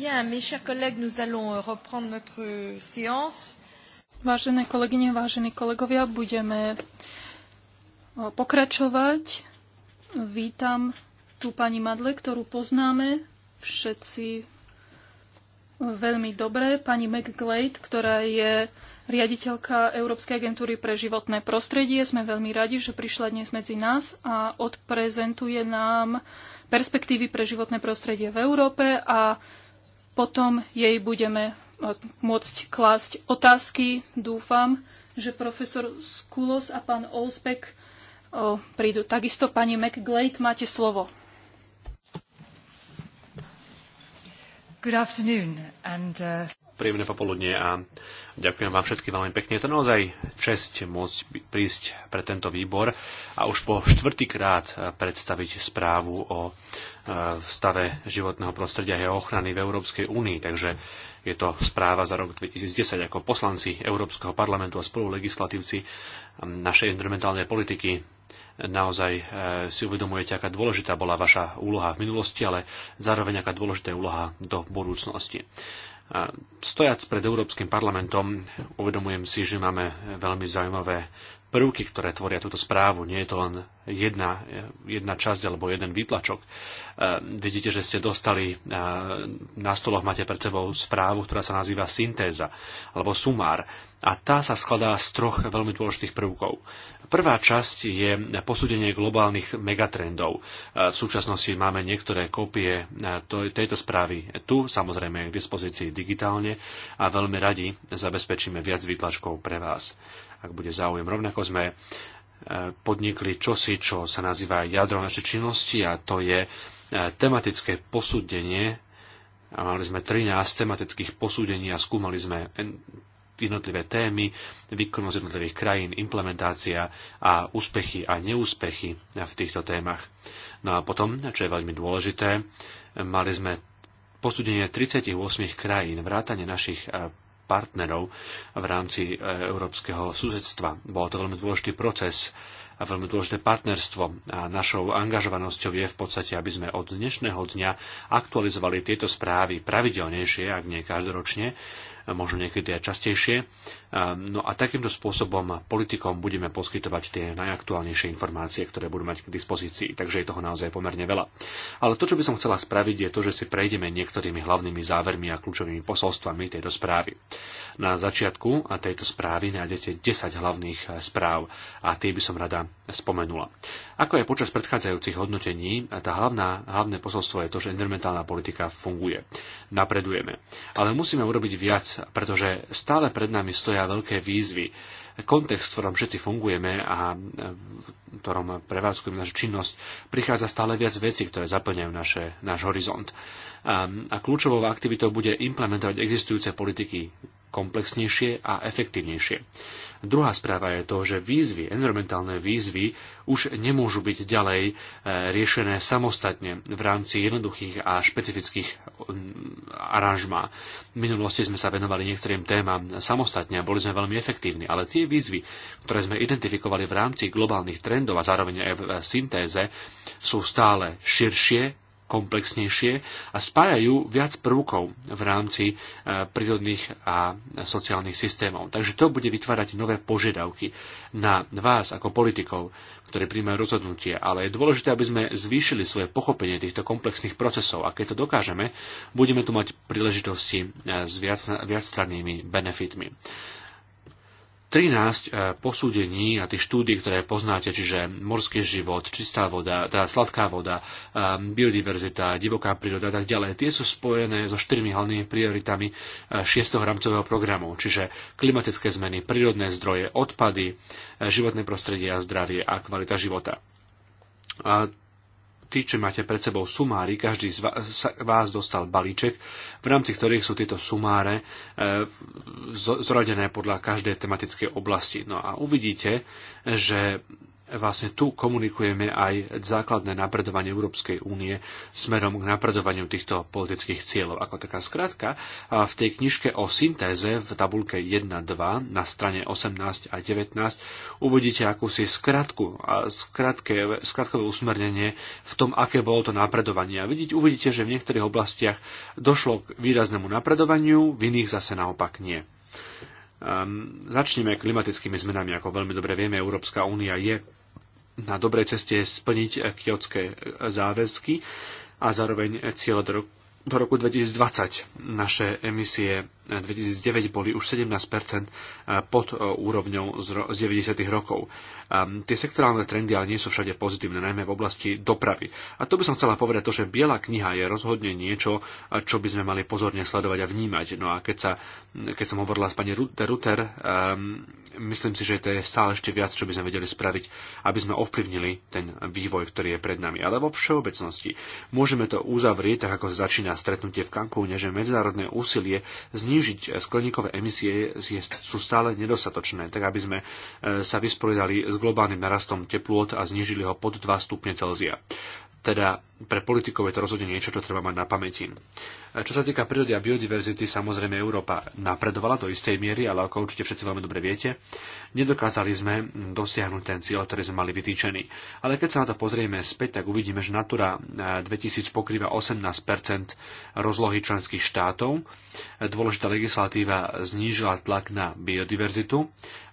Bien, mes chers collègues, nous allons euh, reprendre notre euh, séance. Vážené kolegyne, vážení kolegovia, budeme pokračovať. Vítam tu pani Madle, ktorú poznáme všetci e, veľmi dobre. Pani McGlade, ktorá je riaditeľka Európskej agentúry pre životné prostredie. Sme veľmi radi, že prišla dnes medzi nás a odprezentuje nám perspektívy pre životné prostredie v Európe a potom jej budeme e, môcť klásť otázky. Dúfam, že profesor Skulos a pán Olsbeck e, prídu. Takisto pani McGlade, máte slovo. Good afternoon and, uh príjemné popoludne a ďakujem vám všetkým veľmi pekne. Je to naozaj čest môcť prísť pre tento výbor a už po štvrtýkrát eh, predstaviť správu o eh, stave životného prostredia a ochrany v Európskej únii. Takže je to správa za rok 2010 ako poslanci Európskeho parlamentu a spolulegislatívci hm, našej environmentálnej politiky naozaj eh, si uvedomujete, aká dôležitá bola vaša úloha v minulosti, ale zároveň aká dôležitá úloha do budúcnosti. Stojac pred Európskym parlamentom uvedomujem si, že máme veľmi zaujímavé prvky, ktoré tvoria túto správu. Nie je to len jedna, jedna časť alebo jeden výtlačok. E, vidíte, že ste dostali e, na stoloch, máte pred sebou správu, ktorá sa nazýva syntéza alebo sumár. A tá sa skladá z troch veľmi dôležitých prvkov. Prvá časť je posúdenie globálnych megatrendov. E, v súčasnosti máme niektoré kópie tejto správy tu, samozrejme k dispozícii digitálne a veľmi radi zabezpečíme viac výtlačkov pre vás ak bude záujem. Rovnako sme e, podnikli čosi, čo sa nazýva jadro našej činnosti a to je e, tematické posúdenie. Mali sme 13 tematických posúdení a skúmali sme jednotlivé témy, výkonnosť jednotlivých krajín, implementácia a úspechy a neúspechy v týchto témach. No a potom, čo je veľmi dôležité, mali sme posúdenie 38 krajín, vrátane našich e, partnerov v rámci e, európskeho susedstva. Bolo to veľmi dôležitý proces a veľmi dôležité partnerstvo. A našou angažovanosťou je v podstate, aby sme od dnešného dňa aktualizovali tieto správy pravidelnejšie, ak nie každoročne, možno niekedy aj častejšie, Ehm, no a takýmto spôsobom politikom budeme poskytovať tie najaktuálnejšie informácie, ktoré budú mať k dispozícii, takže je toho naozaj pomerne veľa. Ale to, čo by som chcela spraviť, je to, že si prejdeme niektorými hlavnými závermi a kľúčovými posolstvami tejto správy. Na začiatku tejto správy nájdete 10 hlavných eh, správ a tie by som rada spomenula. Ako aj počas predchádzajúcich hodnotení, tá hlavná, hlavné posolstvo je to, že environmentálna politika funguje. Napredujeme. Ale musíme urobiť viac, pretože stále pred nami stoja čelia veľké výzvy. Kontext, v ktorom všetci fungujeme a v ktorom prevádzkujeme našu činnosť, prichádza stále viac vecí, ktoré zaplňajú naše, náš horizont. A, a kľúčovou aktivitou bude implementovať existujúce politiky komplexnejšie a efektívnejšie. Druhá správa je to, že výzvy, environmentálne výzvy už nemôžu byť ďalej e, riešené samostatne v rámci jednoduchých a špecifických mm, aranžmá. V minulosti sme sa venovali niektorým témam samostatne a boli sme veľmi efektívni, ale tie výzvy, ktoré sme identifikovali v rámci globálnych trendov a zároveň aj v e, syntéze, sú stále širšie, komplexnejšie a spájajú viac prvkov v rámci e, prírodných a sociálnych systémov. Takže to bude vytvárať nové požiadavky na vás ako politikov, ktorí príjmajú rozhodnutie, ale je dôležité, aby sme zvýšili svoje pochopenie týchto komplexných procesov a keď to dokážeme, budeme tu mať príležitosti e, s viac, viacstrannými benefitmi. 13 e, posúdení a tých štúdí, ktoré poznáte, čiže morský život, čistá voda, teda sladká voda, e, biodiverzita, divoká príroda a tak ďalej, tie sú spojené so štyrmi hlavnými prioritami 6. E, rámcového programu, čiže klimatické zmeny, prírodné zdroje, odpady, životné prostredie a zdravie a kvalita života. A tí, čo máte pred sebou sumári, každý z vás dostal balíček, v rámci ktorých sú tieto sumáre e, zrodené podľa každej tematickej oblasti. No a uvidíte, že vlastne tu komunikujeme aj základné napredovanie Európskej únie smerom k napredovaniu týchto politických cieľov. Ako taká skratka, v tej knižke o syntéze v tabulke 1.2 na strane 18 a 19 uvidíte akúsi skratku, skratke, skratkové usmernenie v tom, aké bolo to napredovanie. A vidíte, uvidíte, že v niektorých oblastiach došlo k výraznému napredovaniu, v iných zase naopak nie. Um, začneme klimatickými zmenami. Ako veľmi dobre vieme, Európska únia je na dobrej ceste splniť kiotské záväzky a zároveň cieľ do roku do roku 2020 naše emisie 2009 boli už 17 eh, pod eh, úrovňou z 90. rokov. Ehm, tie sektorálne trendy ale nie sú všade pozitívne, najmä v oblasti dopravy. A to by som chcela povedať to, že biela kniha je rozhodne niečo, čo by sme mali pozorne sledovať a vnímať. No a keď, sa, keď som hovorila s pani Ruter, um, myslím si, že to je stále ešte viac, čo by sme vedeli spraviť, aby sme ovplyvnili ten vývoj, ktorý je pred nami. Ale vo všeobecnosti môžeme to uzavrieť, tak ako začína stretnutie v Cancúne, že medzinárodné úsilie znížiť skleníkové emisie sú stále nedostatočné, tak aby sme e, sa vysporiadali s globálnym narastom teplôt a znížili ho pod 2 stupne Celzia. Teda pre politikov je to rozhodne niečo, čo treba mať na pamäti. Čo sa týka prírody a biodiverzity, samozrejme Európa napredovala do istej miery, ale ako určite všetci veľmi dobre viete, nedokázali sme dosiahnuť ten cieľ, ktorý sme mali vytýčený. Ale keď sa na to pozrieme späť, tak uvidíme, že Natura 2000 pokrýva 18 rozlohy členských štátov. Dôležitá legislatíva znížila tlak na biodiverzitu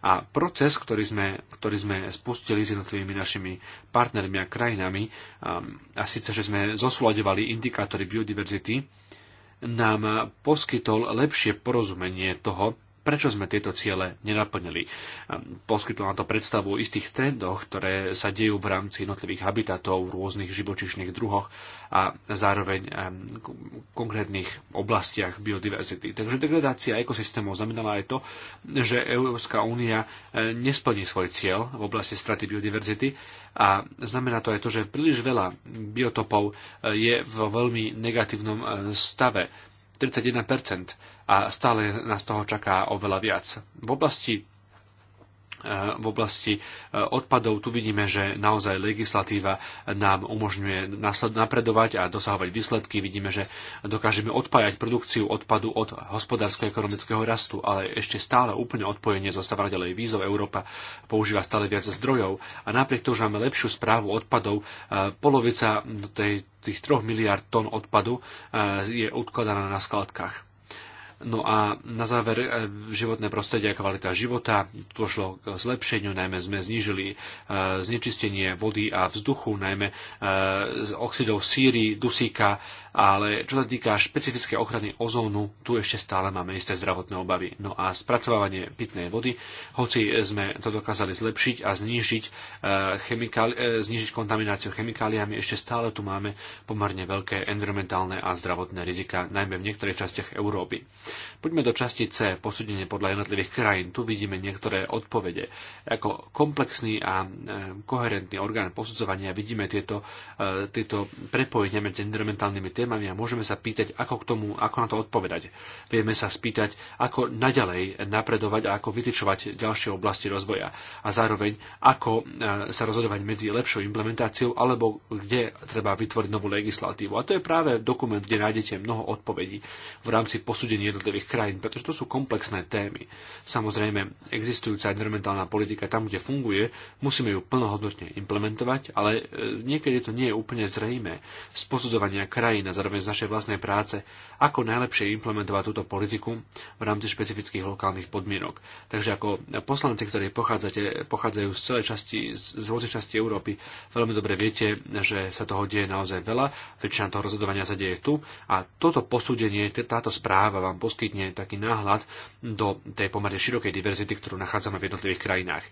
a proces, ktorý sme, ktorý sme spustili s jednotlivými našimi partnermi a krajinami, a, um, a síce, že sme zosúľadovali indikátory biodiverzity, nám poskytol lepšie porozumenie toho, prečo sme tieto ciele nenaplnili. Poskytlo nám to predstavu o istých trendoch, ktoré sa dejú v rámci jednotlivých habitatov, v rôznych živočišných druhoch a zároveň v konkrétnych oblastiach biodiverzity. Takže degradácia ekosystémov znamenala aj to, že Európska únia e, nesplní svoj cieľ v oblasti straty biodiverzity a znamená to aj to, že príliš veľa biotopov e, je v veľmi negatívnom e, stave. 31 a stále nás toho čaká oveľa viac. V oblasti e, v oblasti e, odpadov tu vidíme, že naozaj legislatíva nám umožňuje napredovať a dosahovať výsledky. Vidíme, že dokážeme odpájať produkciu odpadu od hospodársko-ekonomického rastu, ale ešte stále úplne odpojenie zostáva ďalej výzov. Európa používa stále viac zdrojov a napriek tomu, že máme lepšiu správu odpadov, e, polovica tej, tých 3 miliard tón odpadu je odkladaná na skladkách No a na záver eh, životné prostredie a kvalita života. Došlo k zlepšeniu, najmä sme znížili eh, znečistenie vody a vzduchu, najmä eh, z oxidov síry, dusíka ale čo sa týka špecifické ochrany ozónu, tu ešte stále máme isté zdravotné obavy. No a spracovávanie pitnej vody, hoci sme to dokázali zlepšiť a znížiť, e, chemikáli- e, znížiť kontamináciu chemikáliami, ešte stále tu máme pomerne veľké environmentálne a zdravotné rizika, najmä v niektorých častiach Európy. Poďme do časti C, posúdenie podľa jednotlivých krajín. Tu vidíme niektoré odpovede. Ako komplexný a e, koherentný orgán posudzovania vidíme tieto, tieto prepojenia medzi environmentálnymi témami témami a môžeme sa pýtať, ako k tomu, ako na to odpovedať. Vieme sa spýtať, ako naďalej napredovať a ako vytyčovať ďalšie oblasti rozvoja a zároveň, ako e, sa rozhodovať medzi lepšou implementáciou alebo kde treba vytvoriť novú legislatívu. A to je práve dokument, kde nájdete mnoho odpovedí v rámci posúdení jednotlivých krajín, pretože to sú komplexné témy. Samozrejme, existujúca environmentálna politika tam, kde funguje, musíme ju plnohodnotne implementovať, ale e, niekedy to nie je úplne zrejme z posudzovania krajín zároveň z našej vlastnej práce, ako najlepšie implementovať túto politiku v rámci špecifických lokálnych podmienok. Takže ako poslanci, ktorí pochádzajú z celej časti, z rôznych časti Európy, veľmi dobre viete, že sa toho deje naozaj veľa, väčšina toho rozhodovania sa deje tu a toto posúdenie, táto správa vám poskytne taký náhľad do tej pomerne širokej diverzity, ktorú nachádzame v jednotlivých krajinách.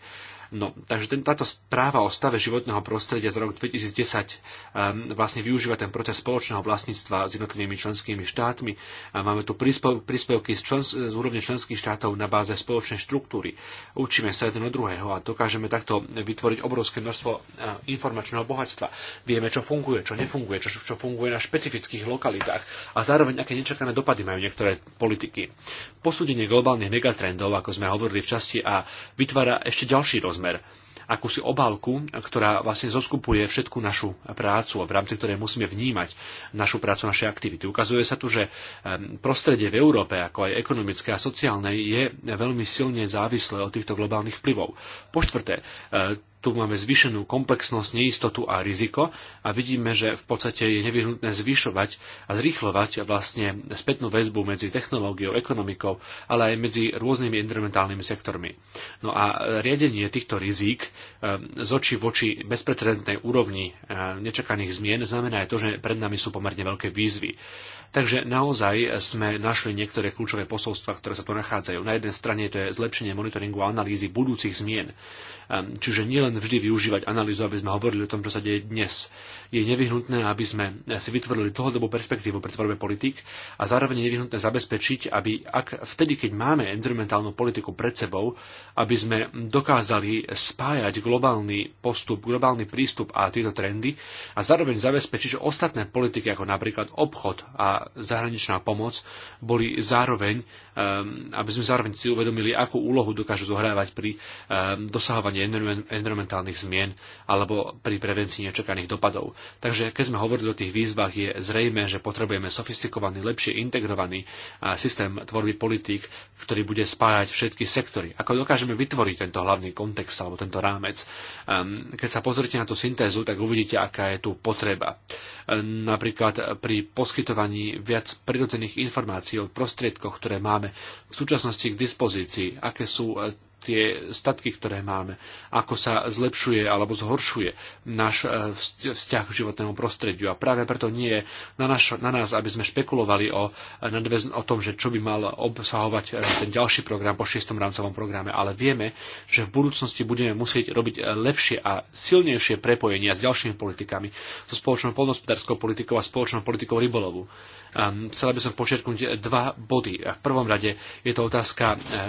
No, takže ten, táto správa o stave životného prostredia z roku 2010 um, ehm, vlastne využíva ten proces spoločného vlastného vlastníctva s jednotlivými členskými štátmi. A máme tu príspevky z, člen, z úrovne členských štátov na báze spoločnej štruktúry. Učíme sa jeden od druhého a dokážeme takto vytvoriť obrovské množstvo e, informačného bohatstva. Vieme, čo funguje, čo nefunguje, čo, čo funguje na špecifických lokalitách a zároveň, aké nečakané dopady majú niektoré politiky. Posúdenie globálnych megatrendov, ako sme hovorili v časti, a vytvára ešte ďalší rozmer akúsi obálku, ktorá vlastne zoskupuje všetku našu prácu a v rámci ktorej musíme vnímať našu prácu, naše aktivity. Ukazuje sa tu, že prostredie v Európe, ako aj ekonomické a sociálne, je veľmi silne závislé od týchto globálnych vplyvov. Po štvrté, tu máme zvýšenú komplexnosť, neistotu a riziko a vidíme, že v podstate je nevyhnutné zvyšovať a zrýchlovať vlastne spätnú väzbu medzi technológiou, ekonomikou, ale aj medzi rôznymi environmentálnymi sektormi. No a riadenie týchto rizík ehm, z očí voči bezprecedentnej úrovni ehm, nečakaných zmien znamená aj to, že pred nami sú pomerne veľké výzvy. Takže naozaj sme našli niektoré kľúčové posolstva, ktoré sa tu nachádzajú. Na jednej strane to je zlepšenie monitoringu a analýzy budúcich zmien. Ehm, čiže nielen vždy využívať analýzu, aby sme hovorili o tom, čo sa deje dnes. Je nevyhnutné, aby sme si vytvorili dlhodobú perspektívu pre tvorbe politik a zároveň je nevyhnutné zabezpečiť, aby ak vtedy, keď máme environmentálnu politiku pred sebou, aby sme dokázali spájať globálny postup, globálny prístup a tieto trendy a zároveň zabezpečiť, že ostatné politiky, ako napríklad obchod a zahraničná pomoc boli zároveň Ehm, aby sme zároveň si uvedomili, akú úlohu dokážu zohrávať pri ehm, dosahovaní environmentálnych zmien alebo pri prevencii nečakaných dopadov. Takže keď sme hovorili o tých výzvach, je zrejme, že potrebujeme sofistikovaný, lepšie integrovaný systém tvorby politík, ktorý bude spájať všetky sektory. Ako dokážeme vytvoriť tento hlavný kontext alebo tento rámec. Ehm, keď sa pozrite na tú syntézu, tak uvidíte, aká je tu potreba. Napríklad pri poskytovaní viac prirodzených informácií o prostriedkoch, ktoré máme máme v súčasnosti k dispozícii, aké sú e, tie statky, ktoré máme, ako sa zlepšuje alebo zhoršuje náš e, vzťah k životnému prostrediu. A práve preto nie je na, naš, na nás, aby sme špekulovali o, o tom, že čo by mal obsahovať e, ten ďalší program po šiestom rámcovom programe, ale vieme, že v budúcnosti budeme musieť robiť e, lepšie a silnejšie prepojenia s ďalšími politikami, so spoločnou polnospodárskou politikou a spoločnou politikou rybolovu. Um, chcela by som počerknúť dva body. V prvom rade je to otázka e, e,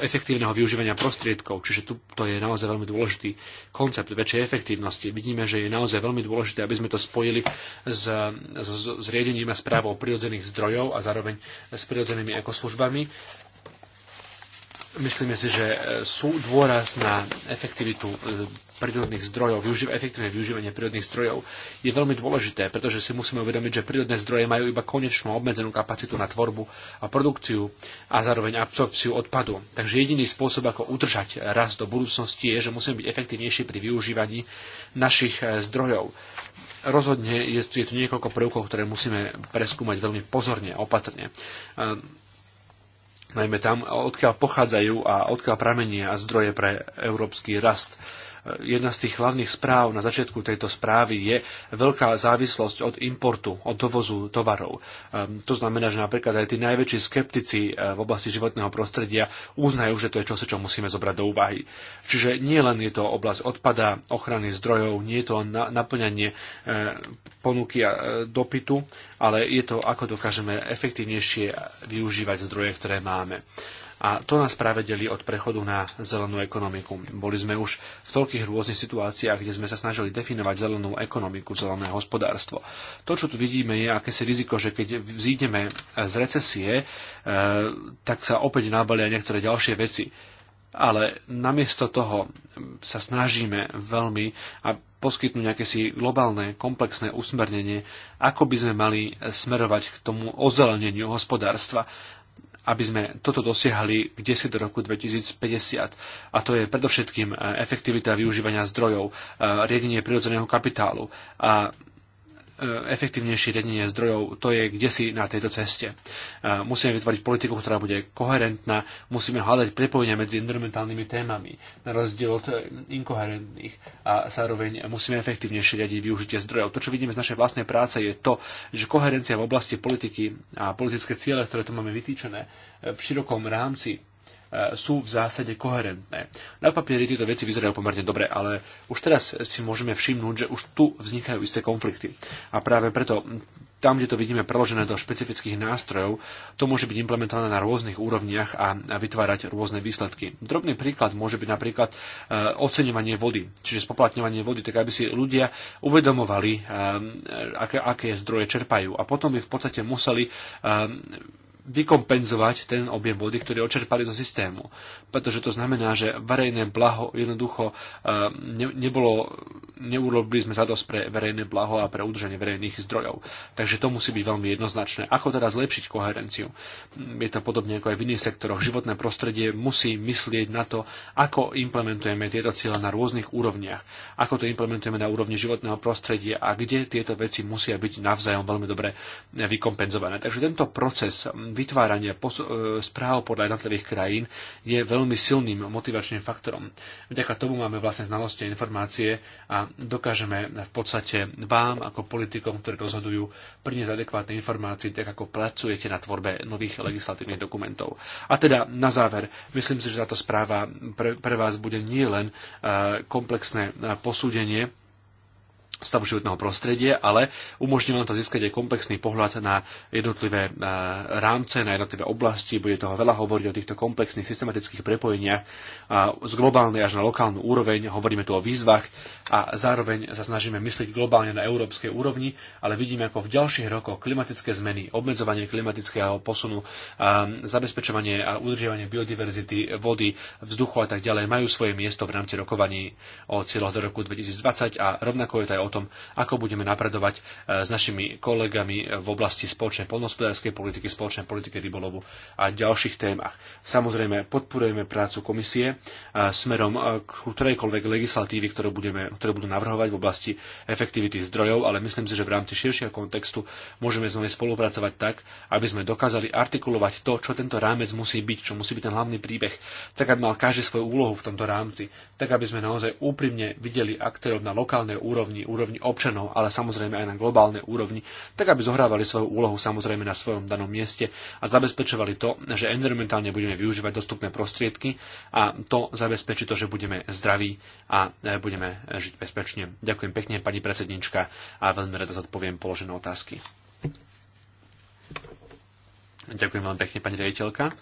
efektívneho využívania prostriedkov, čiže tu, to je naozaj veľmi dôležitý koncept väčšej efektívnosti. Vidíme, že je naozaj veľmi dôležité, aby sme to spojili s, s, s riedením a správou prirodzených zdrojov a zároveň s prirodzenými ekoslužbami. Myslíme si, že sú dôraz na efektivitu e, prírodných zdrojov, využiv- efektívne využívanie prírodných zdrojov je veľmi dôležité, pretože si musíme uvedomiť, že prírodné zdroje majú iba konečnú obmedzenú kapacitu na tvorbu a produkciu a zároveň absorpciu odpadu. Takže jediný spôsob, ako udržať rast do budúcnosti, je, že musíme byť efektívnejší pri využívaní našich e, zdrojov. Rozhodne je tu, je tu niekoľko prvkov, ktoré musíme preskúmať veľmi pozorne a opatrne e, najmä tam, odkiaľ pochádzajú a odkiaľ pramenia zdroje pre európsky rast jedna z tých hlavných správ na začiatku tejto správy je veľká závislosť od importu, od dovozu tovarov. Ehm, to znamená, že napríklad aj tí najväčší skeptici eh, v oblasti životného prostredia uznajú, že to je čosi, čo musíme zobrať do úvahy. Čiže nie len je to oblasť odpada, ochrany zdrojov, nie je to naplňanie eh, ponuky a eh, dopytu, ale je to, ako dokážeme efektívnejšie využívať zdroje, ktoré máme. A to nás práve delí od prechodu na zelenú ekonomiku. Boli sme už v toľkých rôznych situáciách, kde sme sa snažili definovať zelenú ekonomiku, zelené hospodárstvo. To, čo tu vidíme, je akési riziko, že keď vzídeme z recesie, e, tak sa opäť nabalia niektoré ďalšie veci. Ale namiesto toho sa snažíme veľmi a poskytnúť akési globálne, komplexné usmernenie, ako by sme mali smerovať k tomu ozeleneniu hospodárstva aby sme toto dosiahli kde si do roku 2050. A to je predovšetkým e, efektivita využívania zdrojov, e, riadenie prirodzeného kapitálu a E, efektívnejšie riadenie zdrojov, to je kde si na tejto ceste. E, musíme vytvoriť politiku, ktorá bude koherentná, musíme hľadať prepojenia medzi environmentálnymi témami, na rozdiel od e, inkoherentných a zároveň musíme efektívnejšie riadiť využitie zdrojov. To, čo vidíme z našej vlastnej práce, je to, že koherencia v oblasti politiky a politické ciele, ktoré tu máme vytýčené v širokom rámci E, sú v zásade koherentné. Na papieri tieto veci vyzerajú pomerne dobre, ale už teraz si môžeme všimnúť, že už tu vznikajú isté konflikty. A práve preto tam, kde to vidíme preložené do špecifických nástrojov, to môže byť implementované na rôznych úrovniach a vytvárať rôzne výsledky. Drobný príklad môže byť napríklad e, oceňovanie vody, čiže spoplatňovanie vody, tak aby si ľudia uvedomovali, e, aké, aké zdroje čerpajú. A potom by v podstate museli vykompenzovať ten objem vody, ktorý očerpali zo systému. Pretože to znamená, že verejné blaho jednoducho eh, ne, nebolo, neurobili sme zadosť pre verejné blaho a pre udržanie verejných zdrojov. Takže to musí byť veľmi jednoznačné. Ako teda zlepšiť koherenciu? Je to podobne ako aj v iných sektoroch. Životné prostredie musí myslieť na to, ako implementujeme tieto cieľa na rôznych úrovniach. Ako to implementujeme na úrovni životného prostredia a kde tieto veci musia byť navzájom veľmi dobre vykompenzované. Takže tento proces vytvárania e, správ podľa jednotlivých krajín je veľmi silným motivačným faktorom. Vďaka tomu máme vlastne znalosti a informácie a dokážeme v podstate vám ako politikom, ktorí rozhodujú, priniesť adekvátne informácie, tak ako pracujete na tvorbe nových legislatívnych dokumentov. A teda na záver, myslím si, že táto správa pre, pre vás bude nielen e, komplexné e, posúdenie, stavu životného prostredia, ale umožní nám to získať aj komplexný pohľad na jednotlivé eh, rámce, na jednotlivé oblasti. Bude toho veľa hovoriť o týchto komplexných systematických prepojeniach z globálnej až na lokálnu úroveň. Hovoríme tu o výzvach a zároveň sa snažíme myslieť globálne na európskej úrovni, ale vidíme, ako v ďalších rokoch klimatické zmeny, obmedzovanie klimatického posunu, eh, zabezpečovanie a udržiavanie biodiverzity, vody, vzduchu a tak ďalej majú svoje miesto v rámci rokovaní o cieľoch do roku 2020 a rovnako je to aj o tom, ako budeme napredovať e, s našimi kolegami v oblasti spoločnej poľnohospodárskej politiky, spoločnej politiky rybolovu a ďalších témach. Samozrejme, podporujeme prácu komisie e, smerom e, k ktorejkoľvek legislatívy, ktoré, budeme, ktoré budú navrhovať v oblasti efektivity zdrojov, ale myslím si, že v rámci širšieho kontextu môžeme s nami spolupracovať tak, aby sme dokázali artikulovať to, čo tento rámec musí byť, čo musí byť ten hlavný príbeh, tak aby mal každý svoju úlohu v tomto rámci, tak aby sme naozaj úprimne videli aktérov na lokálnej úrovni úrovni občanov, ale samozrejme aj na globálnej úrovni, tak aby zohrávali svoju úlohu samozrejme na svojom danom mieste a zabezpečovali to, že environmentálne budeme využívať dostupné prostriedky a to zabezpečí to, že budeme zdraví a e, budeme žiť bezpečne. Ďakujem pekne, pani predsednička, a veľmi rada zodpoviem položené otázky. Ďakujem veľmi pekne, pani riaditeľka,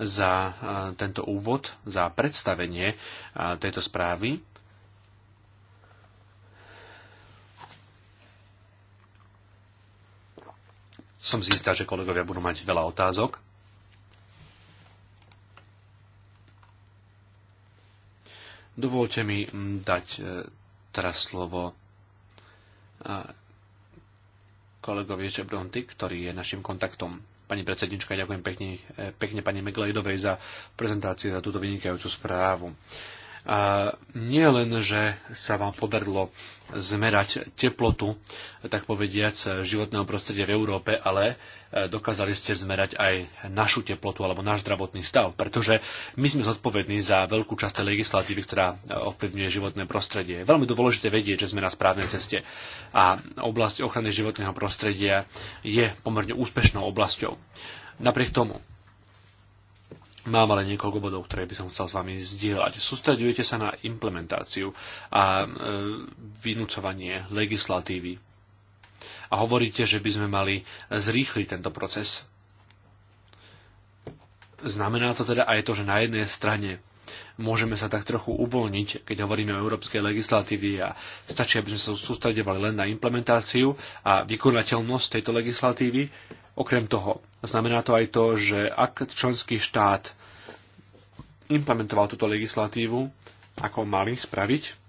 za e, tento úvod, za predstavenie e, tejto správy. Som si istá, že kolegovia budú mať veľa otázok. Dovolte mi mm, dať e, teraz slovo e, kolegovi Žebronty, ktorý je našim kontaktom. Pani predsednička, ďakujem pekne, e, pekne pani Meglejdovej za prezentáciu, za túto vynikajúcu správu nie len, že sa vám podarilo zmerať teplotu, tak povediac, životného prostredia v Európe, ale e, dokázali ste zmerať aj našu teplotu alebo náš zdravotný stav, pretože my sme zodpovední za veľkú časť legislatívy, ktorá e, ovplyvňuje životné prostredie. Je veľmi dôležité vedieť, že sme na správnej ceste a oblasť ochrany životného prostredia je pomerne úspešnou oblasťou. Napriek tomu, Mám ale niekoľko bodov, ktoré by som chcel s vami zdieľať. Sústredujete sa na implementáciu a e, vynúcovanie legislatívy. A hovoríte, že by sme mali zrýchliť tento proces. Znamená to teda aj to, že na jednej strane môžeme sa tak trochu uvoľniť, keď hovoríme o európskej legislatívy a stačí, aby sme sa sústredovali len na implementáciu a vykonateľnosť tejto legislatívy. Okrem toho, znamená to aj to, že ak členský štát implementoval túto legislatívu, ako mali spraviť,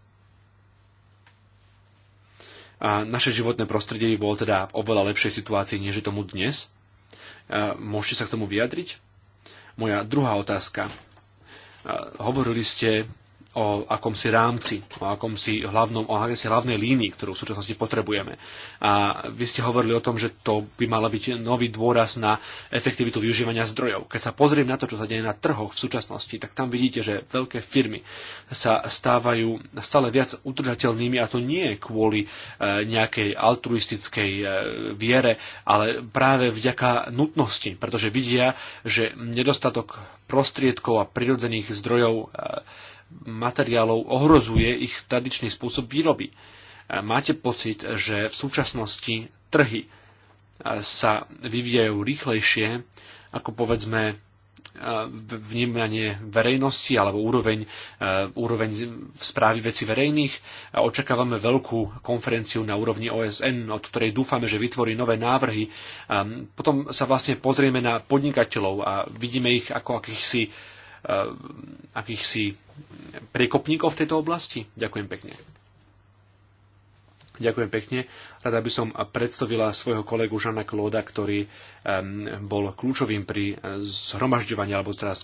a naše životné prostredie by bolo teda v oveľa lepšej situácii, než je tomu dnes. Môžete sa k tomu vyjadriť? Moja druhá otázka Hovorili ste o akomsi rámci, o akomsi hlavnom, o akomsi hlavnej línii, ktorú v súčasnosti potrebujeme. A vy ste hovorili o tom, že to by mala byť nový dôraz na efektivitu využívania zdrojov. Keď sa pozriem na to, čo sa deje na trhoch v súčasnosti, tak tam vidíte, že veľké firmy sa stávajú stále viac udržateľnými a to nie je kvôli e, nejakej altruistickej e, viere, ale práve vďaka nutnosti, pretože vidia, že nedostatok prostriedkov a prirodzených zdrojov e, materiálov ohrozuje ich tradičný spôsob výroby. E, máte pocit, že v súčasnosti trhy e, sa vyvíjajú rýchlejšie ako povedzme e, vnímanie verejnosti alebo úroveň, úroveň správy veci verejných. Očakávame veľkú konferenciu na úrovni OSN, od ktorej dúfame, že vytvorí nové návrhy. Potom sa vlastne pozrieme na podnikateľov a vidíme ich ako akýchsi Eh, akýchsi prekopníkov v tejto oblasti? Ďakujem pekne. Ďakujem pekne. Rada by som predstavila svojho kolegu Žana Klóda, ktorý bol kľúčovým pri eh, zhromažďovaní alebo teraz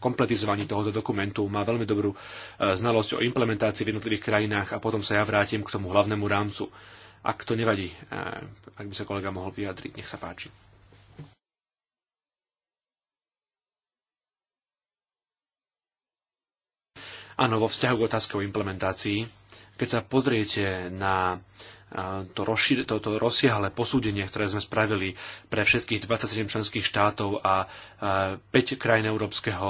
kompletizovaní tohoto dokumentu, má veľmi dobrú eh, znalosť o implementácii v jednotlivých krajinách a potom sa ja vrátim k tomu hlavnému rámcu. Ak to nevadí, ak by sa kolega mohol vyjadriť, nech sa páči. Áno, vo vzťahu k otázke o implementácii, keď sa pozriete na to, rozšír, to, to rozsiahle posúdenie, ktoré sme spravili pre všetkých 27 členských štátov a 5 krajín európskeho,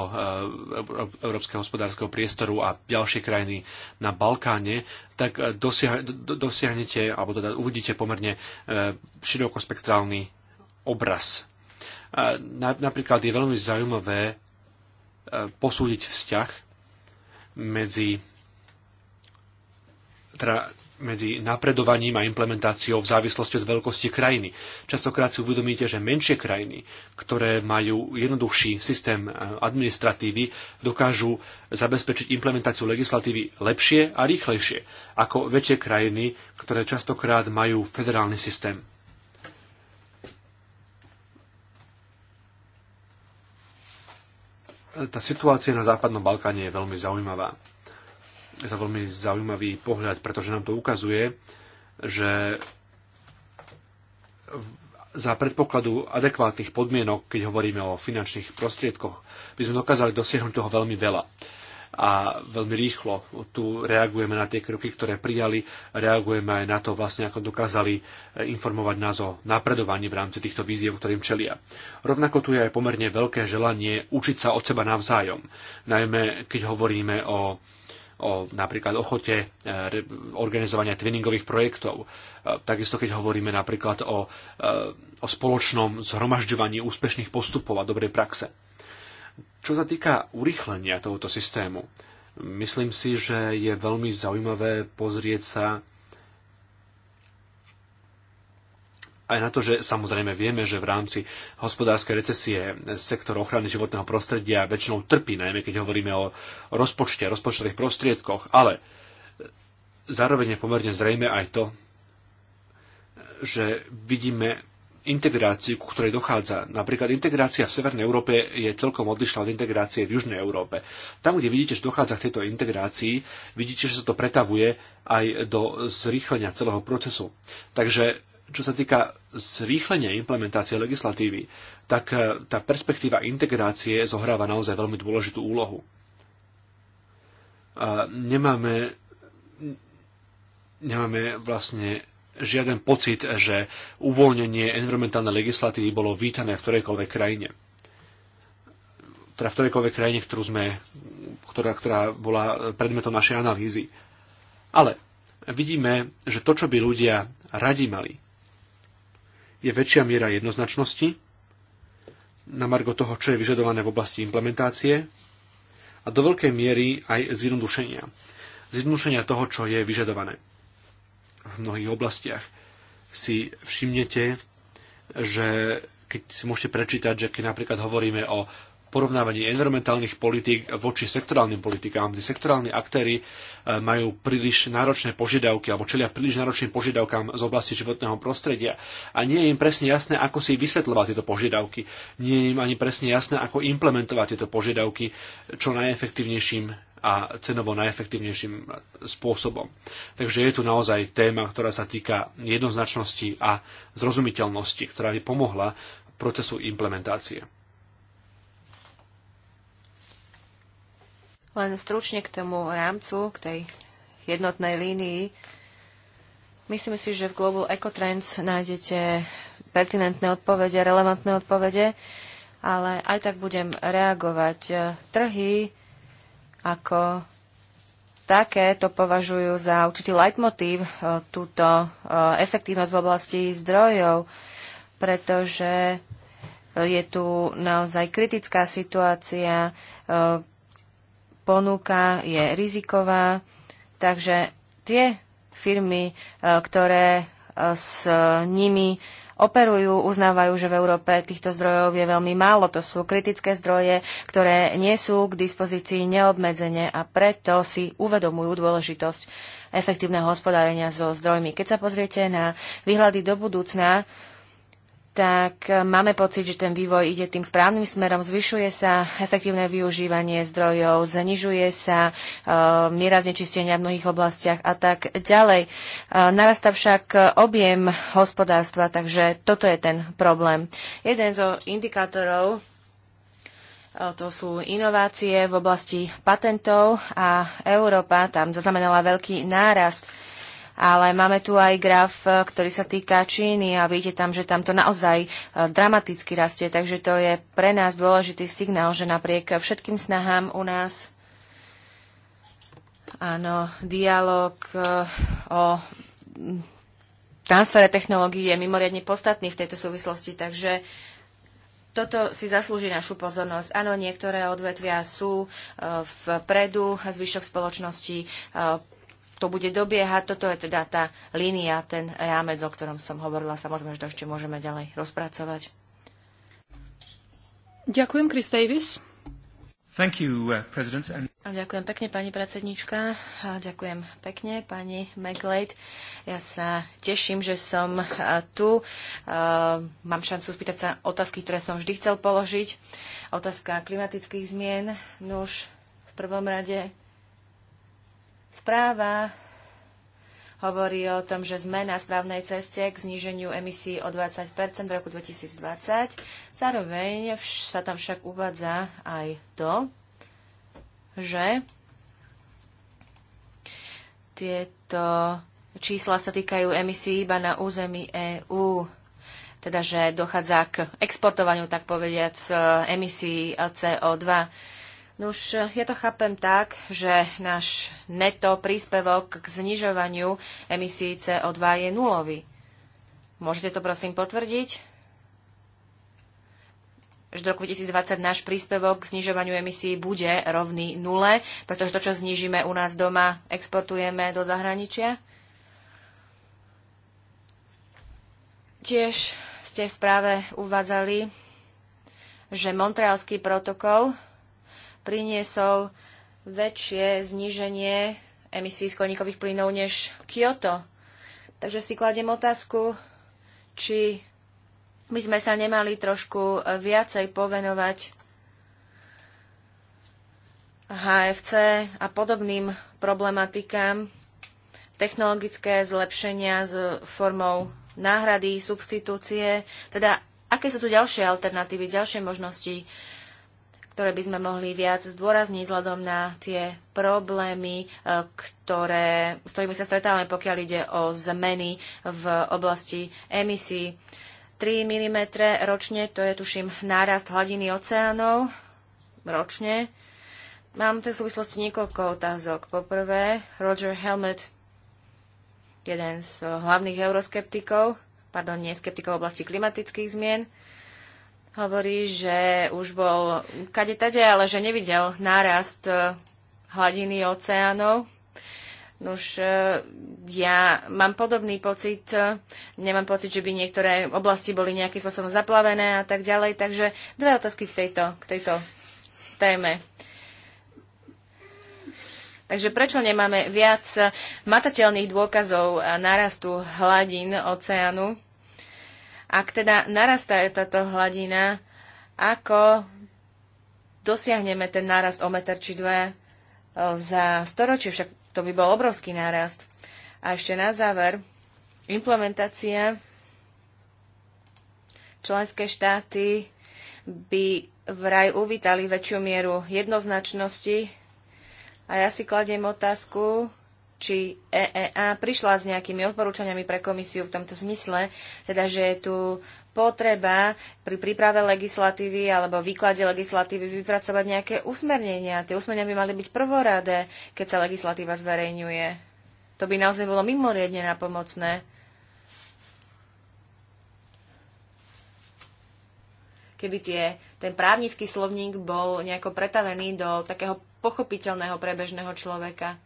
európskeho hospodárskeho priestoru a ďalšie krajiny na Balkáne, tak e, dosiah, dosiahnete, alebo teda uvidíte pomerne e, širokospektrálny obraz. Napríklad je veľmi zaujímavé e, posúdiť vzťah medzi, teda medzi napredovaním a implementáciou v závislosti od veľkosti krajiny. Častokrát si uvedomíte, že menšie krajiny, ktoré majú jednoduchší systém eh, administratívy, dokážu zabezpečiť implementáciu legislatívy lepšie a rýchlejšie ako väčšie krajiny, ktoré častokrát majú federálny systém. tá situácia na Západnom Balkáne je veľmi zaujímavá. Je to veľmi zaujímavý pohľad, pretože nám to ukazuje, že za predpokladu adekvátnych podmienok, keď hovoríme o finančných prostriedkoch, by sme dokázali dosiahnuť toho veľmi veľa a veľmi rýchlo tu reagujeme na tie kroky, ktoré prijali, reagujeme aj na to, vlastne, ako dokázali e, informovať nás o napredovaní v rámci týchto víziev, ktorým čelia. Rovnako tu je aj pomerne veľké želanie učiť sa od seba navzájom, najmä keď hovoríme o o napríklad ochote e, organizovania tweeningových projektov. E, takisto keď hovoríme napríklad o, o spoločnom zhromažďovaní úspešných postupov a dobrej praxe. Čo sa týka urýchlenia tohoto systému, myslím si, že je veľmi zaujímavé pozrieť sa aj na to, že samozrejme vieme, že v rámci hospodárskej recesie sektor ochrany životného prostredia väčšinou trpí, najmä keď hovoríme o rozpočte, rozpočtových prostriedkoch, ale zároveň je pomerne zrejme aj to, že vidíme integráciu, ku ktorej dochádza. Napríklad integrácia v Severnej Európe je celkom odlišná od integrácie v Južnej Európe. Tam, kde vidíte, že dochádza k tejto integrácii, vidíte, že sa to pretavuje aj do zrýchlenia celého procesu. Takže čo sa týka zrýchlenia implementácie legislatívy, tak eh, tá perspektíva integrácie zohráva naozaj veľmi dôležitú úlohu. A nemáme, nemáme vlastne žiaden pocit, že uvoľnenie environmentálnej legislatívy bolo vítané v ktorejkoľvek krajine teda v ktorejkoľvek krajine, ktorú sme, ktorá, ktorá bola predmetom našej analýzy. Ale vidíme, že to, čo by ľudia radi mali, je väčšia miera jednoznačnosti na margo toho, čo je vyžadované v oblasti implementácie a do veľkej miery aj zjednodušenia. Zjednodušenia toho, čo je vyžadované v mnohých oblastiach. Si všimnete, že keď si môžete prečítať, že keď napríklad hovoríme o porovnávaní environmentálnych politík voči sektorálnym politikám, kde sektorálni aktéry e, majú príliš náročné požiadavky alebo čelia príliš náročným požiadavkám z oblasti životného prostredia a nie je im presne jasné, ako si vysvetľovať tieto požiadavky. Nie je im ani presne jasné, ako implementovať tieto požiadavky čo najefektívnejším a cenovo najefektívnejším spôsobom. Takže je tu naozaj téma, ktorá sa týka jednoznačnosti a zrozumiteľnosti, ktorá by pomohla procesu implementácie. Len stručne k tomu rámcu, k tej jednotnej línii. Myslím si, že v Global Ecotrends nájdete pertinentné odpovede, relevantné odpovede, ale aj tak budem reagovať. Trhy ako také to považujú za určitý leitmotív e, túto e, efektívnosť v oblasti zdrojov, pretože e, je tu naozaj kritická situácia, ponuka je riziková, takže tie firmy, ktoré s nimi operujú, uznávajú, že v Európe týchto zdrojov je veľmi málo. To sú kritické zdroje, ktoré nie sú k dispozícii neobmedzene a preto si uvedomujú dôležitosť efektívneho hospodárenia so zdrojmi. Keď sa pozriete na výhľady do budúcna, tak e, máme pocit, že ten vývoj ide tým správnym smerom, zvyšuje sa efektívne využívanie zdrojov, znižuje sa e, miera znečistenia v mnohých oblastiach a tak ďalej. E, narasta však objem hospodárstva, takže toto je ten problém. Jeden zo indikátorov e, to sú inovácie v oblasti patentov a Európa tam zaznamenala veľký nárast ale máme tu aj graf, e, ktorý sa týka Číny a vidíte tam, že tam to naozaj e, dramaticky rastie, takže to je pre nás dôležitý signál, že napriek všetkým snahám u nás áno, dialog e, o transfere technológií je mimoriadne podstatný v tejto súvislosti, takže toto si zaslúži našu pozornosť. Áno, niektoré odvetvia sú vpredu, zvyšok spoločnosti to bude dobiehať. Toto je teda tá línia, ten rámec, o ktorom som hovorila. Samozrejme, že to ešte môžeme ďalej rozpracovať. Ďakujem, Chris Davis. Thank you, uh, President. And... Ďakujem pekne, pani predsednička. ďakujem pekne, pani McLeod. Ja sa teším, že som uh, tu. Uh, mám šancu spýtať sa otázky, ktoré som vždy chcel položiť. Otázka klimatických zmien. Nuž, v prvom rade Správa hovorí o tom, že sme na správnej ceste k zníženiu emisí o 20 v roku 2020. Zároveň sa tam však uvádza aj to, že tieto čísla sa týkajú emisí iba na území EÚ, teda že dochádza k exportovaniu, tak povediac, emisí CO2. Nuž, ja to chápem tak, že náš neto príspevok k znižovaniu emisí CO2 je nulový. Môžete to prosím potvrdiť? že do roku 2020 náš príspevok k znižovaniu emisí bude rovný nule, pretože to, čo znižíme u nás doma, exportujeme do zahraničia. Tiež ste v správe uvádzali, že Montrealský protokol priniesol väčšie zníženie emisí skleníkových plynov než Kyoto. Takže si kladiem otázku, či by sme sa nemali trošku viacej povenovať HFC a podobným problematikám, technologické zlepšenia s formou náhrady, substitúcie, teda aké sú tu ďalšie alternatívy, ďalšie možnosti ktoré by sme mohli viac zdôrazniť vzhľadom na tie problémy, e, ktoré, s ktorými sa stretávame, pokiaľ ide o zmeny v oblasti emisí. 3 mm ročne, to je tuším nárast hladiny oceánov ročne. Mám v tej súvislosti niekoľko otázok. Poprvé, Roger Helmet, jeden z hlavných euroskeptikov, pardon, nie skeptikov v oblasti klimatických zmien, hovorí, že už bol kade tade, ale že nevidel nárast e, hladiny oceánov. Nož e, ja mám podobný pocit, e, nemám pocit, že by niektoré oblasti boli nejakým spôsobom zaplavené a tak ďalej, takže dve otázky k tejto, k tejto téme. Takže prečo nemáme viac matateľných dôkazov nárastu hladín oceánu? Ak teda narastá táto hladina, ako dosiahneme ten nárast o meter či dve e, za storočie, však to by bol obrovský nárast. A ešte na záver, implementácia členské štáty by vraj uvítali väčšiu mieru jednoznačnosti. A ja si kladiem otázku, či EEA prišla s nejakými odporúčaniami pre komisiu v tomto zmysle, teda že je tu potreba pri príprave legislatívy alebo výklade legislatívy vypracovať nejaké usmernenia. Tie usmernenia by mali byť prvoradé, keď sa legislatíva zverejňuje. To by naozaj bolo mimoriadne napomocné. keby tie, ten právnický slovník bol nejako pretavený do takého pochopiteľného prebežného človeka.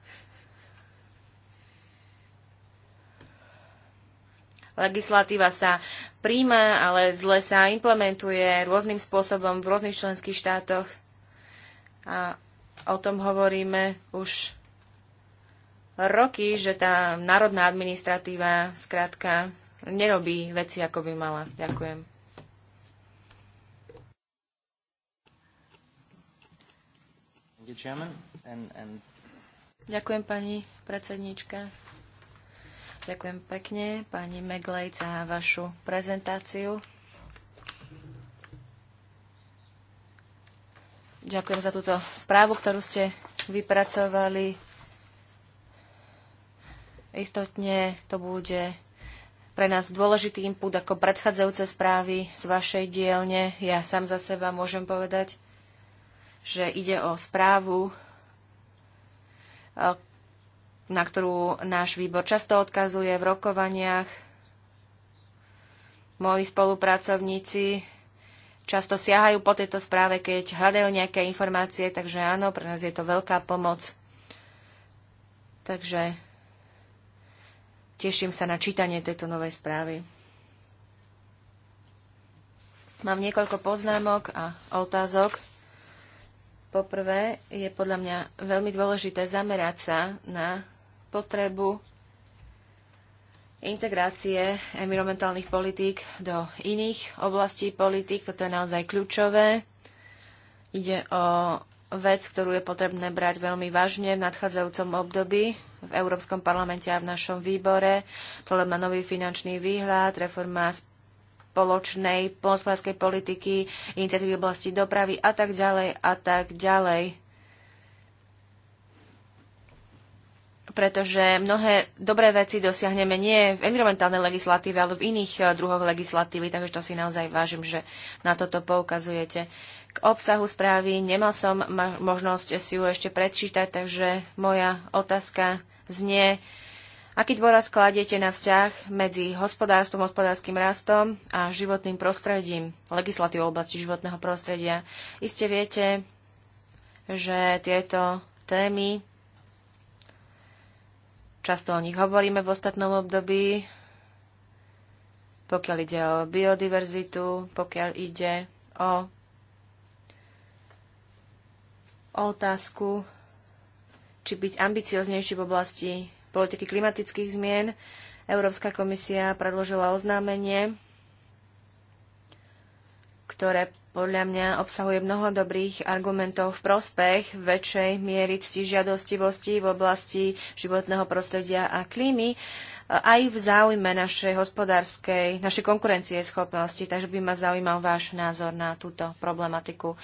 Legislatíva sa príjma, ale zle sa implementuje rôznym spôsobom v rôznych členských štátoch. A o tom hovoríme už roky, že tá národná administratíva zkrátka nerobí veci, ako by mala. Ďakujem. Ďakujem, pani predsedníčka. Ďakujem pekne, pani Meglej, za vašu prezentáciu. Ďakujem za túto správu, ktorú ste vypracovali. Istotne to bude pre nás dôležitý input ako predchádzajúce správy z vašej dielne. Ja sám za seba môžem povedať, že ide o správu, na ktorú náš výbor často odkazuje v rokovaniach. Moji spolupracovníci často siahajú po tejto správe, keď hľadajú nejaké informácie, takže áno, pre nás je to veľká pomoc. Takže teším sa na čítanie tejto novej správy. Mám niekoľko poznámok a otázok. Poprvé je podľa mňa veľmi dôležité zamerať sa na potrebu integrácie environmentálnych politík do iných oblastí politík. Toto je naozaj kľúčové. Ide o vec, ktorú je potrebné brať veľmi vážne v nadchádzajúcom období v Európskom parlamente a v našom výbore. Tohle má nový finančný výhľad, reforma spoločnej polnospodárskej politiky, iniciatívy v oblasti dopravy a tak ďalej a tak ďalej. pretože mnohé dobré veci dosiahneme nie v environmentálnej legislatíve, ale v iných eh, druhoch legislatívy, takže to si naozaj vážim, že na toto poukazujete. K obsahu správy nemal som možnosť si ju ešte prečítať, takže moja otázka znie, aký dôraz kladiete na vzťah medzi hospodárstvom, hospodárskym rastom a životným prostredím, legislatívou oblasti životného prostredia. Iste viete, že tieto témy Často o nich hovoríme v ostatnom období, pokiaľ ide o biodiverzitu, pokiaľ ide o otázku, či byť ambicioznejší v oblasti politiky klimatických zmien. Európska komisia predložila oznámenie ktoré podľa mňa obsahuje mnoho dobrých argumentov v prospech väčšej miery žiadostivosti v oblasti životného prostredia a klímy aj v záujme našej hospodárskej, našej konkurencie schopnosti. Takže by ma zaujímal váš názor na túto problematiku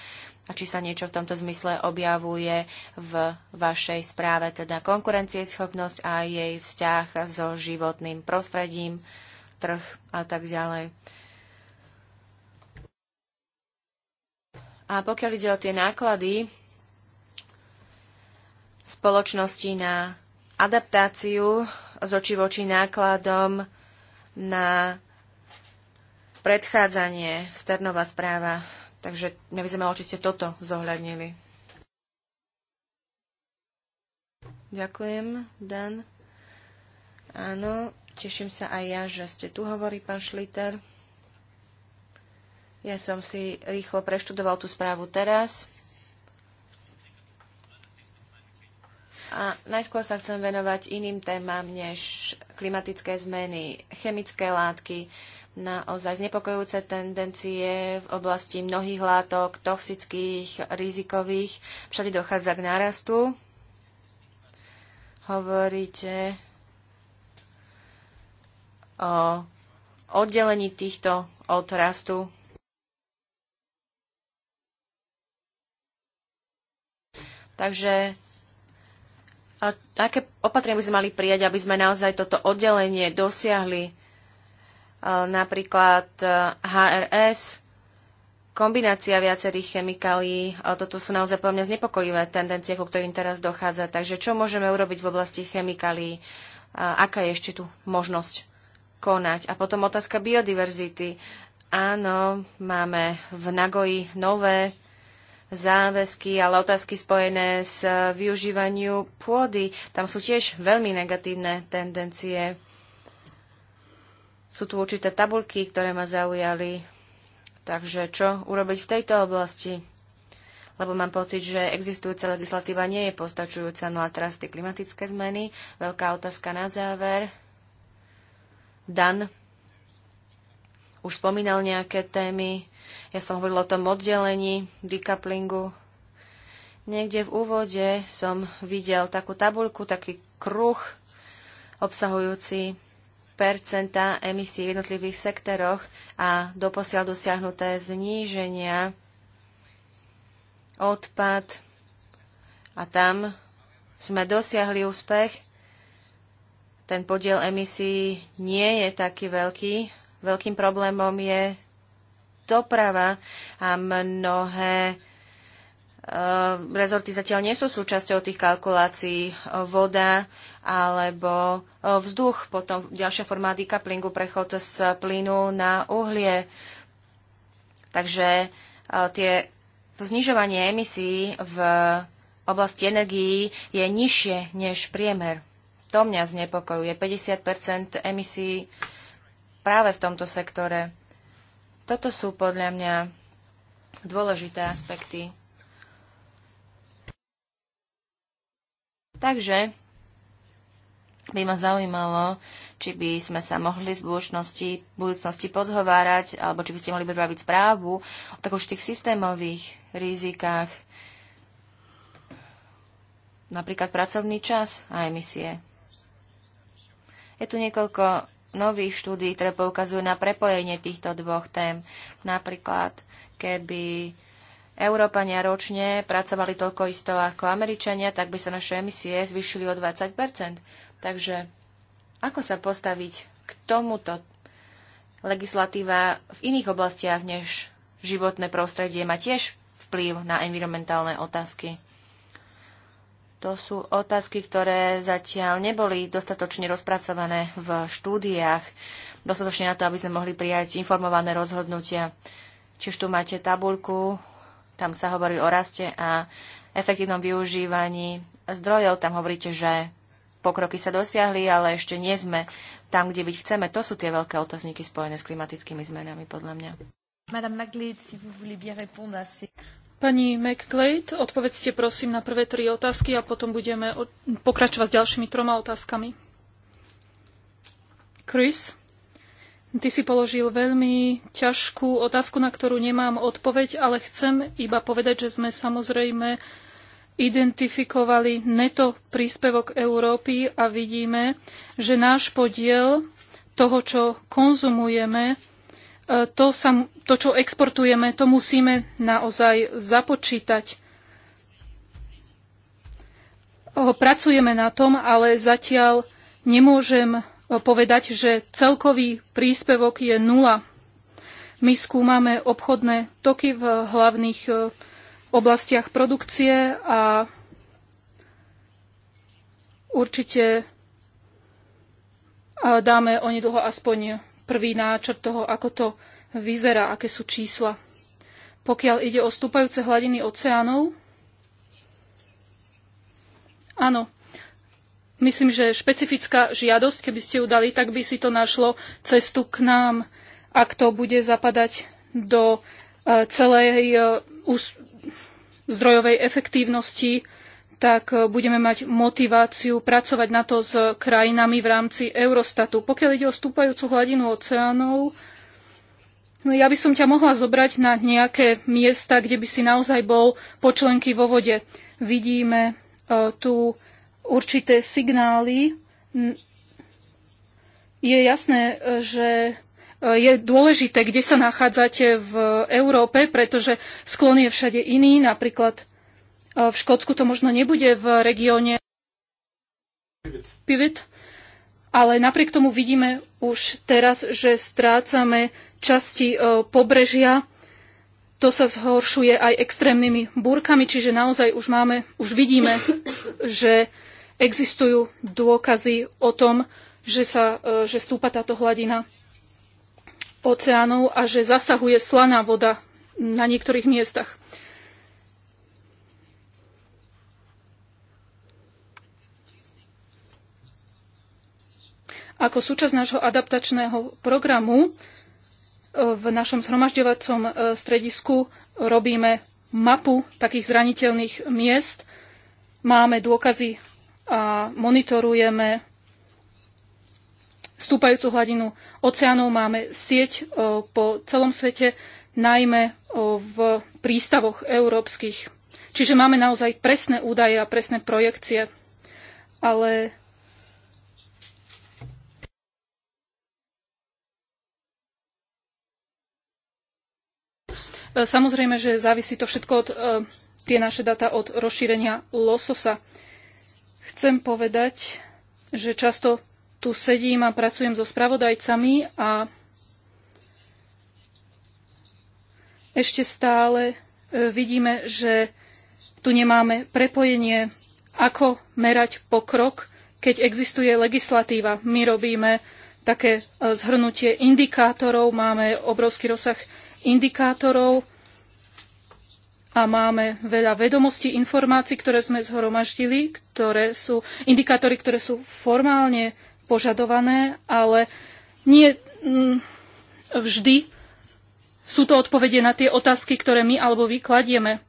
a či sa niečo v tomto zmysle objavuje v vašej správe, teda schopnosť a jej vzťah so životným prostredím, trh a tak ďalej. A pokiaľ ide o tie náklady spoločnosti na adaptáciu z oči voči nákladom na predchádzanie Sternová správa. Takže mňa by zaujímalo, či ste toto zohľadnili. Ďakujem, Dan. Áno, teším sa aj ja, že ste tu, hovorí pán Šliter. Ja som si rýchlo preštudoval tú správu teraz. A najskôr sa chcem venovať iným témam než klimatické zmeny, chemické látky, naozaj znepokojúce tendencie v oblasti mnohých látok, toxických, rizikových. Všade dochádza k nárastu. Hovoríte o oddelení týchto od rastu Takže a aké opatrenia by sme mali prijať, aby sme naozaj toto oddelenie dosiahli? Napríklad e, HRS, kombinácia viacerých chemikálií, toto sú naozaj pre mňa znepokojivé tendencie, ku ktorým teraz dochádza. Takže čo môžeme urobiť v oblasti chemikálií? Aká je ešte tu možnosť konať? A potom otázka biodiverzity. Áno, máme v Nagoji nové záväzky, ale otázky spojené s využívaniu pôdy. Tam sú tiež veľmi negatívne tendencie. Sú tu určité tabulky, ktoré ma zaujali. Takže čo urobiť v tejto oblasti? Lebo mám pocit, že existujúca legislatíva nie je postačujúca. No a teraz tie klimatické zmeny. Veľká otázka na záver. Dan už spomínal nejaké témy. Ja som hovorila o tom oddelení, decouplingu. Niekde v úvode som videl takú tabuľku, taký kruh obsahujúci percenta emisí v jednotlivých sektoroch a doposiaľ dosiahnuté zníženia, odpad a tam sme dosiahli úspech. Ten podiel emisí nie je taký veľký. Veľkým problémom je doprava a mnohé eh, rezorty zatiaľ nie sú súčasťou tých kalkulácií eh, voda alebo eh, vzduch. Potom ďalšia forma decouplingu, prechod z plynu na uhlie. Takže tie, to znižovanie emisí v oblasti energií je nižšie než priemer. To mňa znepokojuje. 50 emisí práve v tomto sektore. Toto sú podľa mňa dôležité aspekty. Takže by ma zaujímalo, či by sme sa mohli z budúcnosti, budúcnosti pozhovárať, alebo či by ste mohli pripraviť správu o takých tých systémových rizikách, napríklad pracovný čas a emisie. Je tu niekoľko nových štúdí, ktoré poukazujú na prepojenie týchto dvoch tém. Napríklad, keby Európania ročne pracovali toľko isto ako Američania, tak by sa naše emisie zvyšili o 20 Takže ako sa postaviť k tomuto? Legislatíva v iných oblastiach než životné prostredie má tiež vplyv na environmentálne otázky. To sú otázky, ktoré zatiaľ neboli dostatočne rozpracované v štúdiách, dostatočne na to, aby sme mohli prijať informované rozhodnutia. Čiže tu máte tabulku, tam sa hovorí o raste a efektívnom využívaní zdrojov. Tam hovoríte, že pokroky sa dosiahli, ale ešte nie sme tam, kde byť chceme. To sú tie veľké otázniky spojené s klimatickými zmenami, podľa mňa. Madame Maglid, si vous voulez bien répondre à ces... Pani McClade, odpovedzte prosím na prvé tri otázky a potom budeme pokračovať s ďalšími troma otázkami. Chris, ty si položil veľmi ťažkú otázku, na ktorú nemám odpoveď, ale chcem iba povedať, že sme samozrejme identifikovali neto príspevok Európy a vidíme, že náš podiel toho, čo konzumujeme, E, to, sa, to, čo exportujeme, to musíme naozaj započítať. Pracujeme na tom, ale zatiaľ nemôžem e, povedať, že celkový príspevok je nula. My skúmame obchodné toky v hlavných e, oblastiach produkcie a určite dáme onedlho aspoň prvý náčrt toho, ako to vyzerá, aké sú čísla. Pokiaľ ide o stúpajúce hladiny oceánov, áno, myslím, že špecifická žiadosť, keby ste ju dali, tak by si to našlo cestu k nám, ak to bude zapadať do eh, celej eh, zdrojovej efektívnosti tak eh, budeme mať motiváciu pracovať na to s krajinami v rámci Eurostatu. Pokiaľ ide o stúpajúcu hladinu oceánov, no ja by som ťa mohla zobrať na nejaké miesta, kde by si naozaj bol počlenky vo vode. Vidíme eh, tu určité signály. Je jasné, eh, že je dôležité, kde sa nachádzate v Európe, pretože sklon je všade iný, napríklad Eh, v Škótsku to možno nebude v regióne Pivot, ale napriek tomu vidíme už teraz, že strácame časti eh, pobrežia. To sa zhoršuje aj extrémnymi búrkami, čiže naozaj už máme, už vidíme, že existujú dôkazy o tom, že, sa, eh, že stúpa táto hladina oceánov a že zasahuje slaná voda na niektorých miestach. Ako súčasť nášho adaptačného programu e, v našom zhromažďovacom e, stredisku robíme mapu takých zraniteľných miest. Máme dôkazy a monitorujeme stúpajúcu hladinu oceánov. Máme sieť e, po celom svete, najmä v prístavoch európskych. Čiže máme naozaj presné údaje a presné projekcie. Ale E, samozrejme, že závisí to všetko od e, tie naše data od rozšírenia lososa. Chcem povedať, že často tu sedím a pracujem so spravodajcami a ešte stále e, vidíme, že tu nemáme prepojenie, ako merať pokrok, keď existuje legislatíva. My robíme také e, zhrnutie indikátorov, máme obrovský rozsah indikátorov a máme veľa vedomostí, informácií, ktoré sme zhromaždili, ktoré sú indikátory, ktoré sú formálne požadované, ale nie mm, vždy sú to odpovede na tie otázky, ktoré my alebo vy kladieme.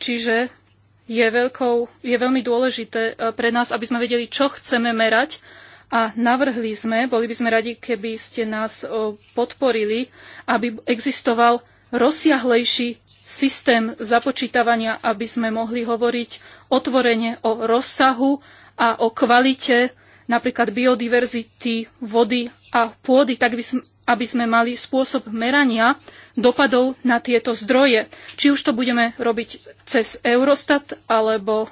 Čiže je, veľkou, je veľmi dôležité e, pre nás, aby sme vedeli, čo chceme merať a navrhli sme, boli by sme radi, keby ste nás podporili, aby existoval rozsiahlejší systém započítavania, aby sme mohli hovoriť otvorene o rozsahu a o kvalite napríklad biodiverzity, vody a pôdy, tak by sme, aby sme mali spôsob merania dopadov na tieto zdroje. Či už to budeme robiť cez Eurostat alebo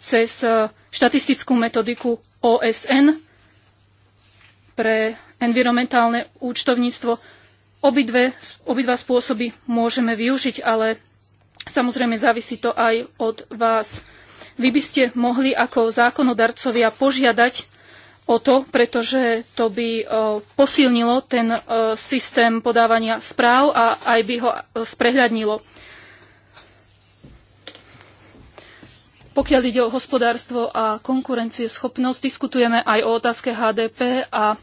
cez e, štatistickú metodiku OSN pre environmentálne účtovníctvo. Obidve, obidva spôsoby môžeme využiť, ale samozrejme závisí to aj od vás. Vy by ste mohli ako zákonodarcovia požiadať o to, pretože to by e, posilnilo ten e, systém podávania správ a aj by ho e, sprehľadnilo. Pokiaľ ide o hospodárstvo a konkurencieschopnosť, diskutujeme aj o otázke HDP a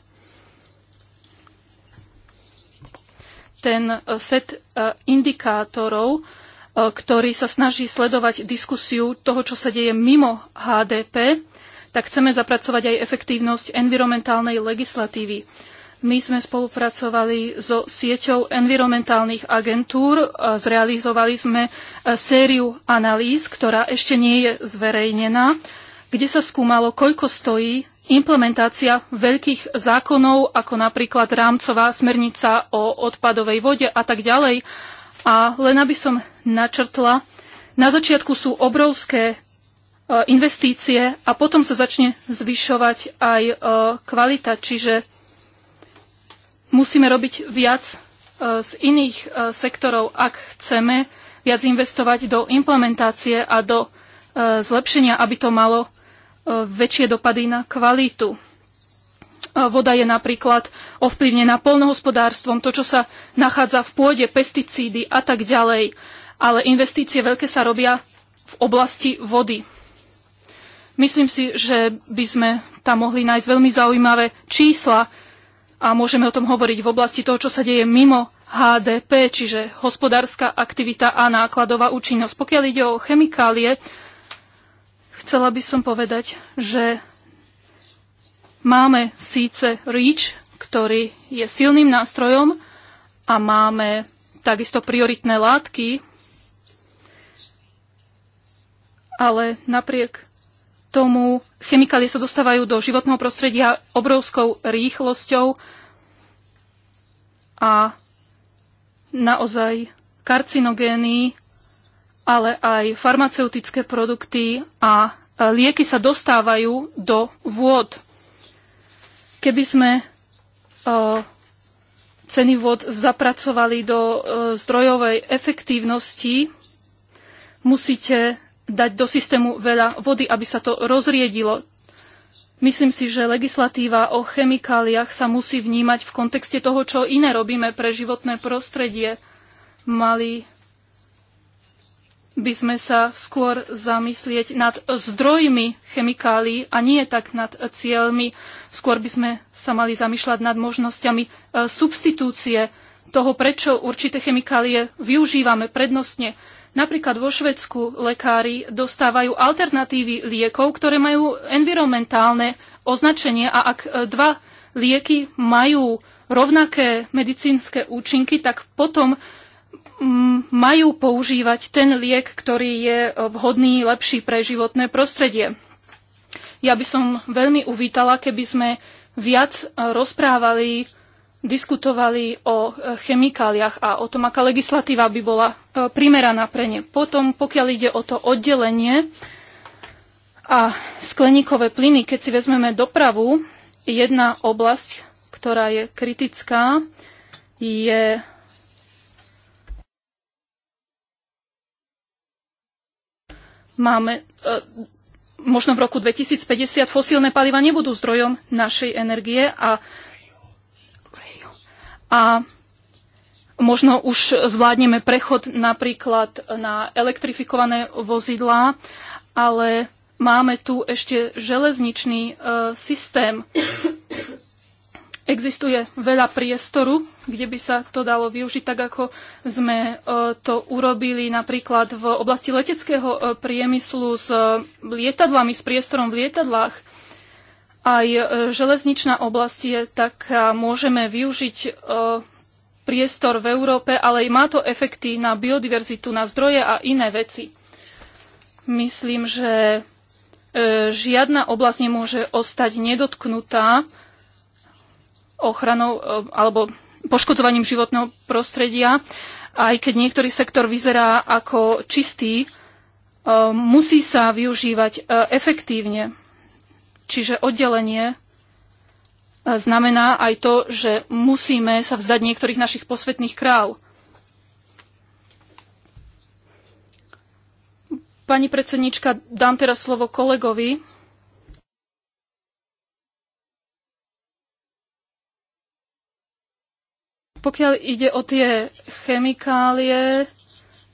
ten e, set e, indikátorov, e, ktorý sa snaží sledovať diskusiu toho, čo sa deje mimo HDP, tak chceme zapracovať aj efektívnosť environmentálnej legislatívy. My sme spolupracovali so sieťou environmentálnych agentúr, e, zrealizovali sme e, sériu analýz, ktorá ešte nie je zverejnená, kde sa skúmalo, koľko stojí implementácia veľkých zákonov, ako napríklad rámcová smernica o odpadovej vode a tak ďalej. A len aby som načrtla, na začiatku sú obrovské e, investície a potom sa začne zvyšovať aj kvalita. Čiže musíme robiť viac e, z iných e, sektorov, ak chceme viac investovať do implementácie a do e, zlepšenia, aby to malo väčšie dopady na kvalitu. Voda je napríklad ovplyvnená polnohospodárstvom, to, čo sa nachádza v pôde, pesticídy a tak ďalej. Ale investície veľké sa robia v oblasti vody. Myslím si, že by sme tam mohli nájsť veľmi zaujímavé čísla, a môžeme o tom hovoriť v oblasti toho, čo sa deje mimo HDP, čiže hospodárska aktivita a nákladová účinnosť. Pokiaľ ide o chemikálie, chcela by som povedať, že máme síce REACH, ktorý je silným nástrojom a máme takisto prioritné látky, ale napriek tomu chemikálie sa dostávajú do životného prostredia obrovskou rýchlosťou a naozaj karcinogény, ale aj farmaceutické produkty a e, lieky sa dostávajú do vôd. Keby sme e, ceny vôd zapracovali do e, zdrojovej efektívnosti, musíte dať do systému veľa vody, aby sa to rozriedilo. Myslím si, že legislatíva o chemikáliách sa musí vnímať v kontexte toho, čo iné robíme pre životné prostredie. Mali by sme sa skôr zamyslieť nad zdrojmi chemikálií a nie tak nad cieľmi. Skôr by sme sa mali zamýšľať nad možnosťami e, substitúcie toho, prečo určité chemikálie využívame prednostne. Napríklad vo Švedsku lekári dostávajú alternatívy liekov, ktoré majú environmentálne označenie a ak e, dva lieky majú rovnaké medicínske účinky, tak potom mm, majú používať ten liek, ktorý je e, vhodný, lepší pre životné prostredie. Ja by som veľmi uvítala, keby sme viac e, rozprávali diskutovali o e, chemikáliách a o tom, aká legislatíva by bola e, primeraná pre ne. Potom, pokiaľ ide o to oddelenie a skleníkové plyny, keď si vezmeme dopravu, jedna oblasť, ktorá je kritická, je máme, e, možno v roku 2050 fosílne paliva nebudú zdrojom našej energie a a možno už zvládneme prechod napríklad na elektrifikované vozidlá, ale máme tu ešte železničný e, systém. Existuje veľa priestoru, kde by sa to dalo využiť, tak ako sme e, to urobili napríklad v oblasti leteckého e, priemyslu s e, lietadlami, s priestorom v lietadlách aj e, železničná oblasť je tak, môžeme využiť e, priestor v Európe, ale má to efekty na biodiverzitu, na zdroje a iné veci. Myslím, že e, žiadna oblasť nemôže ostať nedotknutá ochranou alebo poškodzovaním životného prostredia. Aj keď niektorý sektor vyzerá ako čistý, musí sa využívať efektívne. Čiže oddelenie e, znamená aj to, že musíme sa vzdať niektorých našich posvetných kráv. Pani predsednička, dám teraz slovo kolegovi. Pokiaľ ide o tie chemikálie,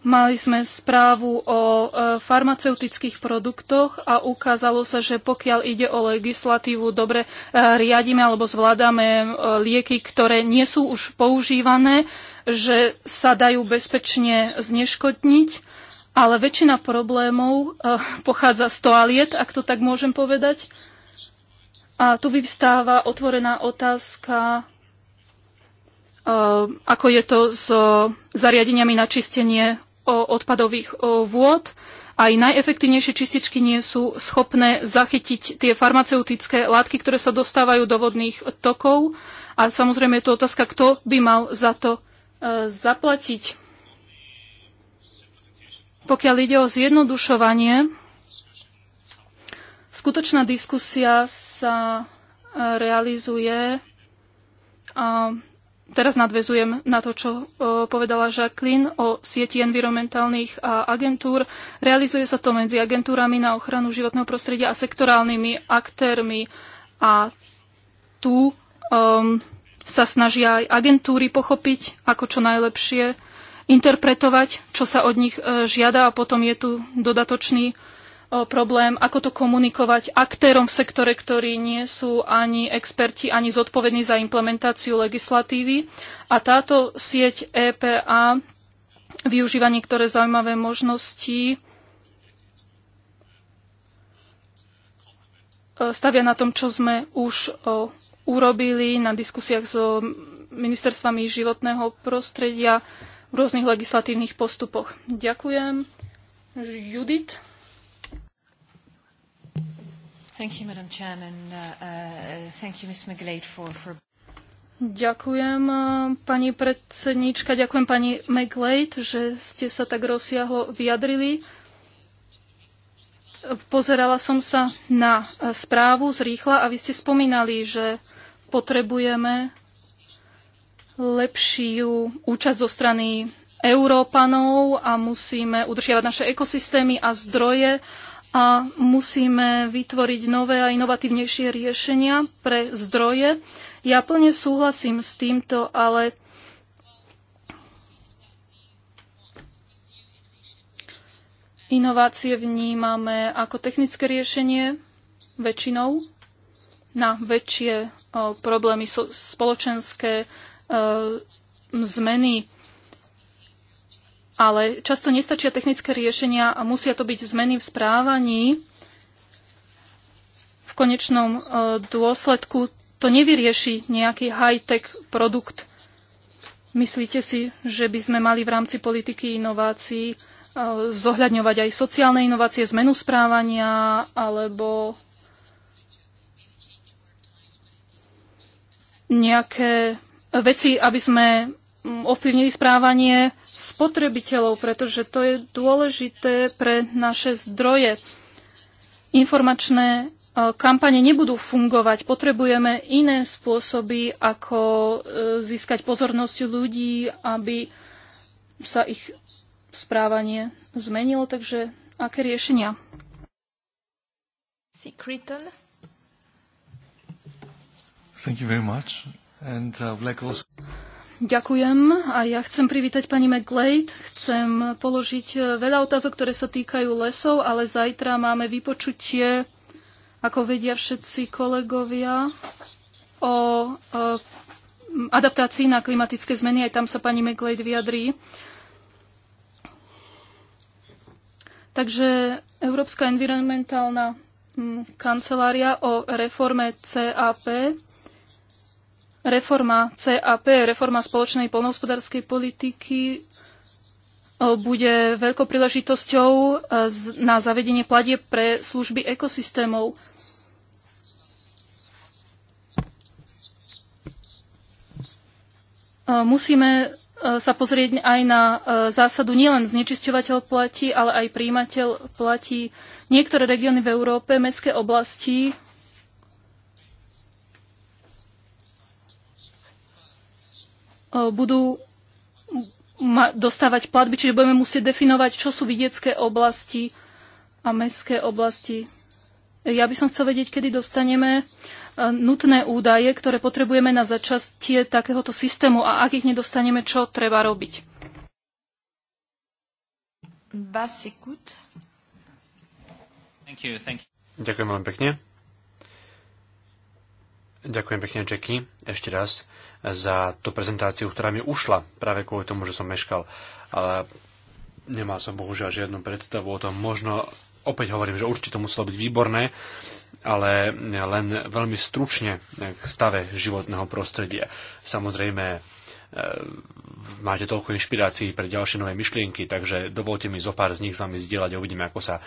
Mali sme správu o e, farmaceutických produktoch a ukázalo sa, že pokiaľ ide o legislatívu, dobre e, riadime alebo zvládame e, lieky, ktoré nie sú už používané, že sa dajú bezpečne zneškodniť, ale väčšina problémov pochádza z toaliet, ak to tak môžem povedať. A tu vyvstáva otvorená otázka, ako je to s zariadeniami na čistenie odpadových vôd. Aj najefektívnejšie čističky nie sú schopné zachytiť tie farmaceutické látky, ktoré sa dostávajú do vodných tokov. A samozrejme je tu otázka, kto by mal za to e, zaplatiť. Pokiaľ ide o zjednodušovanie, skutočná diskusia sa e, realizuje Teraz nadvezujem na to, čo e, povedala Jacqueline o sieti environmentálnych agentúr. Realizuje sa to medzi agentúrami na ochranu životného prostredia a sektorálnymi aktérmi. A tu um, sa snažia aj agentúry pochopiť, ako čo najlepšie interpretovať, čo sa od nich e, žiada a potom je tu dodatočný problém, ako to komunikovať aktérom v sektore, ktorí nie sú ani experti, ani zodpovední za implementáciu legislatívy. A táto sieť EPA využíva niektoré zaujímavé možnosti. E, stavia na tom, čo sme už e, urobili na diskusiách s e, ministerstvami životného prostredia v rôznych legislatívnych postupoch. Ďakujem. Judith. Ďakujem, pani predsedníčka, ďakujem pani McLeod, že ste sa tak rozsiahlo vyjadrili. Pozerala som sa na uh, správu z rýchla a vy ste spomínali, že potrebujeme lepšiu účasť zo strany Európanov a musíme udržiavať naše ekosystémy a zdroje a musíme vytvoriť nové a inovatívnejšie riešenia pre zdroje. Ja plne súhlasím s týmto, ale inovácie vnímame ako technické riešenie väčšinou na väčšie problémy spoločenské zmeny ale často nestačia technické riešenia a musia to byť zmeny v správaní. V konečnom e, dôsledku to nevyrieši nejaký high-tech produkt. Myslíte si, že by sme mali v rámci politiky inovácií e, zohľadňovať aj sociálne inovácie, zmenu správania alebo nejaké veci, aby sme ovplyvnili správanie spotrebiteľov, pretože to je dôležité pre naše zdroje. Informačné e, kampane nebudú fungovať. Potrebujeme iné spôsoby, ako e, získať pozornosť ľudí, aby sa ich správanie zmenilo. Takže aké riešenia? Secreton. Thank you very much. And, uh, like also... Ďakujem a ja chcem privítať pani McGlade. Chcem položiť e, veľa otázok, ktoré sa týkajú lesov, ale zajtra máme vypočutie, ako vedia všetci kolegovia, o, e, adaptácii na klimatické zmeny. Aj tam sa pani McGlade vyjadrí. Takže Európska environmentálna mm, kancelária o reforme CAP Reforma CAP, reforma spoločnej polnohospodárskej politiky bude veľkou príležitosťou e, na zavedenie pladie pre služby ekosystémov. E, musíme e, sa pozrieť aj na zásadu nielen znečisťovateľ platí, ale aj príjimateľ platí. Niektoré regióny v Európe, mestské oblasti E, budú dostávať platby, čiže budeme musieť definovať, čo sú vidiecké oblasti a mestské oblasti. Ja by som chcel vedieť, kedy dostaneme e, nutné údaje, ktoré potrebujeme na začastie takéhoto systému a ak ich nedostaneme, čo treba robiť. Thank you, thank you. Ďakujem veľmi pekne. Ďakujem pekne, Jackie, ešte raz za tú prezentáciu, ktorá mi ušla práve kvôli tomu, že som meškal. Ale nemal som bohužiaľ žiadnu predstavu o tom. Možno opäť hovorím, že určite to muselo byť výborné, ale len veľmi stručne k stave životného prostredia. Samozrejme, máte toľko inšpirácií pre ďalšie nové myšlienky, takže dovolte mi zo pár z nich s vami zdieľať a uvidíme, ako sa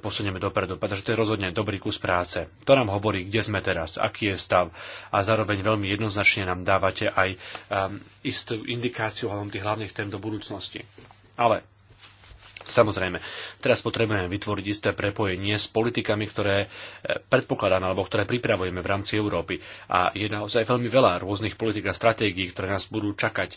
posunieme dopredu, pretože to je rozhodne dobrý kus práce. To nám hovorí, kde sme teraz, aký je stav a zároveň veľmi jednoznačne nám dávate aj um, istú indikáciu hľadom tých hlavných tém do budúcnosti. Ale Samozrejme, teraz potrebujeme vytvoriť isté prepojenie s politikami, ktoré e, predpokladáme alebo ktoré pripravujeme v rámci Európy. A je naozaj veľmi veľa rôznych politik a stratégií, ktoré nás budú čakať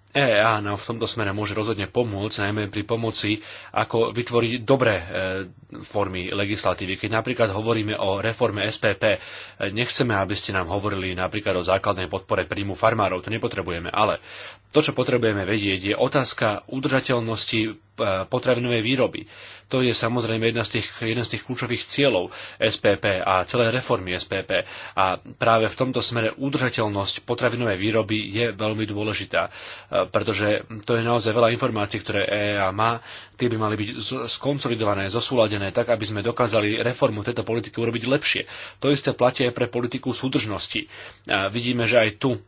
EEA nám no, v tomto smere môže rozhodne pomôcť, najmä pri pomoci, ako vytvoriť dobré e, formy legislatívy. Keď napríklad hovoríme o reforme SPP, e, nechceme, aby ste nám hovorili napríklad o základnej podpore príjmu farmárov, to nepotrebujeme, ale to, čo potrebujeme vedieť, je otázka udržateľnosti e, potravinovej výroby. To je samozrejme jedna z tých, jeden z tých kľúčových cieľov SPP a celé reformy SPP. A práve v tomto smere udržateľnosť potravinovej výroby je veľmi dôležitá pretože to je naozaj veľa informácií, ktoré EEA má. Tie by mali byť skonsolidované, zosúladené, tak aby sme dokázali reformu tejto politiky urobiť lepšie. To isté platí aj pre politiku súdržnosti. Vidíme, že aj tu e,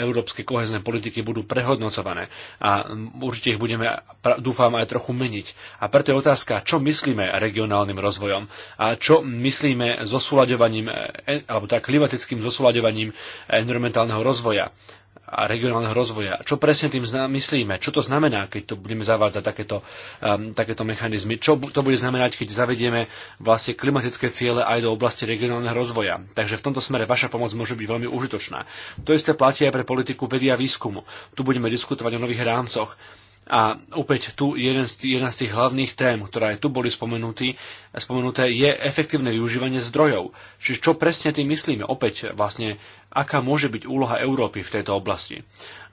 európske kohezné politiky budú prehodnocované a určite ich budeme, dúfam, aj trochu meniť. A preto je otázka, čo myslíme regionálnym rozvojom a čo myslíme zosúľaďovaním, e, alebo tak klimatickým zosúľaďovaním environmentálneho rozvoja a regionálneho rozvoja. Čo presne tým myslíme? Čo to znamená, keď to budeme zavádzať takéto, um, takéto mechanizmy? Čo to bude znamenať, keď zavedieme vlastne klimatické ciele aj do oblasti regionálneho rozvoja? Takže v tomto smere vaša pomoc môže byť veľmi užitočná. To isté platí aj pre politiku vedia výskumu. Tu budeme diskutovať o nových rámcoch. A opäť tu jeden z, jedna z tých hlavných tém, ktorá aj tu boli spomenutý, spomenuté, je efektívne využívanie zdrojov. Čiže čo presne tým myslíme? Opäť vlastne aká môže byť úloha Európy v tejto oblasti.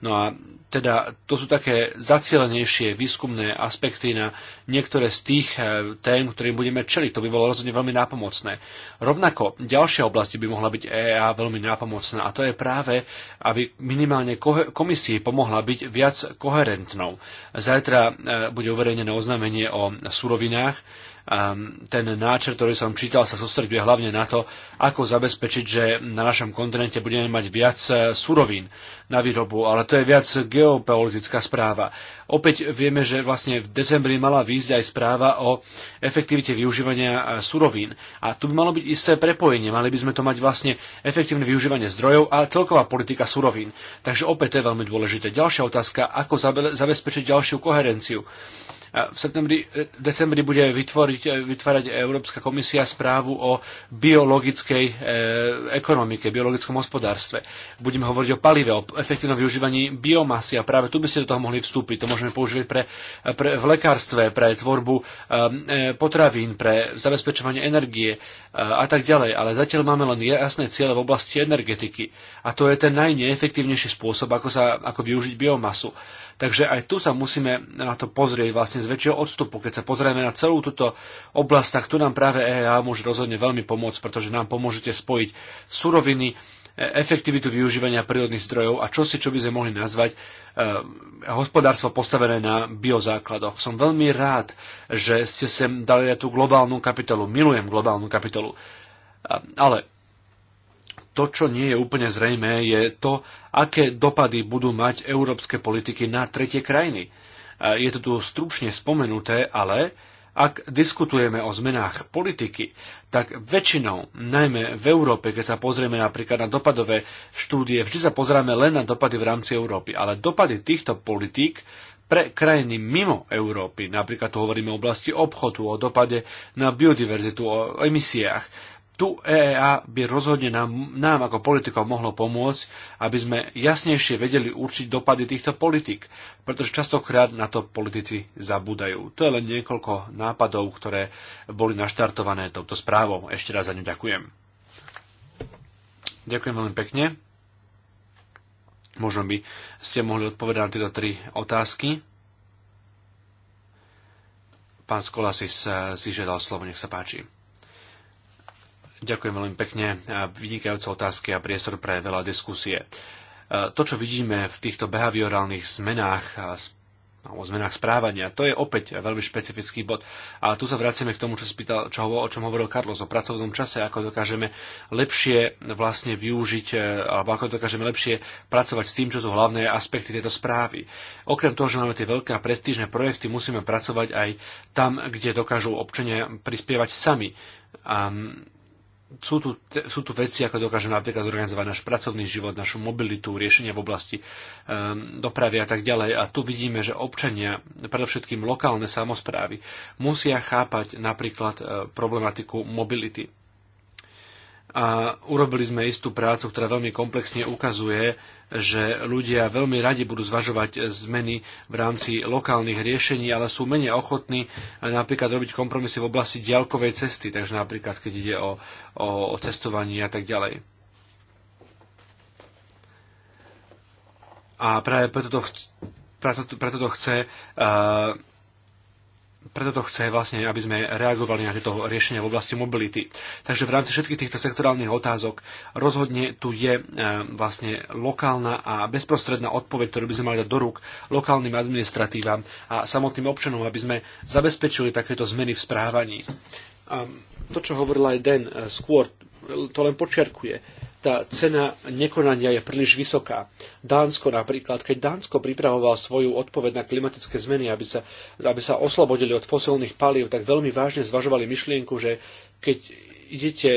No a teda to sú také zacielenejšie výskumné aspekty na niektoré z tých eh, tém, ktorým budeme čeliť. To by bolo rozhodne veľmi nápomocné. Rovnako ďalšia oblasti by mohla byť EA veľmi nápomocná a to je práve, aby minimálne komisii pomohla byť viac koherentnou. Zajtra eh, bude uverejnené oznámenie o surovinách, ten náčrt, ktorý som čítal, sa sústreduje hlavne na to, ako zabezpečiť, že na našom kontinente budeme mať viac e, surovín na výrobu, ale to je viac geopolitická správa. Opäť vieme, že vlastne v decembri mala výjsť aj správa o efektivite využívania e, surovín. A tu by malo byť isté prepojenie, mali by sme to mať vlastne efektívne využívanie zdrojov a celková politika surovín. Takže opäť to je veľmi dôležité. Ďalšia otázka, ako zabezpečiť ďalšiu koherenciu. V septembri, e, decembri bude vytvoriť, e, vytvárať Európska komisia správu o biologickej e, ekonomike, biologickom hospodárstve. Budeme hovoriť o palive, o efektívnom využívaní biomasy a práve tu by ste do toho mohli vstúpiť. To môžeme používať pre, pre, v lekárstve, pre tvorbu e, e, potravín, pre zabezpečovanie energie e, a tak ďalej. Ale zatiaľ máme len jasné ciele v oblasti energetiky a to je ten najneefektívnejší spôsob, ako, sa, ako využiť biomasu. Takže aj tu sa musíme na to pozrieť vlastne bez väčšieho odstupu. Keď sa pozrieme na celú túto oblasť, tak tu nám práve EEA môže rozhodne veľmi pomôcť, pretože nám pomôžete spojiť suroviny, e, efektivitu využívania prírodných zdrojov a čosi, čo by sme mohli nazvať e, hospodárstvo postavené na biozákladoch. Som veľmi rád, že ste sem dali aj tú globálnu kapitolu. Milujem globálnu kapitolu. E, ale to, čo nie je úplne zrejmé, je to, aké dopady budú mať európske politiky na tretie krajiny. Je to tu stručne spomenuté, ale ak diskutujeme o zmenách politiky, tak väčšinou, najmä v Európe, keď sa pozrieme napríklad na dopadové štúdie, vždy sa pozrieme len na dopady v rámci Európy, ale dopady týchto politík pre krajiny mimo Európy, napríklad tu hovoríme o oblasti obchodu, o dopade na biodiverzitu, o emisiách, tu EEA by rozhodne nám, nám ako politikov mohlo pomôcť, aby sme jasnejšie vedeli určiť dopady týchto politik, pretože častokrát na to politici zabúdajú. To je len niekoľko nápadov, ktoré boli naštartované touto správou. Ešte raz za ňu ďakujem. Ďakujem veľmi pekne. Možno by ste mohli odpovedať na tieto tri otázky. Pán Skolasis si žiadal slovo, nech sa páči. Ďakujem veľmi pekne. Vynikajúce otázky a priestor pre veľa diskusie. To, čo vidíme v týchto behaviorálnych zmenách o zmenách správania. To je opäť veľmi špecifický bod. A tu sa vraciame k tomu, čo spýtal, čo, o čom hovoril Carlos, o pracovnom čase, ako dokážeme lepšie vlastne využiť, e, alebo ako dokážeme lepšie pracovať s tým, čo sú hlavné aspekty tejto správy. Okrem toho, že máme tie veľké a prestížne projekty, musíme pracovať aj tam, kde dokážu občania prispievať sami. Um, sú tu, sú tu veci, ako dokážeme napríklad organizovať náš pracovný život, našu mobilitu, riešenia v oblasti um, dopravy a tak ďalej. A tu vidíme, že občania, predovšetkým lokálne samozprávy, musia chápať napríklad uh, problematiku mobility a urobili sme istú prácu, ktorá veľmi komplexne ukazuje, že ľudia veľmi radi budú zvažovať zmeny v rámci lokálnych riešení, ale sú menej ochotní eh, napríklad robiť kompromisy v oblasti diaľkovej cesty, takže napríklad keď ide o, o, o cestovanie a tak ďalej. A práve preto to, preto, preto to chce uh, preto to chce vlastne, aby sme reagovali na tieto riešenia v oblasti mobility. Takže v rámci všetkých týchto sektorálnych otázok rozhodne tu je e, vlastne lokálna a bezprostredná odpoveď, ktorú by sme mali dať do rúk lokálnym administratívam a samotným občanom, aby sme zabezpečili takéto zmeny v správaní. A to, čo hovorila aj Den e, skôr, to len počiarkuje tá cena nekonania je príliš vysoká. Dánsko napríklad, keď Dánsko pripravovalo svoju odpoveď na klimatické zmeny, aby sa, aby sa oslobodili od fosilných palív, tak veľmi vážne zvažovali myšlienku, že keď idete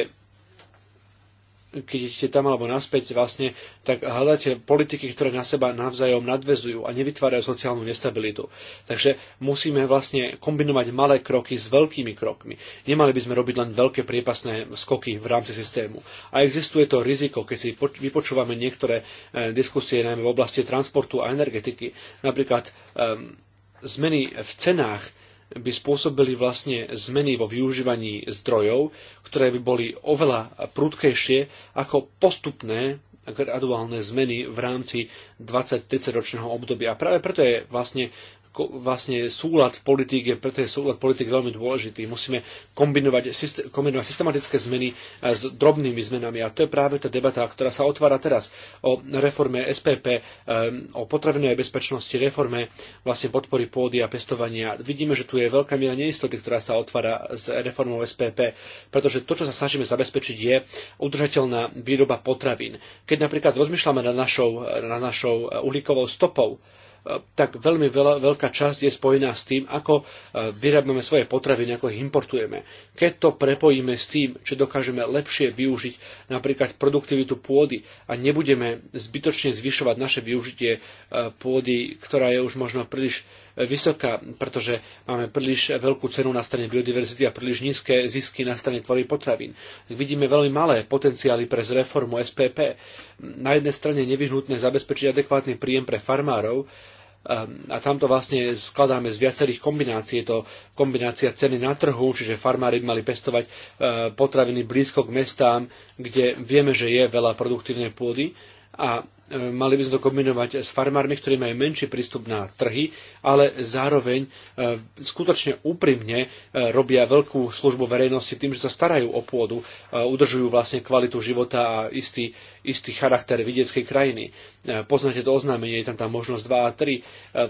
keď idete tam alebo naspäť vlastne, tak hľadáte politiky, ktoré na seba navzájom nadvezujú a nevytvárajú sociálnu nestabilitu. Takže musíme vlastne kombinovať malé kroky s veľkými krokmi. Nemali by sme robiť len veľké priepasné skoky v rámci systému. A existuje to riziko, keď si vypočúvame niektoré e, diskusie najmä v oblasti transportu a energetiky, napríklad um, zmeny v cenách by spôsobili vlastne zmeny vo využívaní zdrojov, ktoré by boli oveľa prudkejšie ako postupné graduálne zmeny v rámci 20-30 ročného obdobia. A práve preto je vlastne vlastne súlad politik, je, preto je súlad politik veľmi dôležitý. Musíme kombinovať, kombinovať systematické zmeny eh, s drobnými zmenami. A to je práve tá debata, ktorá sa otvára teraz o reforme SPP, eh, o potravinovej bezpečnosti, reforme vlastne podpory pôdy a pestovania. Vidíme, že tu je veľká miera neistoty, ktorá sa otvára s reformou SPP, pretože to, čo sa snažíme zabezpečiť, je udržateľná výroba potravín. Keď napríklad rozmýšľame na našou, nad našou eh, uhlíkovou stopou, tak veľmi veľa, veľká časť je spojená s tým, ako e, vyrábame svoje potraviny, ako ich importujeme. Keď to prepojíme s tým, či dokážeme lepšie využiť napríklad produktivitu pôdy a nebudeme zbytočne zvyšovať naše využitie e, pôdy, ktorá je už možno príliš vysoká, pretože máme príliš veľkú cenu na strane biodiverzity a príliš nízke zisky na strane tvorí potravín. Vidíme veľmi malé potenciály pre zreformu SPP. Na jednej strane nevyhnutné zabezpečiť adekvátny príjem pre farmárov, um, a tam to vlastne skladáme z viacerých kombinácií. Je to kombinácia ceny na trhu, čiže farmári by mali pestovať uh, potraviny blízko k mestám, kde vieme, že je veľa produktívnej pôdy a mali by sme to kombinovať s farmármi, ktorí majú menší prístup na trhy, ale zároveň e, skutočne úprimne e, robia veľkú službu verejnosti tým, že sa starajú o pôdu, udržujú vlastne kvalitu života a istý, istý charakter vidieckej krajiny. E, poznáte to oznámenie, je tam tá možnosť 2 a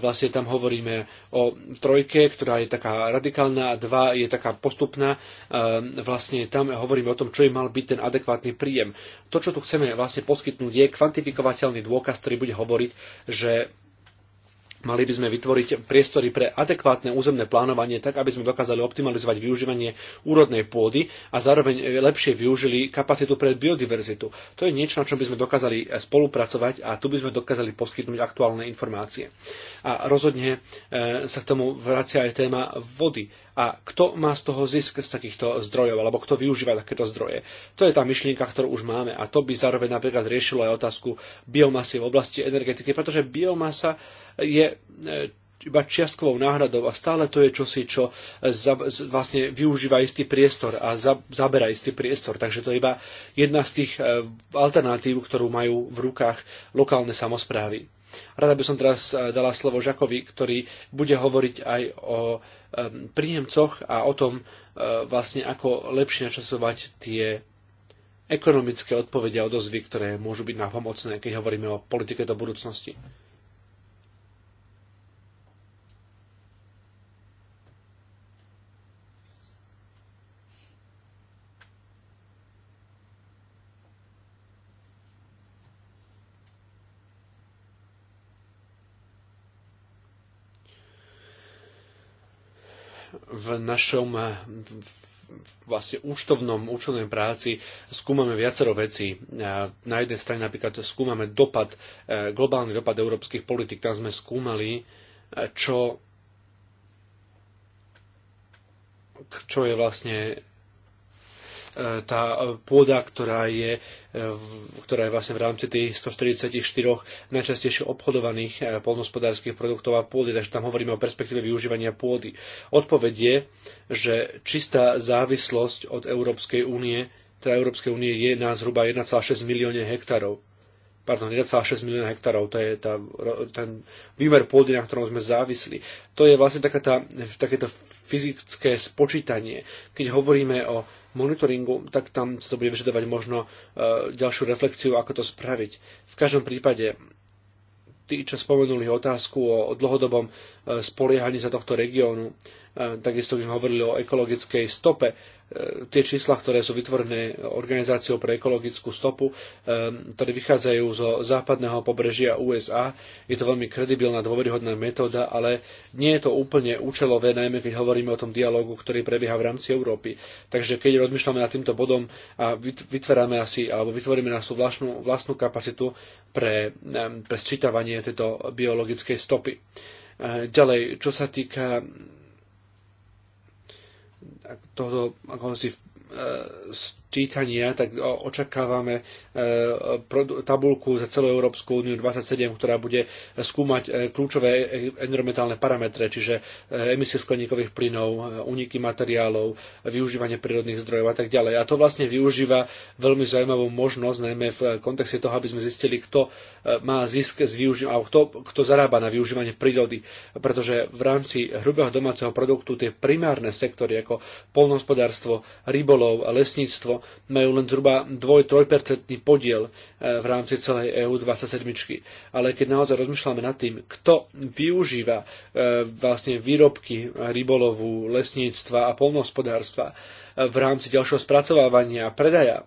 3. Vlastne tam hovoríme o trojke, ktorá je taká radikálna a 2 je taká postupná. Vlastne tam hovoríme o tom, čo je mal byť ten adekvátny príjem. To, čo tu chceme vlastne poskytnúť, je kvantifikovateľ zretelný dôkaz, ktorý bude hovoriť, že Mali by sme vytvoriť priestory pre adekvátne územné plánovanie, tak aby sme dokázali optimalizovať využívanie úrodnej pôdy a zároveň lepšie využili kapacitu pre biodiverzitu. To je niečo, na čom by sme dokázali spolupracovať a tu by sme dokázali poskytnúť aktuálne informácie. A rozhodne eh, sa k tomu vracia aj téma vody a kto má z toho zisk z takýchto zdrojov, alebo kto využíva takéto zdroje. To je tá myšlienka, ktorú už máme a to by zároveň napríklad riešilo aj otázku biomasy v oblasti energetiky, pretože biomasa je e, iba čiastkovou náhradou a stále to je čosi, čo za, vlastne využíva istý priestor a za, zabera istý priestor. Takže to je iba jedna z tých e, alternatív, ktorú majú v rukách lokálne samozprávy. Rada by som teraz e, dala slovo Žakovi, ktorý bude hovoriť aj o Um, príjemcoch a o tom uh, vlastne ako lepšie načasovať tie ekonomické odpovede a odozvy, ktoré môžu byť nápomocné, keď hovoríme o politike do budúcnosti. v našom eh, vlastne účtovnom, účtovnej práci skúmame viacero vecí. Eh, na jednej strane napríklad skúmame dopad, eh, globálny dopad európskych politik. Tam sme skúmali, čo čo je vlastne E, tá pôda, ktorá je, e, ktorá je vlastne v rámci tých 144 najčastejšie obchodovaných e, polnospodárských produktov a pôdy, takže tam hovoríme o perspektíve využívania pôdy. Odpoveď je, že čistá závislosť od Európskej únie, teda Európskej únie je na zhruba 1,6 milióne hektárov pardon, 1,6 milióna hektárov, to je tá, ten výmer pôdy, na ktorom sme závisli. To je vlastne taká tá, takéto fyzické spočítanie. Keď hovoríme o monitoringu, tak tam sa to bude vyžadovať možno e, ďalšiu reflexiu, ako to spraviť. V každom prípade tí, čo spomenuli otázku o dlhodobom e, spoliehaní sa tohto regiónu, e, takisto by sme hovorili o ekologickej stope, E, tie čísla, ktoré sú vytvorené Organizáciou pre ekologickú stopu, e, ktoré vychádzajú zo západného pobrežia USA. Je to veľmi kredibilná, dôveryhodná metóda, ale nie je to úplne účelové, najmä keď hovoríme o tom dialogu, ktorý prebieha v rámci Európy. Takže keď rozmýšľame nad týmto bodom a vytvárame asi, alebo vytvoríme našu vlastnú, vlastnú kapacitu pre, pre sčítavanie tejto biologickej stopy. E, ďalej, čo sa týka toho, ako si uh čítania, tak očakávame e, tabulku za celú Európsku úniu 27, ktorá bude skúmať e, kľúčové e, environmentálne parametre, čiže emisie skleníkových plynov, úniky materiálov, využívanie prírodných zdrojov a tak ďalej. A to vlastne využíva veľmi zaujímavú možnosť, najmä v kontexte toho, aby sme zistili, kto má zisk z využívania, kto, kto zarába na využívanie prírody, pretože v rámci hrubého domáceho produktu tie primárne sektory ako polnohospodárstvo, rybolov a lesníctvo majú len zhruba 2-3% podiel e, v rámci celej EU27. Ale keď naozaj rozmýšľame nad tým, kto využíva e, vlastne výrobky rybolovu, lesníctva a polnohospodárstva e, v rámci ďalšieho spracovávania a predaja,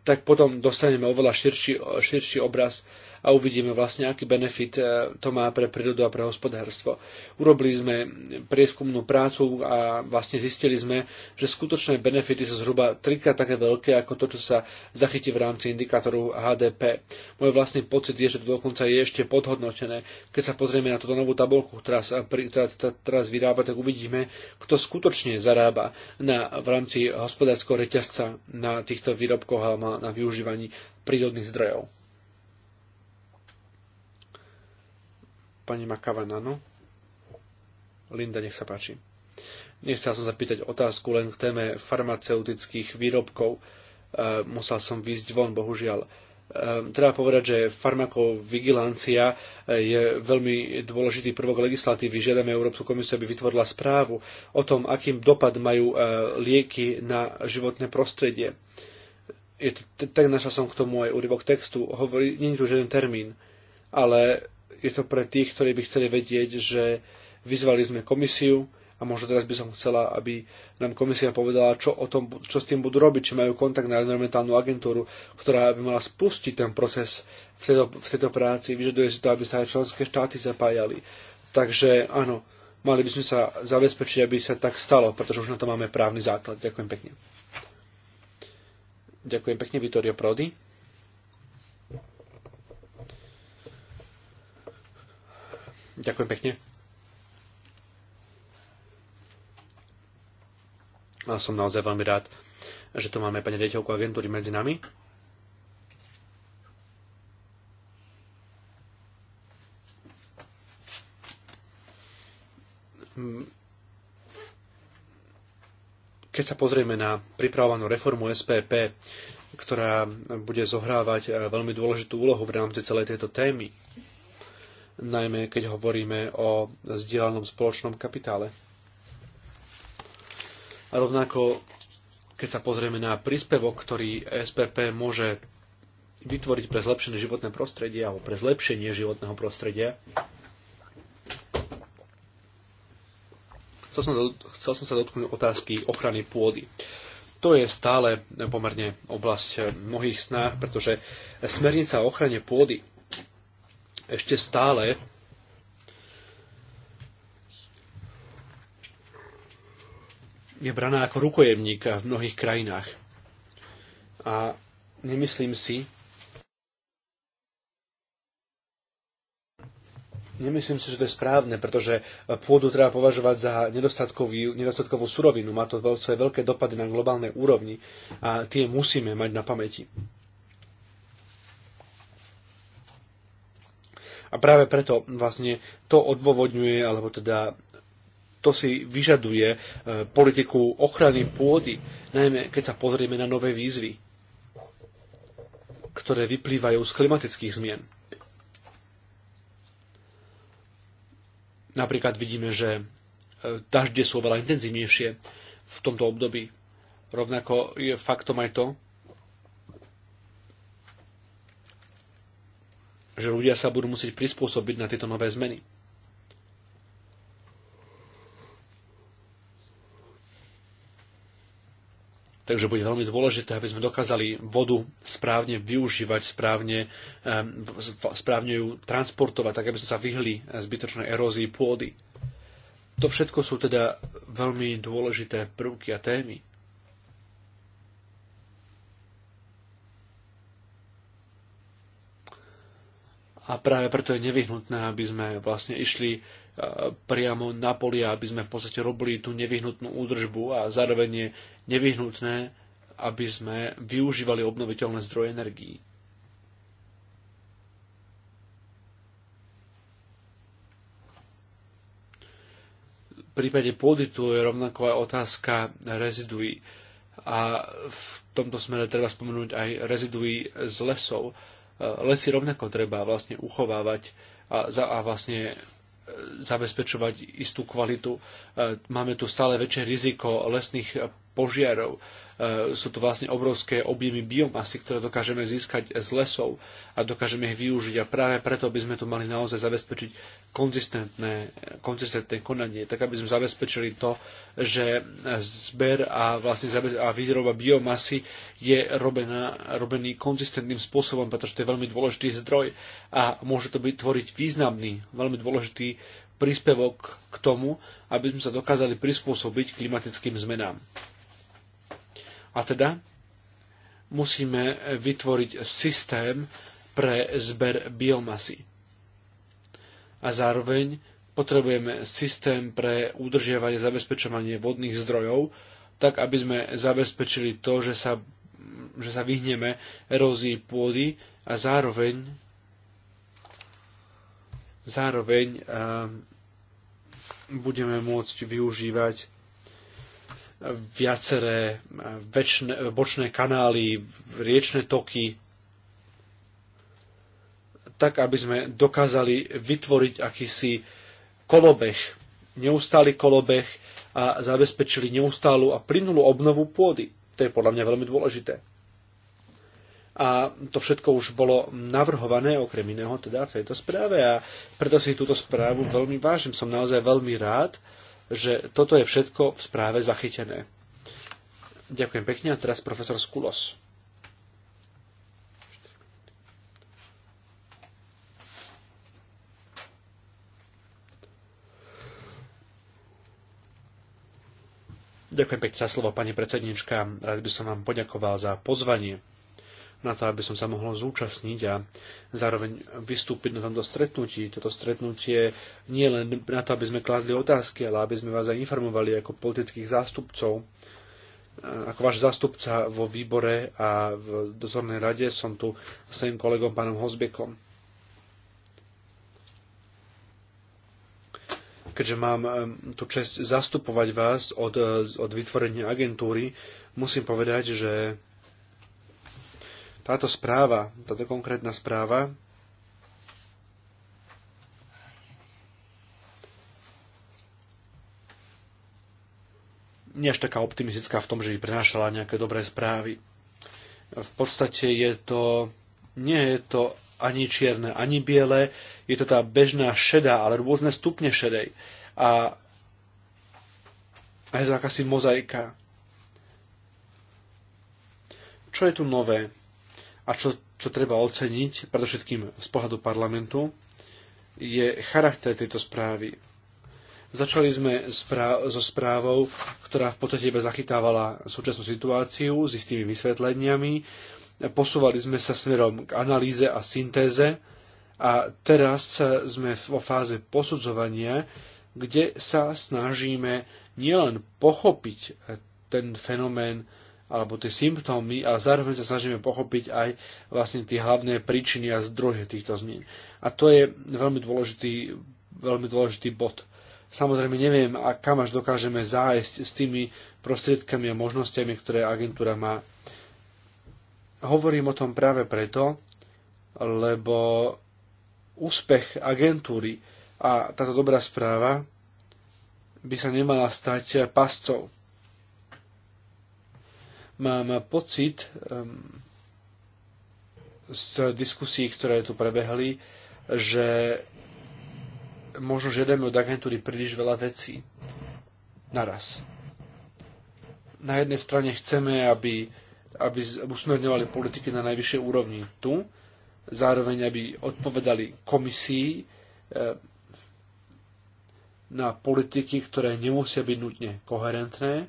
tak potom dostaneme oveľa širší, širší obraz a uvidíme vlastne, aký benefit e, to má pre prírodu a pre hospodárstvo. Urobili sme prieskumnú prácu a vlastne zistili sme, že skutočné benefity sú zhruba trikrát také veľké ako to, čo sa zachytí v rámci indikátorov HDP. Môj vlastný pocit je, že to dokonca je ešte podhodnotené. Keď sa pozrieme na túto novú tabulku, ktorá sa teraz vyrába, tak uvidíme, kto skutočne zarába na, v rámci hospodárskeho reťazca na týchto výrobkoch a na využívaní prírodných zdrojov. pani Makavananu. Linda, nech sa páči. Nechcel som zapýtať otázku len k téme farmaceutických výrobkov. E, musel som výjsť von, bohužiaľ e, treba povedať, že farmakovigilancia je veľmi dôležitý prvok legislatívy. Žiadame Európsku komisiu, aby vytvorila správu o tom, akým dopad majú e, lieky na životné prostredie. Je to, tak našla som k tomu aj úryvok textu. Hovorí, nie je tu žiaden termín, ale je to pre tých, ktorí by chceli vedieť, že vyzvali sme komisiu a možno teraz by som chcela, aby nám komisia povedala, čo, o tom, čo s tým budú robiť, či majú kontakt na environmentálnu agentúru, ktorá by mala spustiť ten proces v tejto, v tejto práci. Vyžaduje si to, aby sa aj členské štáty zapájali. Takže áno, mali by sme sa zabezpečiť, aby sa tak stalo, pretože už na to máme právny základ. Ďakujem pekne. Ďakujem pekne, Vittorio Prodi. Ďakujem pekne. A som naozaj veľmi rád, že tu máme pani rieťovku agentúry medzi nami. Keď sa pozrieme na pripravovanú reformu SPP, ktorá bude zohrávať eh, veľmi dôležitú úlohu v rámci celej tejto témy, najmä keď hovoríme o zdieľanom spoločnom kapitále. A rovnako, keď sa pozrieme na príspevok, ktorý SPP môže vytvoriť pre zlepšené životné prostredie alebo pre zlepšenie životného prostredia, chcel som, chcel som sa dotknúť otázky ochrany pôdy. To je stále pomerne oblasť mnohých snách, pretože smernica o ochrane pôdy ešte stále je braná ako rukojemníka v mnohých krajinách. A nemyslím si, Nemyslím si, že to je správne, pretože pôdu treba považovať za nedostatkovú, nedostatkovú surovinu. Má to svoje veľké dopady na globálnej úrovni a tie musíme mať na pamäti. A práve preto vlastne to odôvodňuje, alebo teda to si vyžaduje e, politiku ochrany pôdy, najmä keď sa pozrieme na nové výzvy, ktoré vyplývajú z klimatických zmien. Napríklad vidíme, že e, dažde sú oveľa intenzívnejšie v tomto období. Rovnako je faktom aj to, že ľudia sa budú musieť prispôsobiť na tieto nové zmeny. Takže bude veľmi dôležité, aby sme dokázali vodu správne využívať, správne, správne ju transportovať, tak aby sme sa vyhli eh, zbytočnej erózii pôdy. To všetko sú teda veľmi dôležité prvky a témy. a práve preto je nevyhnutné, aby sme vlastne išli e, priamo na polia, aby sme v podstate robili tú nevyhnutnú údržbu a zároveň je nevyhnutné, aby sme využívali obnoviteľné zdroje energií. V prípade pôdy tu je rovnako aj otázka reziduí. A v tomto smere treba spomenúť aj reziduí z lesov lesy rovnako treba vlastne uchovávať a, za, a vlastne e, zabezpečovať istú kvalitu. E, máme tu stále väčšie riziko lesných požiarov. E, sú to vlastne obrovské objemy biomasy, ktoré dokážeme získať z lesov a dokážeme ich využiť. A práve preto by sme tu mali naozaj zabezpečiť konzistentné, konzistentné konanie, tak aby sme zabezpečili to, že zber a, vlastne a výroba biomasy je robená, robený konzistentným spôsobom, pretože to je veľmi dôležitý zdroj a môže to byť tvoriť významný, veľmi dôležitý príspevok k tomu, aby sme sa dokázali prispôsobiť klimatickým zmenám. A teda musíme vytvoriť systém pre zber biomasy. A zároveň potrebujeme systém pre udržiavanie, zabezpečovanie vodných zdrojov, tak aby sme zabezpečili to, že sa, že sa vyhneme erózii pôdy a zároveň zároveň um, budeme môcť využívať viaceré eh, väčšie, bočné kanály, riečne toky, tak aby sme dokázali vytvoriť akýsi kolobeh, neustály kolobeh a zabezpečili neustálu a plynulú obnovu pôdy. To je podľa mňa veľmi dôležité. A to všetko už bolo navrhované, okrem iného, teda v tejto správe a preto si túto správu veľmi vážim. Som naozaj veľmi rád, že toto je všetko v správe zachytené. Ďakujem pekne a teraz profesor Skulos. Ďakujem pekne za slovo, pani predsednička. Rád by som vám poďakoval za pozvanie na to, aby som sa mohol zúčastniť a zároveň vystúpiť na tomto stretnutí. Toto stretnutie nie len na to, aby sme kladli otázky, ale aby sme vás aj informovali ako politických zástupcov. Ako váš zástupca vo výbore a v dozornej rade som tu s svojím kolegom pánom Hozbekom. keďže mám eh, tú čest zastupovať vás od, eh, od vytvorenia agentúry, musím povedať, že táto správa, táto konkrétna správa nie až taká optimistická v tom, že by prenášala nejaké dobré správy. V podstate je to, nie je to ani čierne, ani biele, je to tá bežná šedá, ale rôzne stupne šedej. A, a je to akási mozaika. Čo je tu nové? a čo, čo treba oceniť, predovšetkým z pohľadu parlamentu, je charakter tejto správy. Začali sme správ, so správou, ktorá v podstate iba zachytávala súčasnú situáciu s istými vysvetleniami. Posúvali sme sa smerom k analýze a syntéze a teraz sme vo fáze posudzovania, kde sa snažíme nielen pochopiť ten fenomén alebo tie symptómy, a zároveň sa snažíme pochopiť aj vlastne tie hlavné príčiny a zdroje týchto zmien. A to je veľmi dôležitý, veľmi dôležitý bod. Samozrejme neviem, a kam až dokážeme zájsť s tými prostriedkami a možnosťami, ktoré agentúra má. Hovorím o tom práve preto, lebo úspech agentúry a táto dobrá správa by sa nemala stať pascov. Mám pocit z diskusí, ktoré tu prebehli, že možno žiadame od agentúry príliš veľa vecí naraz. Na jednej strane chceme, aby, aby usmerňovali politiky na najvyššej úrovni tu, zároveň aby odpovedali komisii na politiky, ktoré nemusia byť nutne koherentné,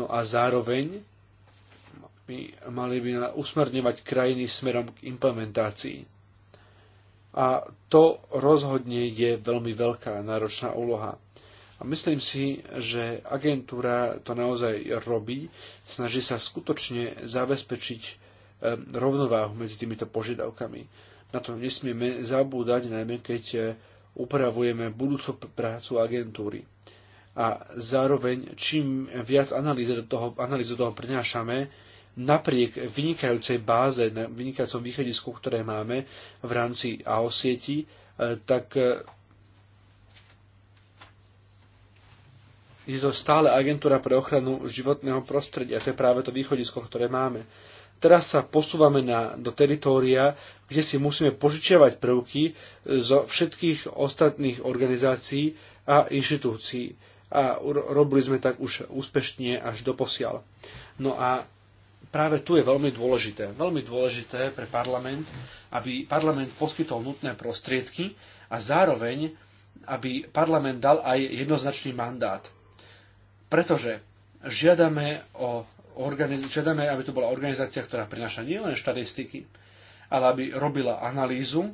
no a zároveň by mali by usmerňovať krajiny smerom k implementácii. A to rozhodne je veľmi veľká náročná úloha. A myslím si, že agentúra to naozaj robí, snaží sa skutočne zabezpečiť e, rovnováhu medzi týmito požiadavkami. Na to nesmieme zabúdať, najmä keď e, upravujeme budúcu prácu agentúry. A zároveň, čím viac analýzy do toho, analýzu do toho prinášame, napriek vynikajúcej báze, na vynikajúcom východisku, ktoré máme v rámci AO sieti, e, tak e, je to stále agentúra pre ochranu životného prostredia. To je práve to východisko, ktoré máme. Teraz sa posúvame na, do teritória, kde si musíme požičiavať prvky e, zo všetkých ostatných organizácií a inštitúcií. A robili sme tak už úspešne až do posiaľ. No a práve tu je veľmi dôležité. Veľmi dôležité pre parlament, aby parlament poskytol nutné prostriedky a zároveň, aby parlament dal aj jednoznačný mandát. Pretože žiadame, o organiz- žiadame aby to bola organizácia, ktorá prináša nielen štatistiky, ale aby robila analýzu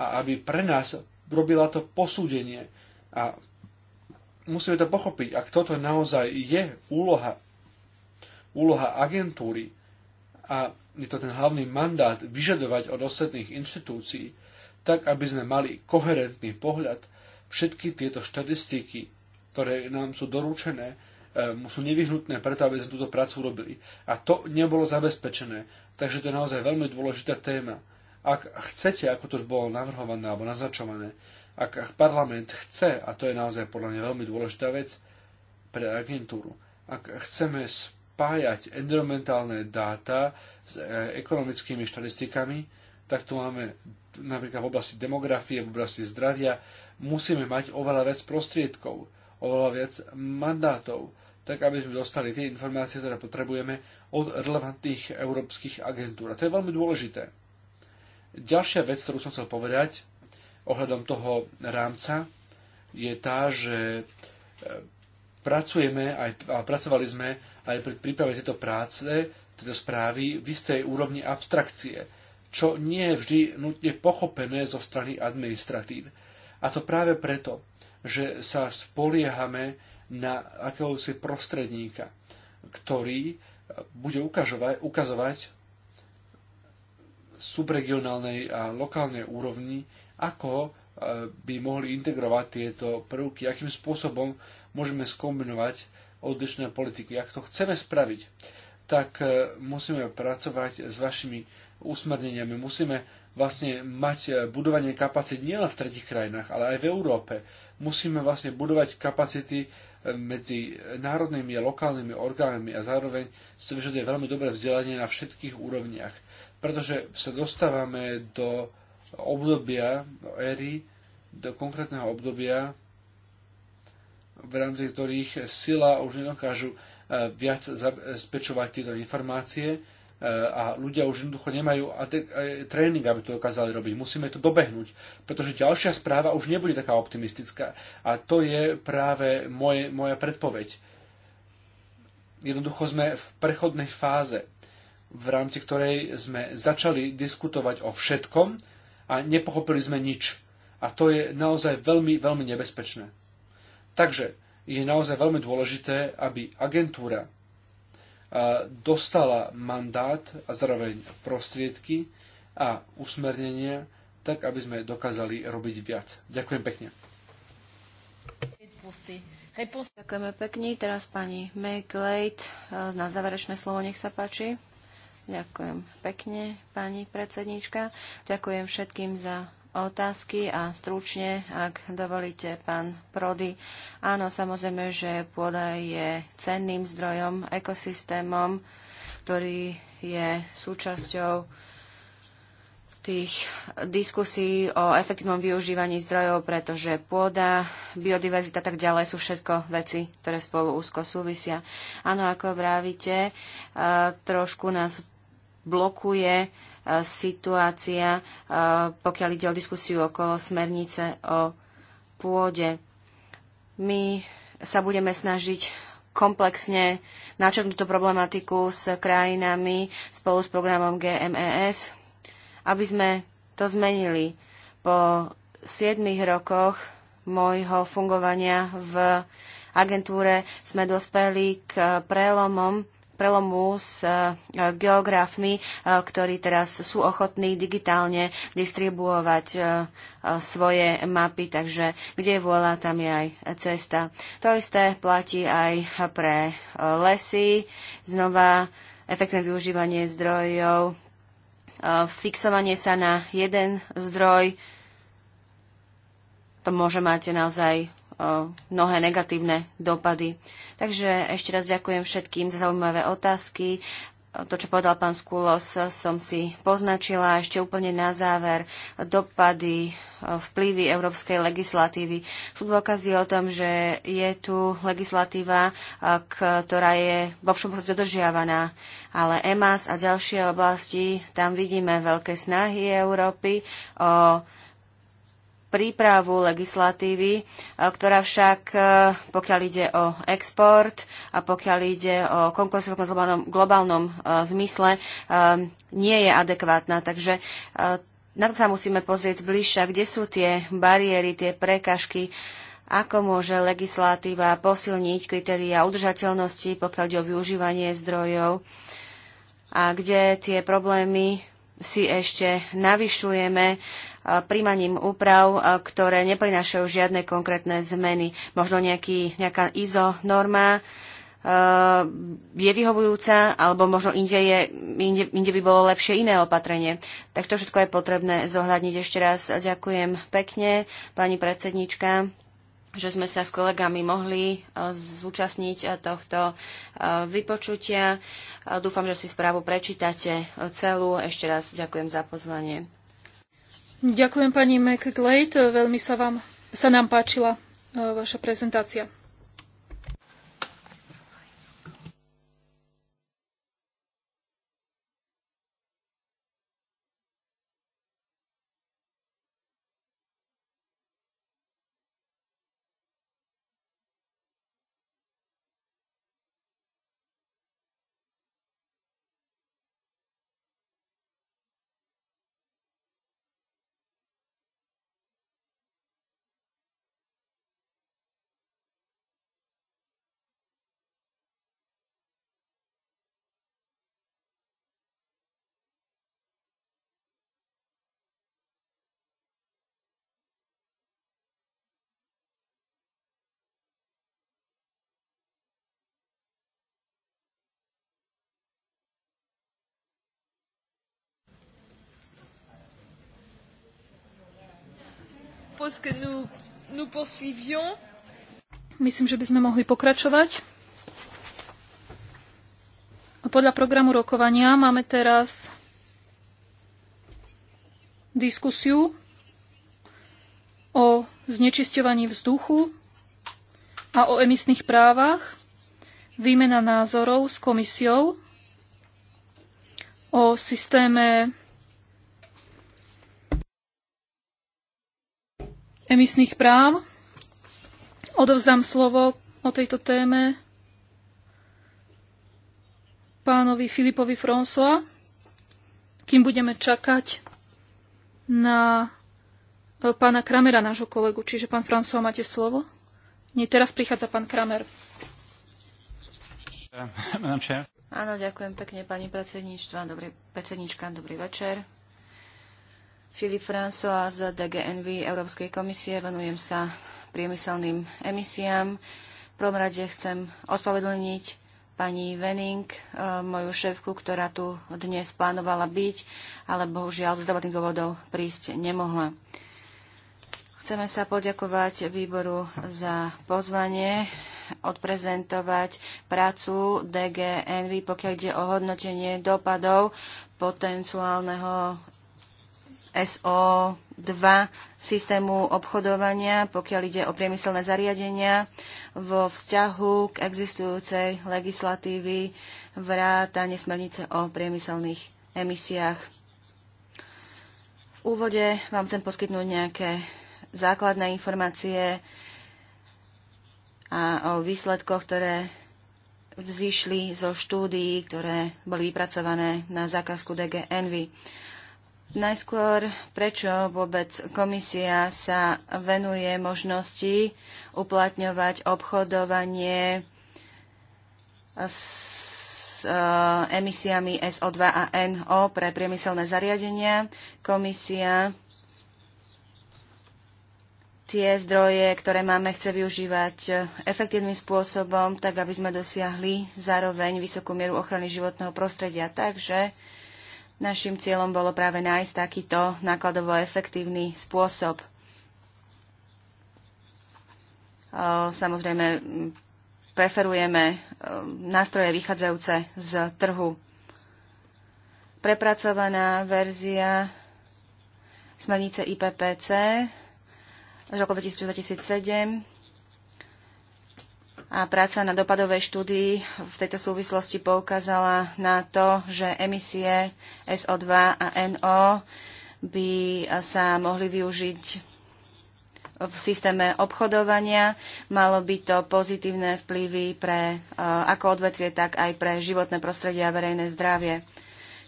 a aby pre nás robila to posúdenie. A musíme to pochopiť, ak toto naozaj je úloha úloha agentúry a je to ten hlavný mandát vyžadovať od ostatných inštitúcií, tak aby sme mali koherentný pohľad, všetky tieto štatistiky, ktoré nám sú dorúčené, eh, sú nevyhnutné preto, aby sme túto prácu robili. A to nebolo zabezpečené, takže to je naozaj veľmi dôležitá téma. Ak chcete, ako to už bolo navrhované alebo naznačované, ak parlament chce, a to je naozaj podľa mňa veľmi dôležitá vec pre agentúru, ak chceme spájať environmentálne dáta s e, ekonomickými štatistikami, tak tu máme napríklad v oblasti demografie, v oblasti zdravia, musíme mať oveľa viac prostriedkov, oveľa viac mandátov, tak aby sme dostali tie informácie, ktoré potrebujeme od relevantných európskych agentúr. A to je veľmi dôležité. Ďalšia vec, ktorú som chcel povedať ohľadom toho rámca, je tá, že e, pracujeme aj, a pracovali sme aj pred príprave tejto práce, tejto správy v istej úrovni abstrakcie, čo nie je vždy nutne pochopené zo strany administratív. A to práve preto, že sa spoliehame na akéhosi prostredníka, ktorý eh, bude ukazovať, ukazovať subregionálnej a lokálnej úrovni, ako eh, by mohli integrovať tieto prvky, akým spôsobom môžeme skombinovať odlišné politiky. Ak to chceme spraviť, tak e, musíme pracovať s vašimi usmerneniami. Musíme vlastne mať e, budovanie kapacít nielen v tretich krajinách, ale aj v Európe. Musíme vlastne budovať kapacity e, medzi národnými a lokálnymi orgánmi a zároveň si vyžaduje veľmi dobré vzdelanie na všetkých úrovniach. Pretože sa dostávame do obdobia, do éry, do konkrétneho obdobia, v rámci ktorých sila už nedokážu e, viac zabezpečovať tieto informácie e, a ľudia už jednoducho nemajú e, tréning, aby to dokázali robiť. Musíme to dobehnúť, pretože ďalšia správa už nebude taká optimistická. A to je práve moje, moja predpoveď. Jednoducho sme v prechodnej fáze, v rámci ktorej sme začali diskutovať o všetkom a nepochopili sme nič. A to je naozaj veľmi, veľmi nebezpečné. Takže je naozaj veľmi dôležité, aby agentúra dostala mandát a zároveň prostriedky a usmernenia, tak aby sme dokázali robiť viac. Ďakujem pekne. Ďakujeme pekne. Teraz pani Meglade e, na záverečné slovo, nech sa páči. Ďakujem pekne, pani predsednička. Ďakujem všetkým za otázky a stručne, ak dovolíte, pán Prody. Áno, samozrejme, že pôda je cenným zdrojom, ekosystémom, ktorý je súčasťou tých diskusí o efektívnom využívaní zdrojov, pretože pôda, biodiverzita a tak ďalej sú všetko veci, ktoré spolu úzko súvisia. Áno, ako vravíte, eh, trošku nás blokuje situácia, e, pokiaľ ide o diskusiu okolo smernice o pôde. My sa budeme snažiť komplexne načrtnúť túto problematiku s krajinami spolu s programom GMES, aby sme to zmenili. Po 7 rokoch môjho fungovania v agentúre sme dospeli k prelomom prelomu s e, e, geografmi, e, ktorí teraz sú ochotní digitálne distribuovať svoje mapy, takže kde je vôľa, tam je aj cesta. To isté platí aj pre lesy, znova efektné využívanie zdrojov, fixovanie sa na jeden zdroj, to môže mať naozaj Eh, mnohé negatívne dopady. Takže ešte raz ďakujem všetkým za zaujímavé otázky. To, čo povedal pán Skulos, som si poznačila. Ešte úplne na záver dopady, eh, vplyvy európskej legislatívy. Sú dôkazy o tom, že je tu legislatíva, eh, ktorá je vo všom dodržiavaná. Ale EMAS a ďalšie oblasti, tam vidíme veľké snahy Európy o prípravu legislatívy, e, ktorá však, e, pokiaľ ide o export a pokiaľ ide o konkurencieschopnosť v globálnom, globálnom e, zmysle, nie je adekvátna. Takže na to sa musíme pozrieť zbližšia, kde sú tie bariéry, tie prekažky, ako môže legislatíva posilniť kritéria udržateľnosti, pokiaľ ide o využívanie zdrojov a kde tie problémy si ešte navyšujeme príjmaním úprav, ktoré neprinášajú žiadne konkrétne zmeny. Možno nejaký, nejaká ISO norma je vyhovujúca, alebo možno inde, je, inde, inde by bolo lepšie iné opatrenie. Tak to všetko je potrebné zohľadniť. Ešte raz ďakujem pekne, pani predsednička že sme sa s kolegami mohli zúčastniť tohto vypočutia. Dúfam, že si správu prečítate celú. Ešte raz ďakujem za pozvanie. Ďakujem pani McGlade, veľmi sa, vám, sa nám páčila e, vaša prezentácia. propose que nous, nous poursuivions. Myslím, že by sme mohli pokračovať. Podľa programu rokovania máme teraz diskusiu o znečisťovaní vzduchu a o emisných právach, výmena názorov s komisiou o systéme emisných práv. Odovzdám slovo o tejto téme pánovi Filipovi François, kým budeme čakať na e, pána Kramera, nášho kolegu. Čiže pán François, máte slovo? Nie, teraz prichádza pán Kramer. Áno, ďakujem pekne, pani predsedníčka. Dobrý, predsedníčka, dobrý večer. Filip François z DGNV Európskej komisie. Venujem sa priemyselným emisiám. V prvom rade chcem ospravedlniť pani Venning, eh, moju šéfku, ktorá tu dnes plánovala byť, ale bohužiaľ zo zdravotných dôvodov prísť nemohla. Chceme sa poďakovať výboru za pozvanie odprezentovať prácu DGNV, pokiaľ ide o hodnotenie dopadov potenciálneho SO2 systému obchodovania, pokiaľ ide o priemyselné zariadenia vo vzťahu k existujúcej legislatívy vrátane smernice o priemyselných emisiách. V úvode vám chcem poskytnúť nejaké základné informácie a o výsledkoch, ktoré vzýšli zo štúdií, ktoré boli vypracované na zákazku DG Envy. Najskôr, prečo vôbec komisia sa venuje možnosti uplatňovať obchodovanie s e, emisiami SO2 a NO pre priemyselné zariadenia. Komisia tie zdroje, ktoré máme, chce využívať efektívnym spôsobom, tak aby sme dosiahli zároveň vysokú mieru ochrany životného prostredia. Takže Našim cieľom bolo práve nájsť takýto nákladovo efektívny spôsob. Samozrejme, preferujeme nástroje vychádzajúce z trhu. Prepracovaná verzia smernice IPPC z roku 2007 a práca na dopadovej štúdii v tejto súvislosti poukázala na to, že emisie SO2 a NO by sa mohli využiť v systéme obchodovania. Malo by to pozitívne vplyvy pre e, ako odvetvie, tak aj pre životné prostredie a verejné zdravie.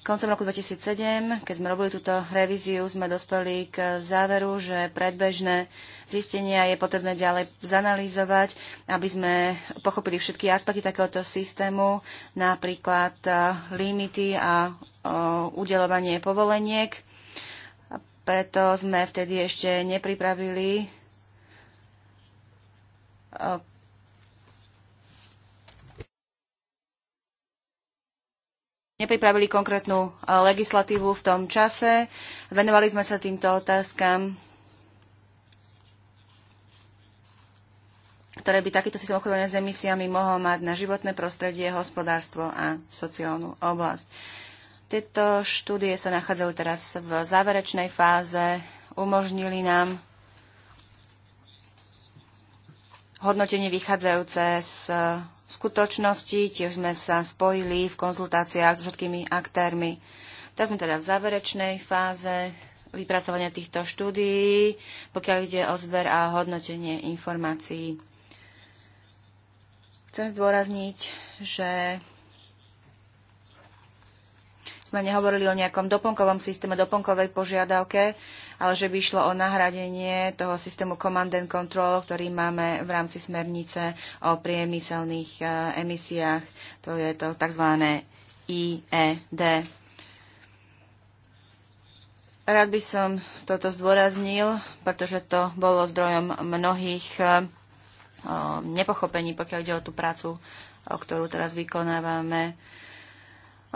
Koncom roku 2007, keď sme robili túto revíziu, sme dospeli k záveru, že predbežné zistenia je potrebné ďalej zanalýzovať, aby sme pochopili všetky aspekty takéhoto systému, napríklad e, limity a e, udelovanie povoleniek. Preto sme vtedy ešte nepripravili e, nepripravili konkrétnu e, legislatívu v tom čase. Venovali sme sa týmto otázkam, ktoré by takýto systém obchodovania s emisiami mohol mať na životné prostredie, hospodárstvo a sociálnu oblasť. Tieto štúdie sa nachádzajú teraz v záverečnej fáze, umožnili nám hodnotenie vychádzajúce z e, skutočnosti. Tiež sme sa spojili v konzultáciách s všetkými aktérmi. Teraz sme teda v záverečnej fáze vypracovania týchto štúdií, pokiaľ ide o zber a hodnotenie informácií. Chcem zdôrazniť, že sme nehovorili o nejakom doplnkovom systéme, doplnkovej požiadavke, ale že by išlo o nahradenie toho systému command and control, ktorý máme v rámci smernice o priemyselných e, emisiách. To je to tzv. IED. Rád by som toto zdôraznil, pretože to bolo zdrojom mnohých e, nepochopení, pokiaľ ide o tú prácu, o ktorú teraz vykonávame.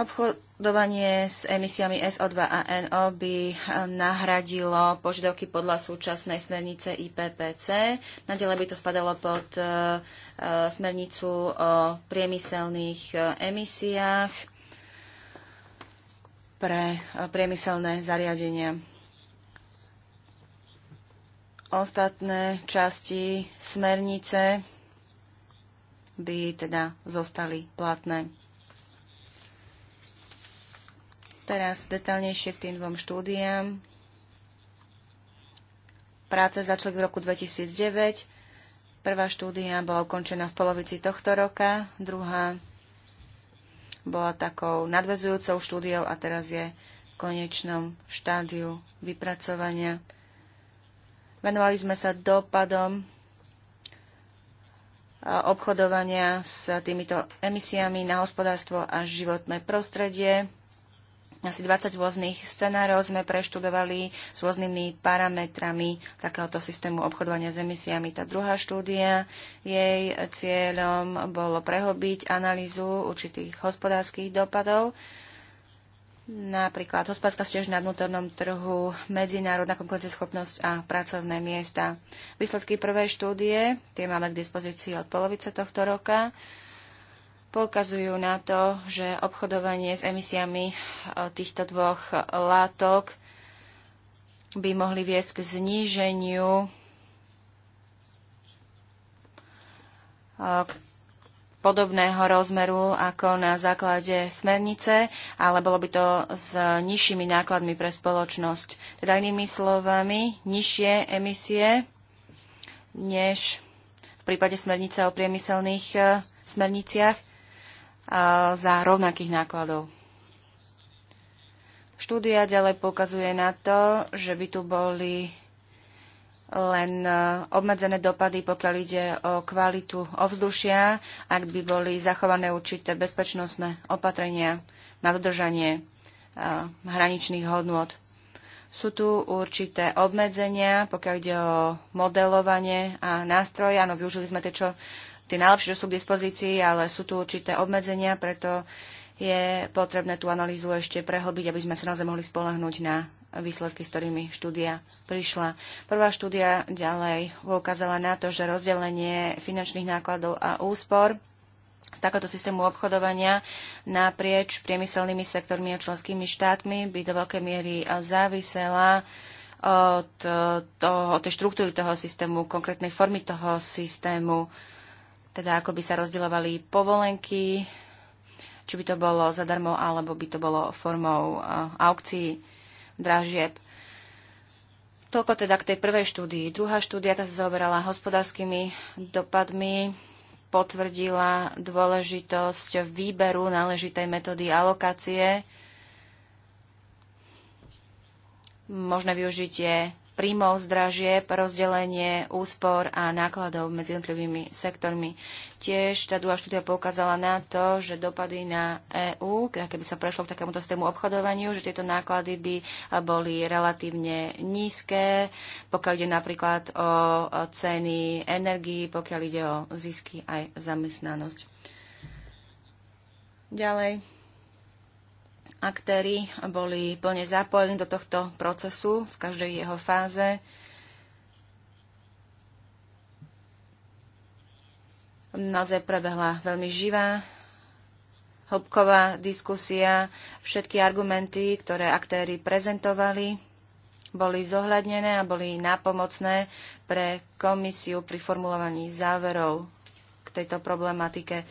Obchodovanie s emisiami SO2 a NO by eh, nahradilo požiadavky podľa súčasnej smernice IPPC. Nadalej by to spadalo pod eh, eh, smernicu o priemyselných emisiách pre priemyselné zariadenia. Ostatné časti smernice by teda zostali platné. Teraz detaľnejšie k tým dvom štúdiám. Práce začali v roku 2009. Prvá štúdia bola ukončená v polovici tohto roka, druhá bola takou nadvezujúcou štúdiou a teraz je v konečnom štádiu vypracovania. Venovali sme sa dopadom obchodovania s týmito emisiami na hospodárstvo a životné prostredie. Asi 20 rôznych scenárov sme preštudovali s rôznymi parametrami takéhoto systému obchodovania s emisiami. Tá druhá štúdia, jej cieľom bolo prehlbiť analýzu určitých hospodárskych dopadov napríklad hospodárska súťaž na vnútornom trhu, medzinárodná konkurencieschopnosť a pracovné miesta. Výsledky prvej štúdie, tie máme k dispozícii od polovice tohto roka, poukazujú na to, že obchodovanie s emisiami e, týchto dvoch látok by mohli viesť k zníženiu e, podobného rozmeru ako na základe smernice, ale bolo by to s nižšími nákladmi pre spoločnosť. Teda inými slovami, nižšie emisie než v prípade smernice o priemyselných e, smerniciach za rovnakých nákladov. Štúdia ďalej pokazuje na to, že by tu boli len e, obmedzené dopady, pokiaľ ide o kvalitu ovzdušia, ak by boli zachované určité bezpečnostné opatrenia na dodržanie e, hraničných hodnôt. Sú tu určité obmedzenia, pokiaľ ide o modelovanie a nástroje. Áno, využili sme tie, čo tie najlepšie, čo sú k dispozícii, ale sú tu určité obmedzenia, preto je potrebné tú analýzu ešte prehlbiť, aby sme sa naozaj mohli spolahnúť na výsledky, s ktorými štúdia prišla. Prvá štúdia ďalej ukázala na to, že rozdelenie finančných nákladov a úspor z takéto systému obchodovania naprieč priemyselnými sektormi a členskými štátmi by do veľkej miery závisela od, toho, od tej štruktúry toho systému, konkrétnej formy toho systému teda ako by sa rozdielovali povolenky, či by to bolo zadarmo, alebo by to bolo formou eh, aukcií, dražieb. Toľko teda k tej prvej štúdii. Druhá štúdia tá sa zaoberala hospodárskymi dopadmi, potvrdila dôležitosť výberu náležitej metódy alokácie, možné využitie príjmov zdražieb, rozdelenie úspor a nákladov medzi jednotlivými sektormi. Tiež tá druhá štúdia poukázala na to, že dopady na EÚ, keby sa prešlo k takémuto systému obchodovaniu, že tieto náklady by boli relatívne nízke, pokiaľ ide napríklad o ceny energii, pokiaľ ide o zisky aj zamestnanosť. Ďalej aktéry boli plne zapojení do tohto procesu v každej jeho fáze. Naozaj prebehla veľmi živá, hĺbková diskusia. Všetky argumenty, ktoré aktéry prezentovali, boli zohľadnené a boli nápomocné pre komisiu pri formulovaní záverov k tejto problematike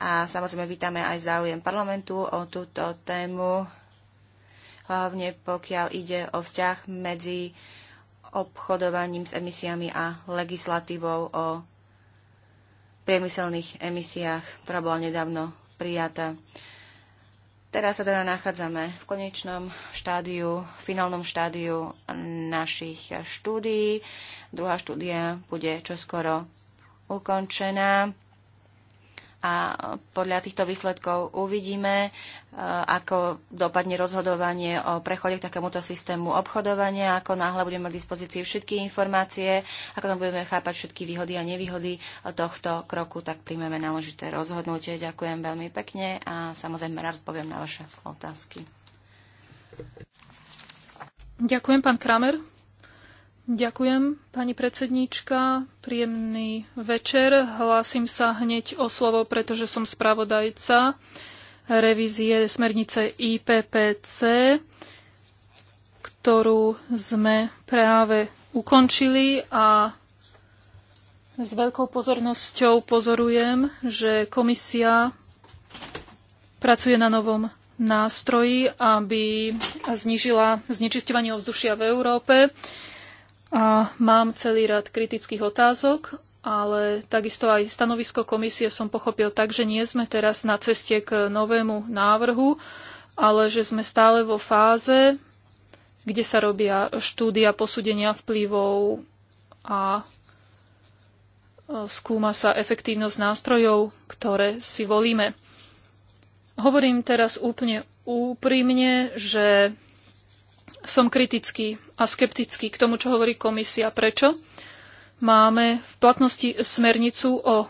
a samozrejme vítame aj záujem parlamentu o túto tému, hlavne pokiaľ ide o vzťah medzi obchodovaním s emisiami a legislatívou o priemyselných emisiách, ktorá bola nedávno prijatá. Teraz sa teda nachádzame v konečnom štádiu, v finálnom štádiu našich štúdií. Druhá štúdia bude čoskoro ukončená a podľa týchto výsledkov uvidíme, e, ako dopadne rozhodovanie o prechode k takémuto systému obchodovania, ako náhle budeme mať k dispozícii všetky informácie, ako tam budeme chápať všetky výhody a nevýhody tohto kroku, tak príjmeme náložité rozhodnutie. Ďakujem veľmi pekne a samozrejme rád odpoviem na vaše otázky. Ďakujem, pán Kramer. Ďakujem, pani predsedníčka. Príjemný večer. Hlásim sa hneď o slovo, pretože som spravodajca revízie smernice IPPC, ktorú sme práve ukončili a s veľkou pozornosťou pozorujem, že komisia pracuje na novom nástroji, aby znížila znečisťovanie ovzdušia v Európe. A mám celý rad kritických otázok, ale takisto aj stanovisko komisie som pochopil tak, že nie sme teraz na ceste k novému návrhu, ale že sme stále vo fáze, kde sa robia štúdia posúdenia vplyvov a e, skúma sa efektívnosť nástrojov, ktoré si volíme. Hovorím teraz úplne úprimne, že som kritický a skeptický k tomu, čo hovorí komisia. Prečo? Máme v platnosti smernicu o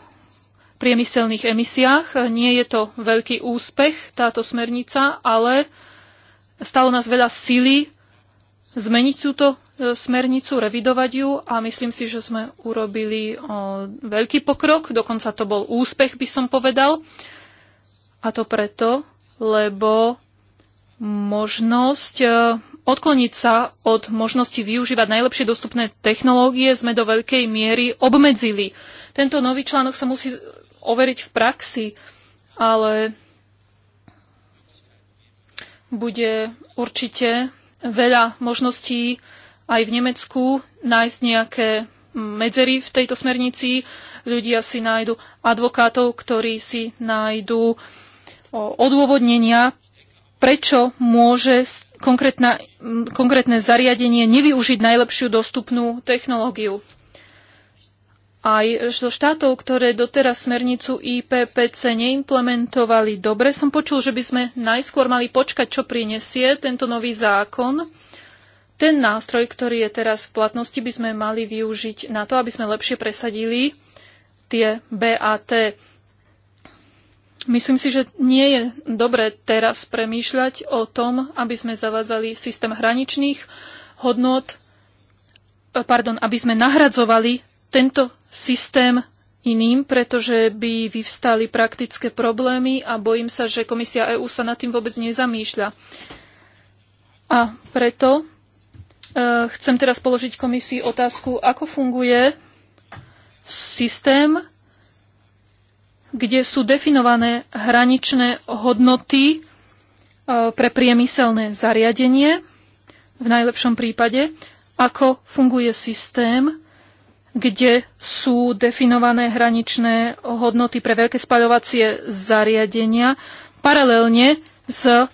priemyselných emisiách. Nie je to veľký úspech táto smernica, ale stalo nás veľa síly zmeniť túto e, smernicu, revidovať ju a myslím si, že sme urobili veľký pokrok, dokonca to bol úspech, by som povedal. A to preto, lebo možnosť e, odkloniť sa od možnosti využívať najlepšie dostupné technológie sme do veľkej miery obmedzili. Tento nový článok sa musí overiť v praxi, ale bude určite veľa možností aj v Nemecku nájsť nejaké medzery v tejto smernici. Ľudia si nájdu advokátov, ktorí si nájdu odôvodnenia, prečo môže konkrétne zariadenie nevyužiť najlepšiu dostupnú technológiu. Aj zo štátov, ktoré doteraz smernicu IPPC neimplementovali dobre, som počul, že by sme najskôr mali počkať, čo prinesie tento nový zákon. Ten nástroj, ktorý je teraz v platnosti, by sme mali využiť na to, aby sme lepšie presadili tie BAT. Myslím si, že nie je dobré teraz premýšľať o tom, aby sme zavádzali systém hraničných hodnot, pardon, aby sme nahradzovali tento systém iným, pretože by vyvstali praktické problémy a bojím sa, že Komisia EÚ sa nad tým vôbec nezamýšľa. A preto e, chcem teraz položiť komisii otázku, ako funguje systém kde sú definované hraničné hodnoty e, pre priemyselné zariadenie, v najlepšom prípade, ako funguje systém, kde sú definované hraničné hodnoty pre veľké spaľovacie zariadenia paralelne s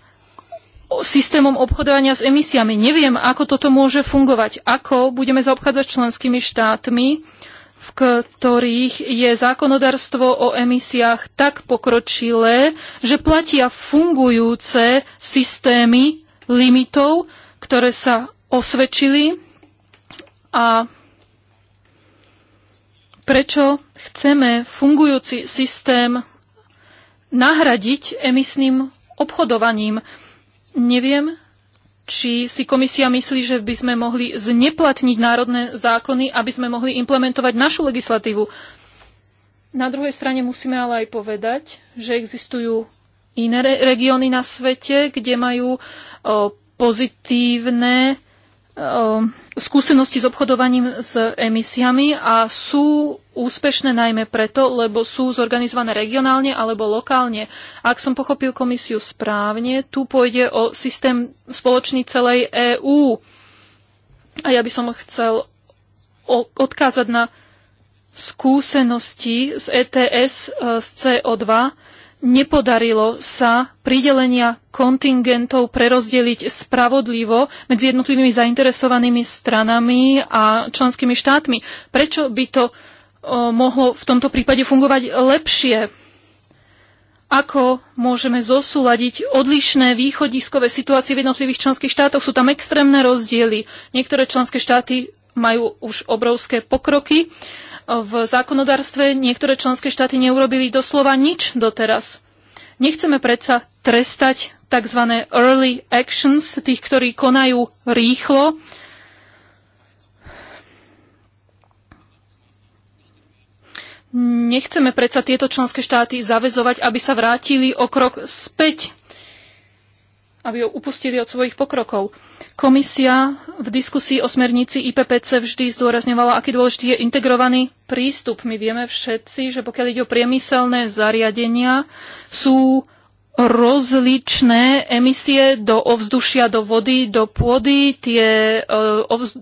systémom obchodovania s emisiami. Neviem, ako toto môže fungovať, ako budeme zaobchádzať s členskými štátmi, v ktorých je zákonodarstvo o emisiách tak pokročilé, že platia fungujúce systémy limitov, ktoré sa osvedčili a prečo chceme fungujúci systém nahradiť emisným obchodovaním. Neviem, či si komisia myslí, že by sme mohli zneplatniť národné zákony, aby sme mohli implementovať našu legislatívu. Na druhej strane musíme ale aj povedať, že existujú iné re- regióny na svete, kde majú o, pozitívne o, skúsenosti s obchodovaním s emisiami a sú úspešné najmä preto, lebo sú zorganizované regionálne alebo lokálne. Ak som pochopil komisiu správne, tu pôjde o systém spoločný celej EÚ. A ja by som chcel odkázať na skúsenosti z ETS e, z CO2 nepodarilo sa pridelenia kontingentov prerozdeliť spravodlivo medzi jednotlivými zainteresovanými stranami a členskými štátmi. Prečo by to o, mohlo v tomto prípade fungovať lepšie? Ako môžeme zosúľadiť odlišné východiskové situácie v jednotlivých členských štátoch? Sú tam extrémne rozdiely. Niektoré členské štáty majú už obrovské pokroky, v zákonodárstve niektoré členské štáty neurobili doslova nič doteraz. Nechceme predsa trestať tzv. early actions, tých, ktorí konajú rýchlo. Nechceme predsa tieto členské štáty zavezovať, aby sa vrátili o krok späť aby ho upustili od svojich pokrokov. Komisia v diskusii o smernici IPPC vždy zdôrazňovala, aký dôležitý je integrovaný prístup. My vieme všetci, že pokiaľ ide o priemyselné zariadenia, sú rozličné emisie do ovzdušia, do vody, do pôdy. Tie e, ovz...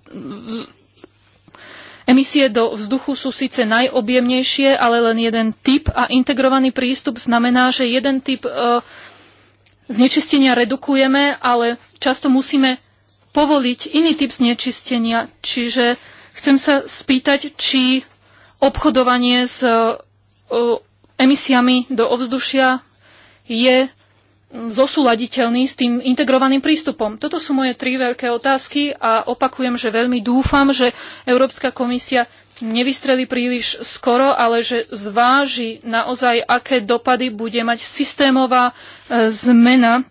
Emisie do vzduchu sú síce najobjemnejšie, ale len jeden typ a integrovaný prístup znamená, že jeden typ e, znečistenia redukujeme, ale často musíme povoliť iný typ znečistenia. Čiže chcem sa spýtať, či obchodovanie s e, emisiami do ovzdušia je zosúladiteľný s tým integrovaným prístupom? Toto sú moje tri veľké otázky a opakujem, že veľmi dúfam, že Európska komisia nevystrelí príliš skoro, ale že zváži naozaj, aké dopady bude mať systémová e, zmena,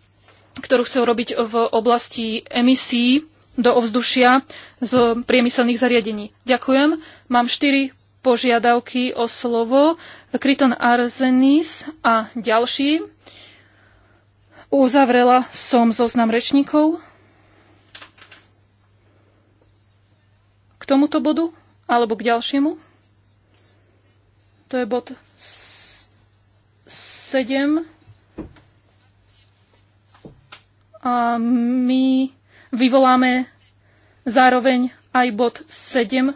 ktorú chce robiť v oblasti emisí do ovzdušia z priemyselných zariadení. Ďakujem. Mám štyri požiadavky o slovo. Kryton Arzenis a ďalší. Uzavrela som zoznam rečníkov. K tomuto bodu? Alebo k ďalšiemu? To je bod 7. A my vyvoláme zároveň aj bod 7,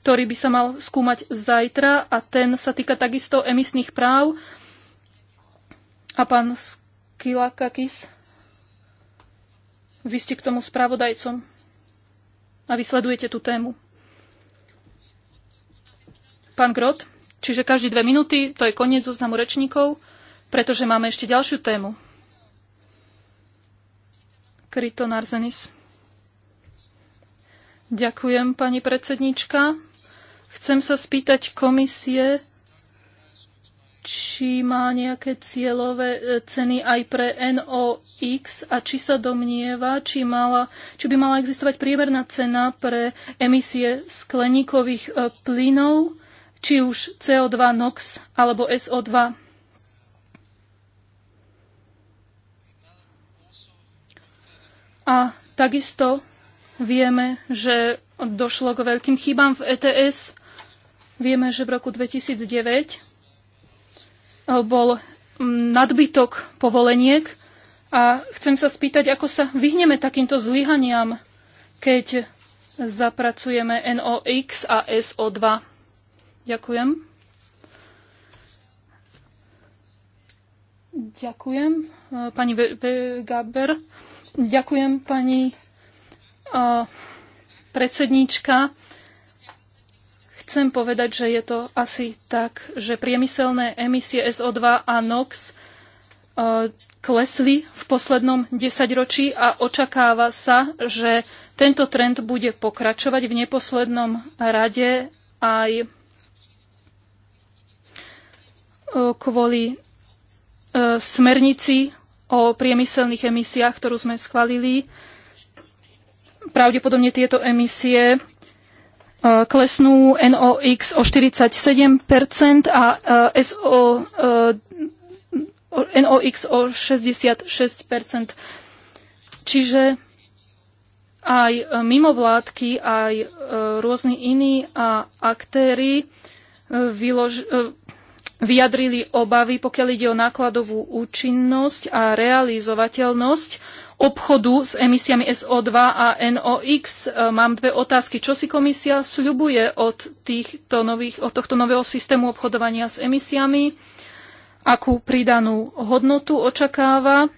ktorý by sa mal skúmať zajtra a ten sa týka takisto emisných práv. A pán Skilakakis, vy ste k tomu spravodajcom a vysledujete tú tému. Pán Grot, čiže každé dve minúty, to je koniec zoznamu rečníkov, pretože máme ešte ďalšiu tému. Kryton Arzenis. Ďakujem, pani predsednička. Chcem sa spýtať komisie, či má nejaké cieľové e, ceny aj pre NOx a či sa domnieva, či, mala, či by mala existovať priemerná cena pre emisie skleníkových e, plynov či už CO2, NOx alebo SO2. A takisto vieme, že došlo k veľkým chybám v ETS. Vieme, že v roku 2009 bol nadbytok povoleniek a chcem sa spýtať, ako sa vyhneme takýmto zlyhaniam, keď zapracujeme NOx a SO2. Ďakujem. Ďakujem, eh, pani Be- Be- Gaber. Ďakujem, pani uh, predsedníčka. Chcem povedať, že je to asi tak, že priemyselné emisie SO2 a NOx uh, klesli v poslednom desaťročí a očakáva sa, že tento trend bude pokračovať v neposlednom rade aj E, kvôli e, smernici o priemyselných emisiách, ktorú sme schválili. Pravdepodobne tieto emisie e, klesnú NOx o 47 a SO, NOx o 66 Čiže aj mimovládky, aj rôzni iní a aktéry vylož, vyjadrili obavy, pokiaľ ide o nákladovú účinnosť a realizovateľnosť obchodu s emisiami SO2 a NOx. E, mám dve otázky. Čo si komisia sľubuje od, týchto nových, od tohto nového systému obchodovania s emisiami? Akú pridanú hodnotu očakáva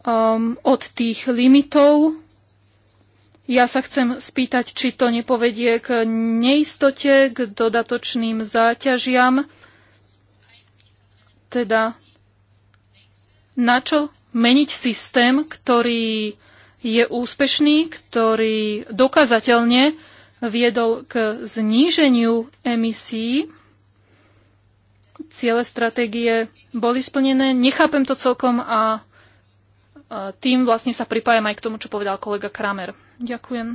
um, od tých limitov ja sa chcem spýtať, či to nepovedie k neistote, k dodatočným záťažiam. Teda, na čo meniť systém, ktorý je úspešný, ktorý dokazateľne viedol k zníženiu emisí. Ciele stratégie boli splnené. Nechápem to celkom a tým vlastne sa pripájam aj k tomu, čo povedal kolega Kramer. Ďakujem.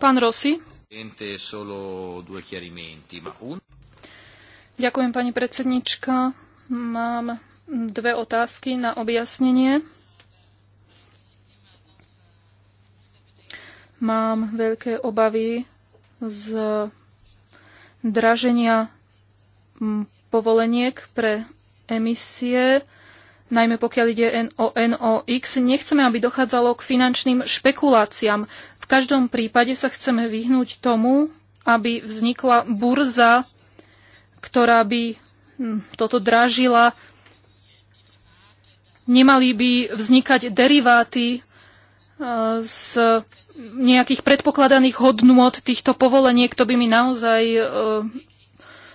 Pán Rossi. Ďakujem, pani predsednička. Mám dve otázky na objasnenie. Mám veľké obavy z draženia mm, povoleniek pre emisie, najmä pokiaľ ide o NOx. Nechceme, aby dochádzalo k finančným špekuláciám. V každom prípade sa chceme vyhnúť tomu, aby vznikla burza, ktorá by mm, toto dražila. Nemali by vznikať deriváty, z nejakých predpokladaných hodnôt týchto povoleniek, to by mi naozaj e,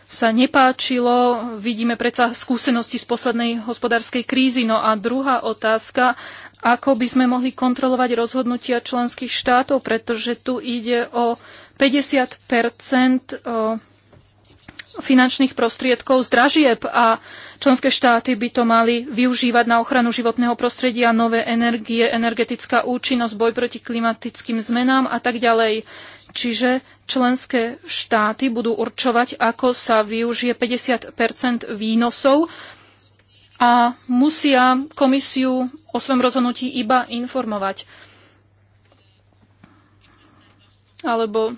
sa nepáčilo. Vidíme predsa skúsenosti z poslednej hospodárskej krízy. No a druhá otázka, ako by sme mohli kontrolovať rozhodnutia členských štátov, pretože tu ide o 50 finančných prostriedkov z dražieb a členské štáty by to mali využívať na ochranu životného prostredia, nové energie, energetická účinnosť, boj proti klimatickým zmenám a tak ďalej. Čiže členské štáty budú určovať, ako sa využije 50 výnosov a musia komisiu o svojom rozhodnutí iba informovať. Alebo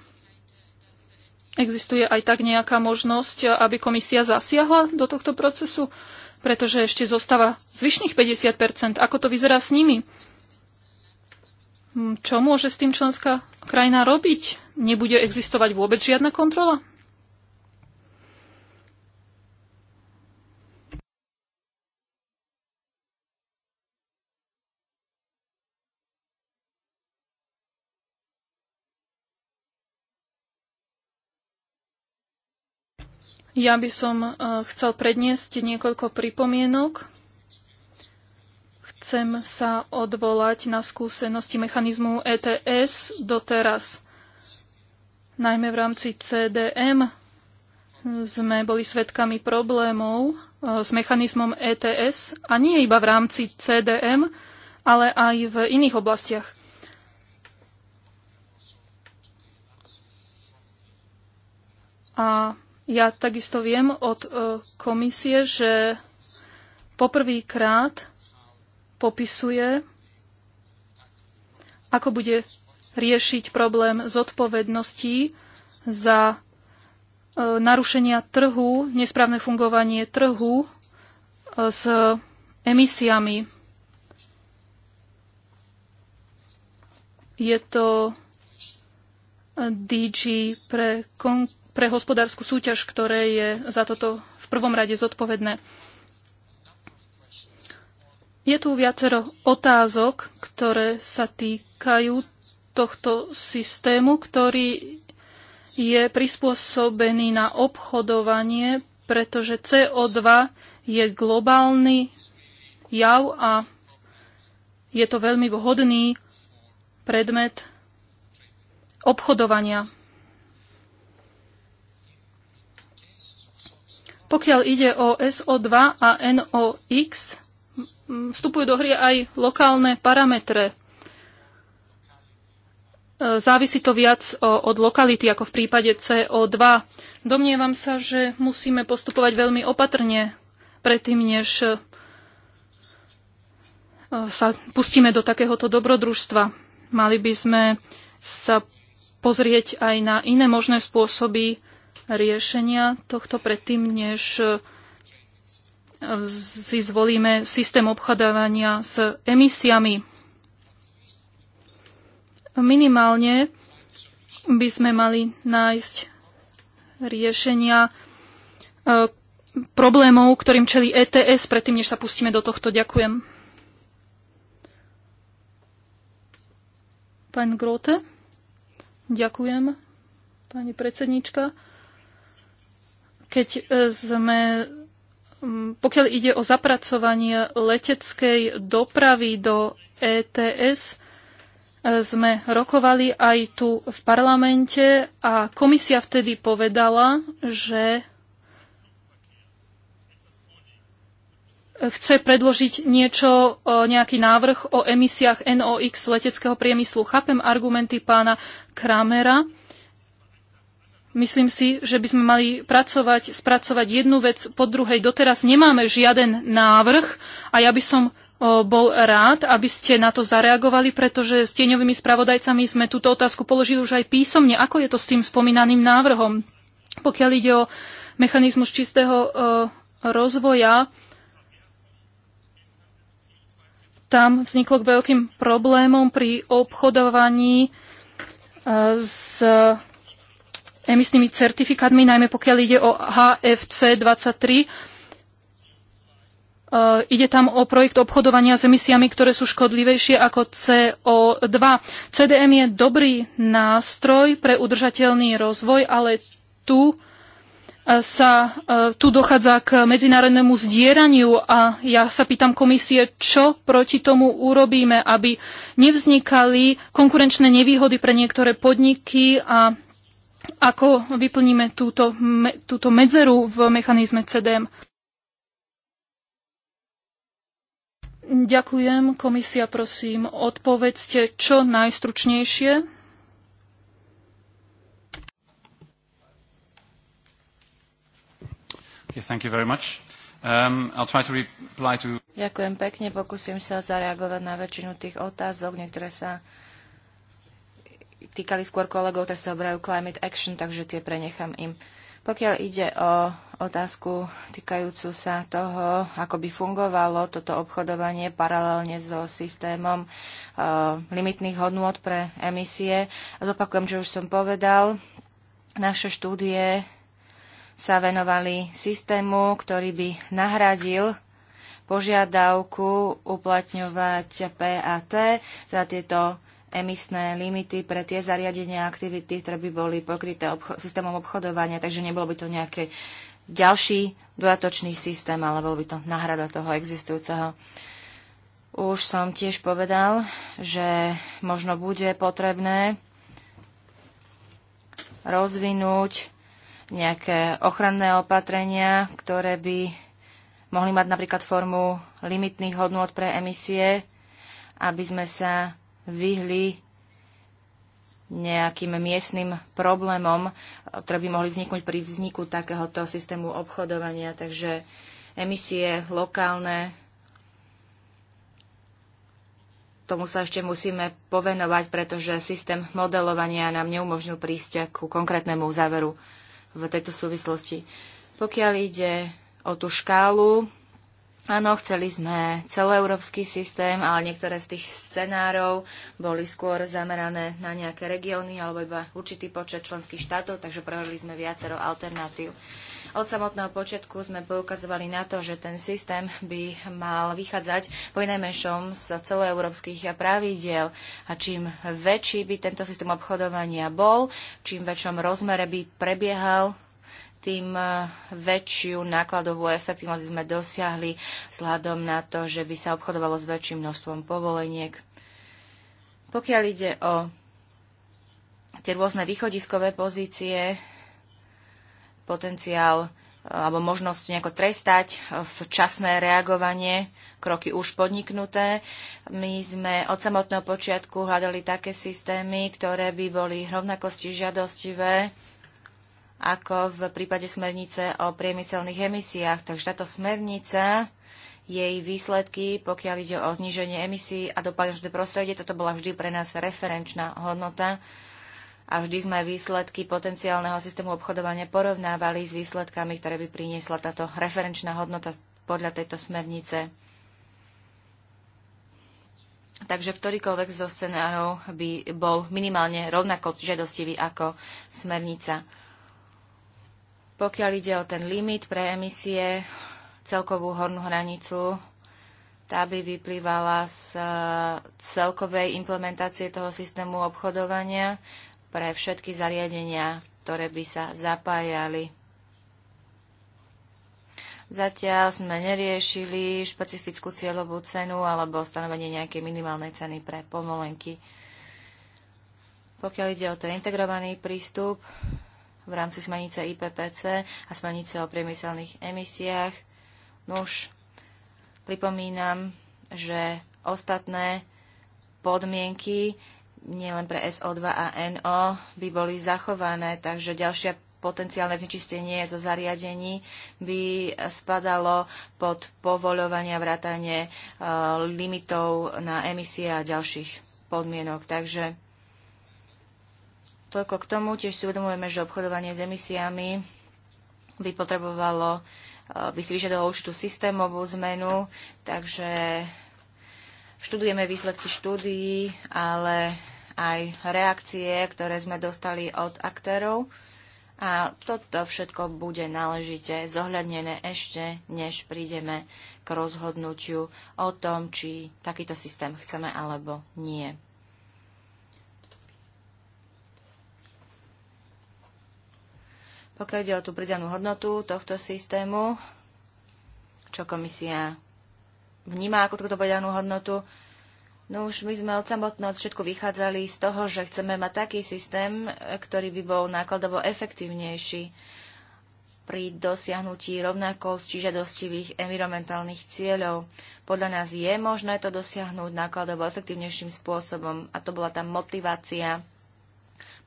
Existuje aj tak nejaká možnosť, aby komisia zasiahla do tohto procesu, pretože ešte zostáva zvyšných 50 Ako to vyzerá s nimi? Hm, čo môže s tým členská krajina robiť? Nebude existovať vôbec žiadna kontrola? Ja by som eh, chcel predniesť niekoľko pripomienok. Chcem sa odvolať na skúsenosti mechanizmu ETS doteraz. Najmä v rámci CDM sme boli svedkami problémov eh, s mechanizmom ETS a nie iba v rámci CDM, ale aj v iných oblastiach. A ja takisto viem od e, komisie, že poprvýkrát popisuje, ako bude riešiť problém zodpovedností za e, narušenia trhu, nesprávne fungovanie trhu e, s emisiami. Je to DG pre konkurenciu pre hospodárskú súťaž, ktoré je za toto v prvom rade zodpovedné. Je tu viacero otázok, ktoré sa týkajú tohto systému, ktorý je prispôsobený na obchodovanie, pretože CO2 je globálny jav a je to veľmi vhodný predmet obchodovania. Pokiaľ ide o SO2 a NOx, vstupujú do hry aj lokálne parametre. E, závisí to viac od lokality, ako v prípade CO2. Domnievam sa, že musíme postupovať veľmi opatrne predtým, než e, sa pustíme do takéhoto dobrodružstva. Mali by sme sa pozrieť aj na iné možné spôsoby, riešenia tohto predtým, než eh, si zvolíme systém obchodovania s emisiami. Minimálne by sme mali nájsť riešenia eh, problémov, ktorým čelí ETS, predtým, než sa pustíme do tohto. Ďakujem. Pán Grote? Ďakujem, pani predsednička. Keď e, sme pokiaľ ide o zapracovanie leteckej dopravy do ETS, e, sme rokovali aj tu v parlamente a komisia vtedy povedala, že chce predložiť niečo, e, nejaký návrh o emisiách NOx leteckého priemyslu. Chápem argumenty pána Kramera, Myslím si, že by sme mali pracovať, spracovať jednu vec po druhej. Doteraz nemáme žiaden návrh a ja by som bol rád, aby ste na to zareagovali, pretože s tieňovými spravodajcami sme túto otázku položili už aj písomne. Ako je to s tým spomínaným návrhom? Pokiaľ ide o mechanizmus čistého rozvoja, tam vzniklo k veľkým problémom pri obchodovaní e, s emisnými certifikátmi, najmä pokiaľ ide o HFC 23. E, ide tam o projekt obchodovania s emisiami, ktoré sú škodlivejšie ako CO2. CDM je dobrý nástroj pre udržateľný rozvoj, ale tu e, sa e, tu dochádza k medzinárodnému zdieraniu a ja sa pýtam komisie, čo proti tomu urobíme, aby nevznikali konkurenčné nevýhody pre niektoré podniky a ako vyplníme túto, me, túto medzeru v mechanizme CDM. Ďakujem. Komisia, prosím, odpovedzte čo najstručnejšie. Okay, thank you very much. Um, I'll try to reply to... Ďakujem pekne. Pokúsim sa zareagovať na väčšinu tých otázok. Niektoré sa týkali skôr kolegov, tak sa obrajú Climate Action, takže tie prenechám im. Pokiaľ ide o otázku týkajúcu sa toho, ako by fungovalo toto obchodovanie paralelne so systémom e, limitných hodnôt pre emisie, zopakujem, čo už som povedal, naše štúdie sa venovali systému, ktorý by nahradil požiadavku uplatňovať PAT za tieto emisné limity pre tie zariadenia a aktivity, ktoré by boli pokryté obcho- systémom obchodovania, takže nebolo by to nejaký ďalší dodatočný systém, ale bol by to náhrada toho existujúceho. Už som tiež povedal, že možno bude potrebné rozvinúť nejaké ochranné opatrenia, ktoré by mohli mať napríklad formu limitných hodnôt pre emisie, aby sme sa vyhli nejakým miestnym problémom, ktoré by mohli vzniknúť pri vzniku takéhoto systému obchodovania. Takže emisie lokálne, tomu sa ešte musíme povenovať, pretože systém modelovania nám neumožnil prísť ku konkrétnemu záveru v tejto súvislosti. Pokiaľ ide o tú škálu, Áno, chceli sme celoeurópsky systém, ale niektoré z tých scenárov boli skôr zamerané na nejaké regióny alebo iba určitý počet členských štátov, takže prehovorili sme viacero alternatív. Od samotného počiatku sme poukazovali na to, že ten systém by mal vychádzať po najmenšom z celoeurópskych pravidiel a čím väčší by tento systém obchodovania bol, čím väčšom rozmere by prebiehal, tým e, väčšiu nákladovú efektivnosť sme dosiahli vzhľadom na to, že by sa obchodovalo s väčším množstvom povoleniek. Pokiaľ ide o tie rôzne východiskové pozície, potenciál e, alebo možnosť nejako trestať, e, včasné reagovanie, kroky už podniknuté. My sme od samotného počiatku hľadali také systémy, ktoré by boli rovnakosti žiadostivé, ako v prípade smernice o priemyselných emisiách. Takže táto smernica, jej výsledky, pokiaľ ide o zníženie emisí a dopad na prostredie, toto bola vždy pre nás referenčná hodnota a vždy sme výsledky potenciálneho systému obchodovania porovnávali s výsledkami, ktoré by priniesla táto referenčná hodnota podľa tejto smernice. Takže ktorýkoľvek zo scenárov by bol minimálne rovnako žiadostivý ako smernica. Pokiaľ ide o ten limit pre emisie, celkovú hornú hranicu, tá by vyplývala z e, celkovej implementácie toho systému obchodovania pre všetky zariadenia, ktoré by sa zapájali. Zatiaľ sme neriešili špecifickú cieľovú cenu alebo stanovenie nejakej minimálnej ceny pre pomolenky. Pokiaľ ide o ten integrovaný prístup, v rámci smernice IPPC a smernice o priemyselných emisiách. Nuž, pripomínam, že ostatné podmienky nielen pre SO2 a NO by boli zachované, takže ďalšie potenciálne znečistenie zo zariadení by spadalo pod povoľovanie vrátanie e, limitov na emisie a ďalších podmienok. Takže Toľko k tomu. Tiež si uvedomujeme, že obchodovanie s emisiami by potrebovalo, eh, by si vyžadovalo určitú systémovú zmenu, takže študujeme výsledky štúdií, ale aj reakcie, ktoré sme dostali od aktérov. A toto všetko bude náležite zohľadnené ešte, než prídeme k rozhodnutiu o tom, či takýto systém chceme alebo nie. Pokiaľ ide o tú pridanú hodnotu tohto systému, čo komisia vníma ako túto pridanú hodnotu, No už my sme od samotného od všetku vychádzali z toho, že chceme mať taký systém, ktorý by bol nákladovo efektívnejší pri dosiahnutí rovnako dostivých environmentálnych cieľov. Podľa nás je možné to dosiahnuť nákladovo efektívnejším spôsobom a to bola tá motivácia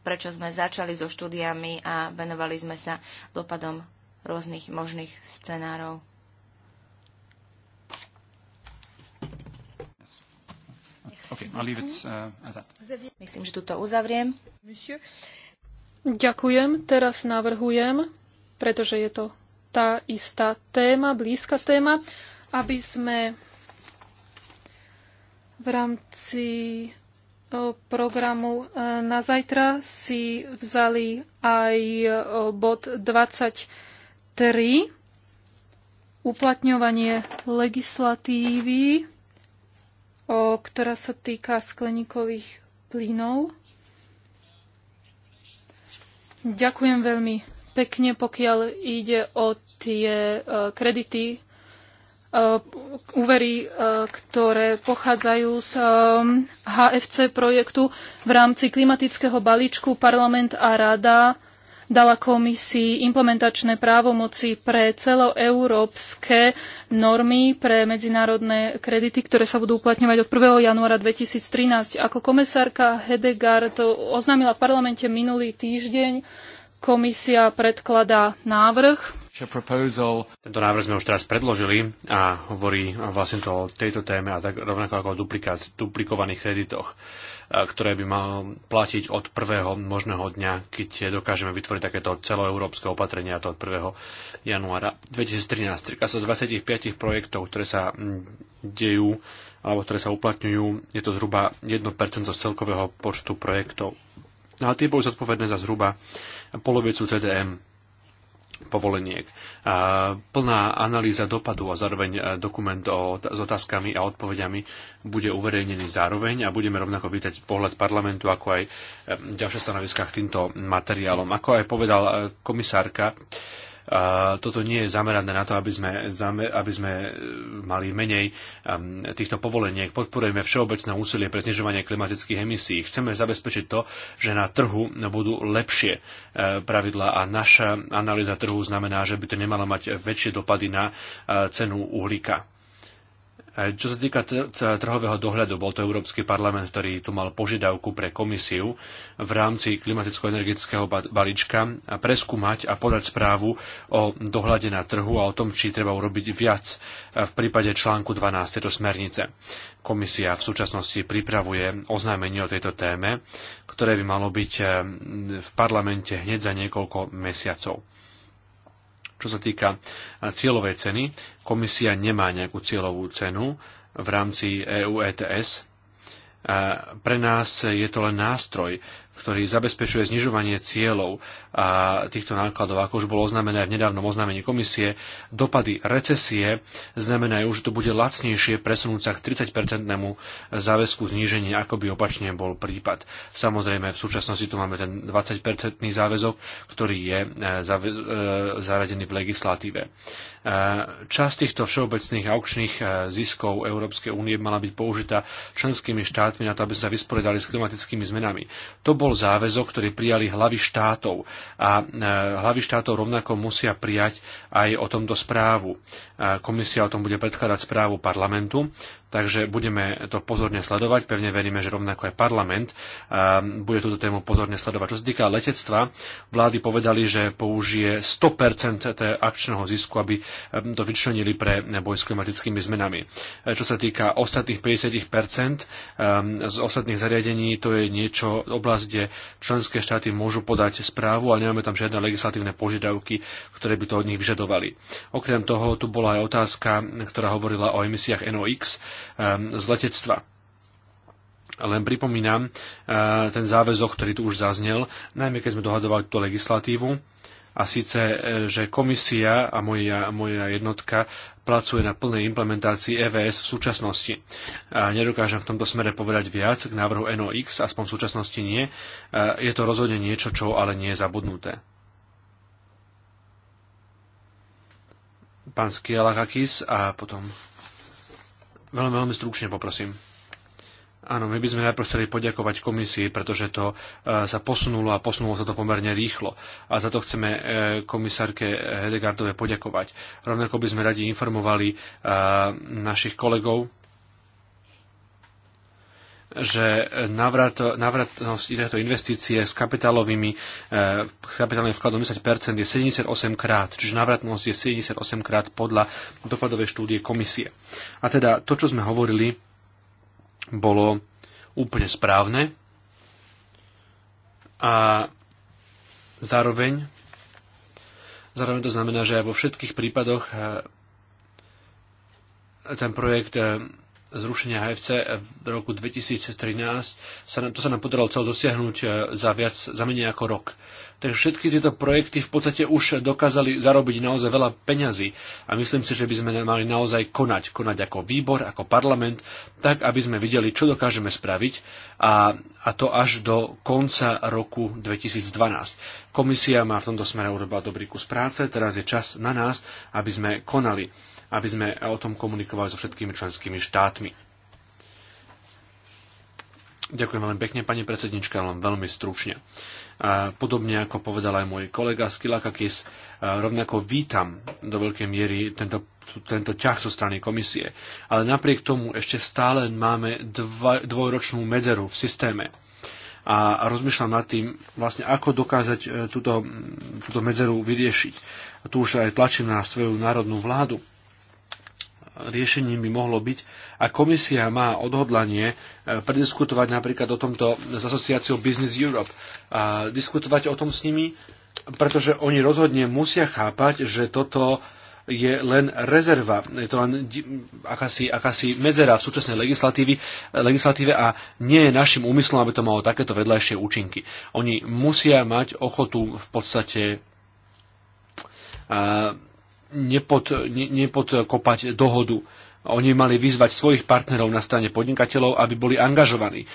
prečo sme začali so štúdiami a venovali sme sa dopadom rôznych možných scenárov. Okay, uh, Myslím, že tu to uzavriem. Ďakujem. Teraz navrhujem, pretože je to tá istá téma, blízka téma, aby sme v rámci programu e, na zajtra si vzali aj e, bod 23 uplatňovanie legislatívy, ktorá sa týka skleníkových plynov. Ďakujem veľmi pekne, pokiaľ ide o tie e, kredity E, úvery, e, ktoré pochádzajú z e, HFC projektu v rámci klimatického balíčku parlament a rada dala komisii implementačné právomoci pre celoeurópske normy pre medzinárodné kredity, ktoré sa budú uplatňovať od 1. januára 2013. Ako komisárka Hedegaard oznámila v parlamente minulý týždeň, Komisia predkladá návrh. Tento návrh sme už teraz predložili a hovorí vlastne to o tejto téme a tak rovnako ako o duplikovaných kreditoch ktoré by mal platiť od prvého možného dňa, keď dokážeme vytvoriť takéto celoeurópske opatrenia, to od 1. januára 2013. Týka sa 25 projektov, ktoré sa dejú alebo ktoré sa uplatňujú, je to zhruba 1% z celkového počtu projektov. No a tie boli zodpovedné za zhruba polovicu TDM povoleniek. Plná analýza dopadu a zároveň e, dokument o, s otázkami a odpovediami bude uverejnený zároveň a budeme rovnako vítať pohľad parlamentu, ako aj e, ďalšie stanoviská k týmto materiálom. Ako aj povedal e, komisárka, toto nie je zamerané na to, aby sme, aby sme e, mali menej ehm, týchto povoleniek. Podporujeme všeobecné úsilie pre znižovanie klimatických emisí. Chceme zabezpečiť to, že na trhu budú lepšie e, pravidla a naša analýza trhu znamená, že by to nemalo mať väčšie dopady na e, cenu uhlíka. Čo sa týka trhového dohľadu, bol to Európsky parlament, ktorý tu mal požiadavku pre komisiu v rámci klimaticko-energetického balíčka preskúmať a podať správu o dohľade na trhu a o tom, či treba urobiť viac v prípade článku 12 tejto smernice. Komisia v súčasnosti pripravuje oznámenie o tejto téme, ktoré by malo byť ehm, v parlamente hneď za niekoľko mesiacov. Čo sa týka cieľovej ceny, komisia nemá nejakú cieľovú cenu v rámci EU ETS. Pre nás je to len nástroj, ktorý zabezpečuje znižovanie cieľov a týchto nákladov, ako už bolo oznámené v nedávnom oznámení komisie. Dopady recesie znamenajú, že to bude lacnejšie presunúť sa k 30-percentnému záväzku zníženia, ako by opačne bol prípad. Samozrejme, v súčasnosti tu máme ten 20-percentný záväzok, ktorý je e, e, zaradený v legislatíve. E, časť týchto všeobecných aukčných ziskov Európskej únie mala byť použitá členskými štátmi na to, aby sa vysporiadali s klimatickými zmenami. To bol záväzok, ktorý prijali hlavy štátov. A e, hlavy štátov rovnako musia prijať aj o tomto správu. Komisia o tom bude predkladať správu parlamentu takže budeme to pozorne sledovať. Pevne veríme, že rovnako aj parlament bude túto tému pozorne sledovať. Čo sa týka letectva, vlády povedali, že použije 100% akčného zisku, aby to vyčlenili pre boj s klimatickými zmenami. E, čo sa týka ostatných 50% z ostatných zariadení, to je niečo oblasť, kde členské štáty môžu podať správu, ale nemáme tam žiadne legislatívne požiadavky, ktoré by to od nich vyžadovali. Okrem toho, tu bola aj otázka, ktorá hovorila o emisiách NOx. Ehm, z letectva. Len pripomínam ehm, ten záväzok, ktorý tu už zaznel, najmä keď sme dohadovali tú legislatívu, a síce, e, že komisia a moja, moja jednotka pracuje na plnej implementácii EVS v súčasnosti. A nedokážem v tomto smere povedať viac k návrhu NOX, aspoň v súčasnosti nie. A e, je to rozhodne niečo, čo ale nie je zabudnuté. Pán Skialakakis a potom Veľmi, veľmi stručne poprosím. Áno, my by sme najprv chceli poďakovať komisii, pretože to e, sa posunulo a posunulo sa to pomerne rýchlo. A za to chceme e, komisárke Hedegardove poďakovať. Rovnako by sme radi informovali e, našich kolegov, že navrat, navratnosť tejto investície s kapitálovými, e, s kapitálovým vkladom 10% je 78 krát, čiže navratnosť je 78 krát podľa dopadovej štúdie komisie. A teda to, čo sme hovorili, bolo úplne správne a zároveň Zároveň to znamená, že aj vo všetkých prípadoch e, ten projekt e, zrušenia HFC v roku 2013, sa to sa nám podarilo celo dosiahnuť e, za viac, za menej ako rok. Takže všetky tieto projekty v podstate už dokázali zarobiť naozaj veľa peňazí a myslím si, že by sme mali naozaj konať. Konať ako výbor, ako parlament, tak aby sme videli, čo dokážeme spraviť a, a to až do konca roku 2012. Komisia má v tomto smere urobila dobrý kus práce, teraz je čas na nás, aby sme konali aby sme o tom komunikovali so všetkými členskými štátmi. Ďakujem veľmi pekne, pani predsednička, len veľmi stručne. Podobne ako povedal aj môj kolega Skilakakis, rovnako vítam do veľkej miery tento, tento ťah zo strany komisie. Ale napriek tomu ešte stále máme dva, dvojročnú medzeru v systéme a, a rozmýšľam nad tým, vlastne ako dokázať e, túto, túto medzeru vyriešiť. A tu už aj tlačím na svoju národnú vládu riešením by mohlo byť, a komisia má odhodlanie e, prediskutovať napríklad o tomto s asociáciou Business Europe a diskutovať o tom s nimi, pretože oni rozhodne musia chápať, že toto je len rezerva, je to len akási, akási medzera v súčasnej legislatíve a nie je našim úmyslom, aby to malo takéto vedľajšie účinky. Oni musia mať ochotu v podstate nepod, ne, nepodkopať dohodu. Oni mali vyzvať svojich partnerov na strane podnikateľov, aby boli angažovaní eh,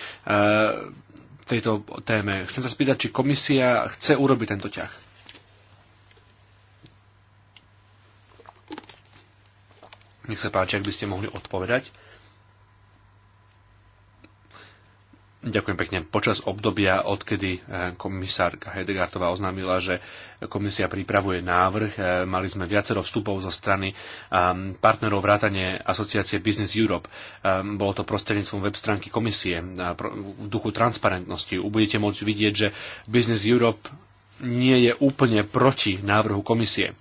v tejto téme. Chcem sa spýtať, či komisia chce urobiť tento ťah. Nech sa páči, ak by ste mohli odpovedať. Ďakujem pekne. Počas obdobia, odkedy eh, komisárka Hedegartová oznámila, že komisia pripravuje návrh, eh, mali sme viacero vstupov zo strany ehm, partnerov vrátane asociácie Business Europe. Ehm, bolo to prostredníctvom web stránky komisie v duchu transparentnosti. Budete môcť vidieť, že Business Europe nie je úplne proti návrhu komisie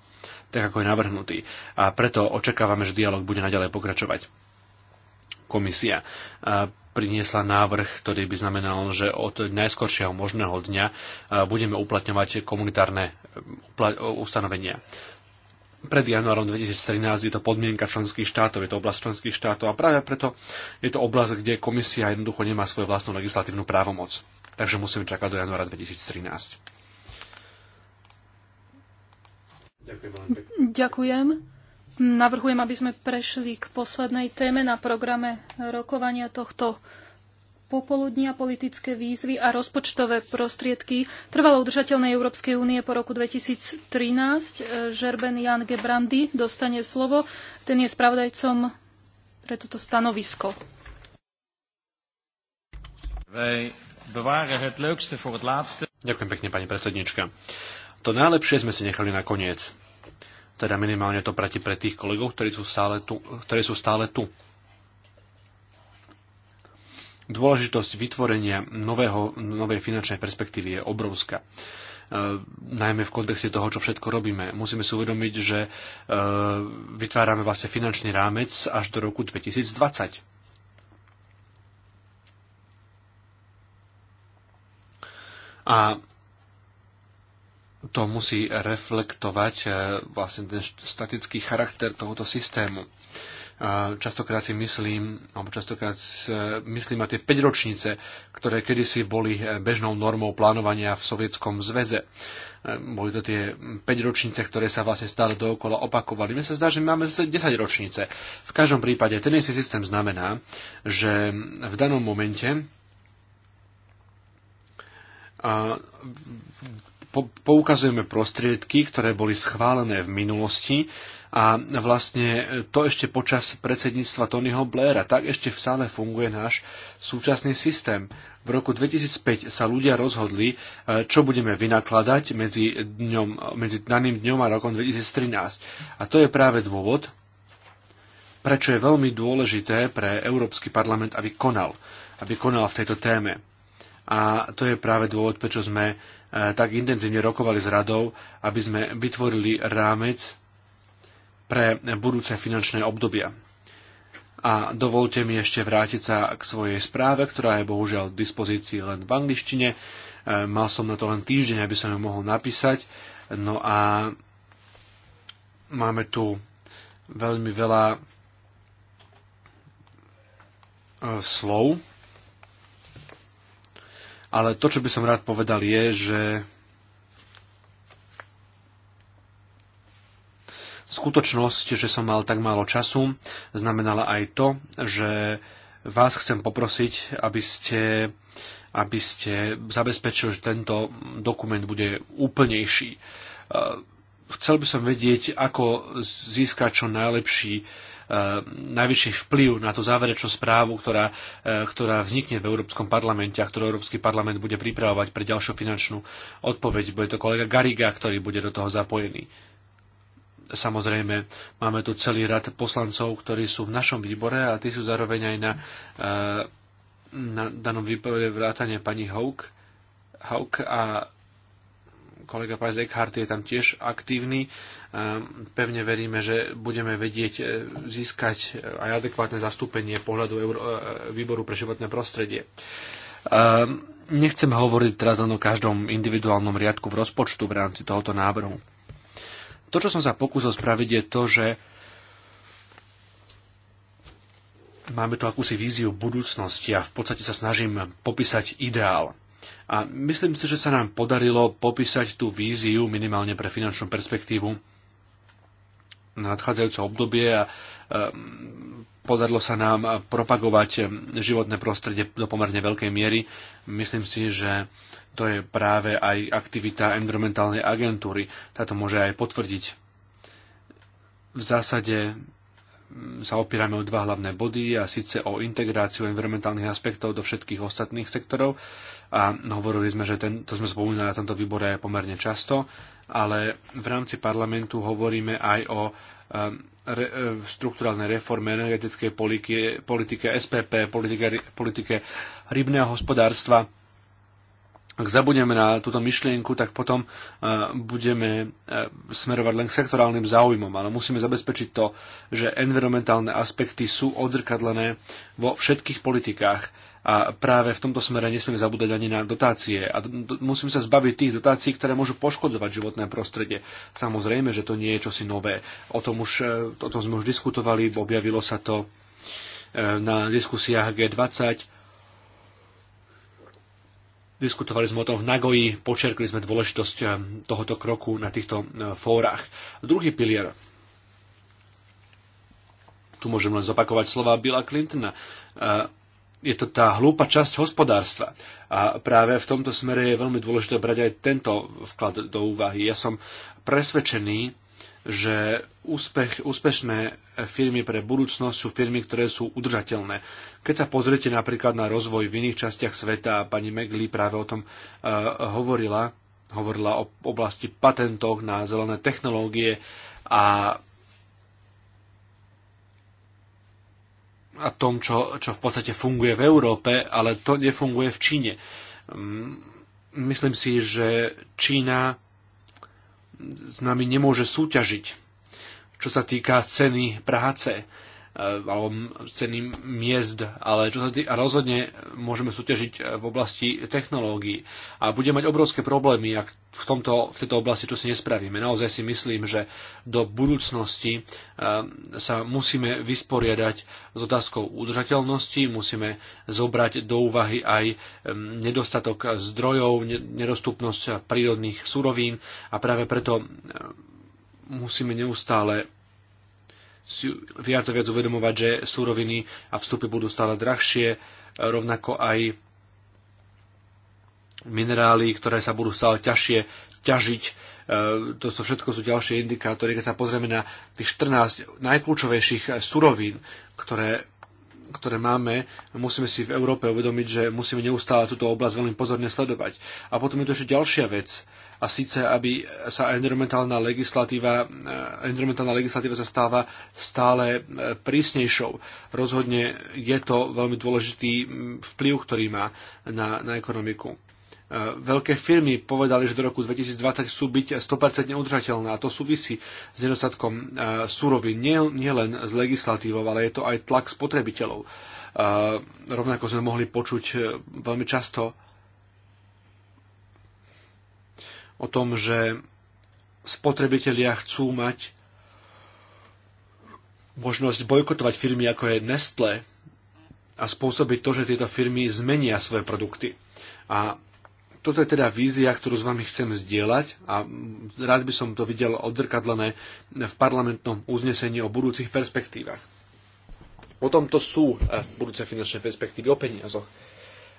tak ako je navrhnutý. A preto očakávame, že dialog bude naďalej pokračovať komisia priniesla návrh, ktorý by znamenal, že od najskoršieho možného dňa budeme uplatňovať komunitárne um, uh, ustanovenia. Pred januárom 2013 je to podmienka členských štátov, je to oblasť členských štátov a práve preto je to oblasť, kde komisia jednoducho nemá svoju vlastnú legislatívnu právomoc. Takže musíme čakať do januára 2013. Ďakujem Ďakujem. Navrhujem, aby sme prešli k poslednej téme na programe rokovania tohto popoludnia politické výzvy a rozpočtové prostriedky trvalo udržateľnej Európskej únie po roku 2013. Žerben Jan Gebrandy dostane slovo. Ten je spravodajcom pre toto stanovisko. Ďakujem pekne, pani predsednička. To najlepšie sme si nechali na koniec. Teda minimálne to prati pre tých kolegov, ktorí sú stále tu. Ktorí sú stále tu. Dôležitosť vytvorenia nového, novej finančnej perspektívy je obrovská e, najmä v kontexte toho, čo všetko robíme. Musíme si uvedomiť, že e, vytvárame vlastne finančný rámec až do roku 2020. A to musí reflektovať eh, vlastne ten statický charakter tohoto systému. Častokrát si myslím, alebo častokrát eh, myslím na tie 5 ročnice, ktoré kedysi boli eh, bežnou normou plánovania v Sovietskom zväze. Boli to tie 5 ročnice, ktoré sa vlastne stále dookola opakovali. Mne sa zdá, že máme 10 ročnice. V každom prípade ten istý systém znamená, že v danom momente poukazujeme prostriedky, ktoré boli schválené v minulosti a vlastne to ešte počas predsedníctva Tonyho Blaira. Tak ešte stále funguje náš súčasný systém. V roku 2005 sa ľudia rozhodli, e, čo budeme vynakladať medzi, dňom, medzi daným dňom a rokom 2013. A to je práve dôvod, prečo je veľmi dôležité pre Európsky parlament, aby konal, aby konal v tejto téme. A to je práve dôvod, prečo sme E, tak intenzívne rokovali s radou, aby sme vytvorili rámec pre budúce finančné obdobia. A dovolte mi ešte vrátiť sa k svojej správe, ktorá je bohužiaľ v dispozícii len v angličtine. E, mal som na to len týždeň, aby som ju mohol napísať. No a máme tu veľmi veľa e, slov, ale to, čo by som rád povedal, je, že skutočnosť, že som mal tak málo času, znamenala aj to, že vás chcem poprosiť, aby ste aby ste zabezpečili, že tento dokument bude úplnejší. E, chcel by som vedieť, ako získať čo najlepší Eh, najvyšší vplyv na tú záverečnú správu, ktorá, eh, ktorá vznikne v Európskom parlamente a ktorú Európsky parlament bude pripravovať pre ďalšiu finančnú odpoveď. Bude to kolega Gariga, ktorý bude do toho zapojený samozrejme máme tu celý rad poslancov, ktorí sú v našom výbore a tí sú zároveň aj na, eh, na danom výbore vrátane pani Hauk, Hauk a kolega Pajs Eckhart je tam tiež aktívny. Pevne veríme, že budeme vedieť e, získať e, aj adekvátne zastúpenie pohľadu Euró- e, výboru pre životné prostredie. Nechcem hovoriť teraz len o každom individuálnom riadku v rozpočtu v rámci tohoto návrhu. To, čo som sa pokúsil spraviť, je to, že máme tu akúsi víziu budúcnosti a v podstate sa snažím popísať ideál. A myslím si, že sa nám podarilo popísať tú víziu minimálne pre finančnú perspektívu nadchádzajúce obdobie a podarilo sa nám propagovať životné prostredie do pomerne veľkej miery. Myslím si, že to je práve aj aktivita environmentálnej agentúry. Táto môže aj potvrdiť. V zásade sa opierame o dva hlavné body a síce o integráciu environmentálnych aspektov do všetkých ostatných sektorov a hovorili sme, že ten, to sme spomínali na tomto výbore aj pomerne často, ale v rámci parlamentu hovoríme aj o um, re, e, štruktúralnej reforme energetickej politike, politike SPP, politike, politike rybného hospodárstva ak zabudneme na túto myšlienku, tak potom e, budeme e, smerovať len k sektorálnym záujmom, ale musíme zabezpečiť to, že environmentálne aspekty sú odzrkadlené vo všetkých politikách a práve v tomto smere nesmieme zabúdať ani na dotácie a musíme sa zbaviť tých dotácií, ktoré môžu poškodzovať životné prostredie. Samozrejme, že to nie je čosi nové. O tom, už, e, o tom sme už diskutovali, objavilo sa to na diskusiách G20 Diskutovali sme o tom v Nagoji, počerkli sme dôležitosť eh, tohoto kroku na týchto eh, fórach. Druhý pilier. Tu môžem len zopakovať slova Billa Clintona. Eh, je to tá hlúpa časť hospodárstva. A práve v tomto smere je veľmi dôležité brať aj tento vklad do úvahy. Ja som presvedčený, že úspech, úspešné firmy pre budúcnosť sú firmy, ktoré sú udržateľné. Keď sa pozriete napríklad na rozvoj v iných častiach sveta, a pani Megli práve o tom uh, hovorila, hovorila o oblasti patentoch na zelené technológie a a tom, čo, čo v podstate funguje v Európe, ale to nefunguje v Číne. Mm, myslím si, že Čína s nami nemôže súťažiť, čo sa týka ceny práce Eh, alebo ceny miest, ale čo sa tý, rozhodne môžeme súťažiť eh, v oblasti technológií a budeme mať obrovské problémy, ak v, tomto, v tejto oblasti čo si nespravíme. Naozaj si myslím, že do budúcnosti eh, sa musíme vysporiadať s otázkou udržateľnosti, musíme zobrať do úvahy aj nedostatok zdrojov, nedostupnosť prírodných surovín a práve preto musíme neustále si viac a viac uvedomovať, že súroviny a vstupy budú stále drahšie, e, rovnako aj minerály, ktoré sa budú stále ťažšie ťažiť. E, to sú všetko sú ďalšie indikátory. Keď sa pozrieme na tých 14 najkľúčovejších surovín, ktoré ktoré máme, musíme si v Európe uvedomiť, že musíme neustále túto oblasť veľmi pozorne sledovať. A potom je to ešte ďalšia vec, a síce, aby sa environmentálna legislatíva, eh, environmentálna legislatíva sa stáva stále eh, prísnejšou. Rozhodne je to veľmi dôležitý mm, vplyv, ktorý má na, na ekonomiku eh, veľké firmy povedali, že do roku 2020 sú byť 100% udržateľné a to súvisí s nedostatkom súrovín, nielen nie s legislatívou, ale je to aj tlak spotrebiteľov. Rovnako sme mohli počuť veľmi často o tom, že spotrebitelia chcú mať možnosť bojkotovať firmy ako je Nestle a spôsobiť to, že tieto firmy zmenia svoje produkty. A toto je teda vízia, ktorú s vami chcem zdieľať a rád by som to videl odzrkadlené v parlamentnom uznesení o budúcich perspektívach. O tomto sú e, budúce finančné perspektívy o peniazoch.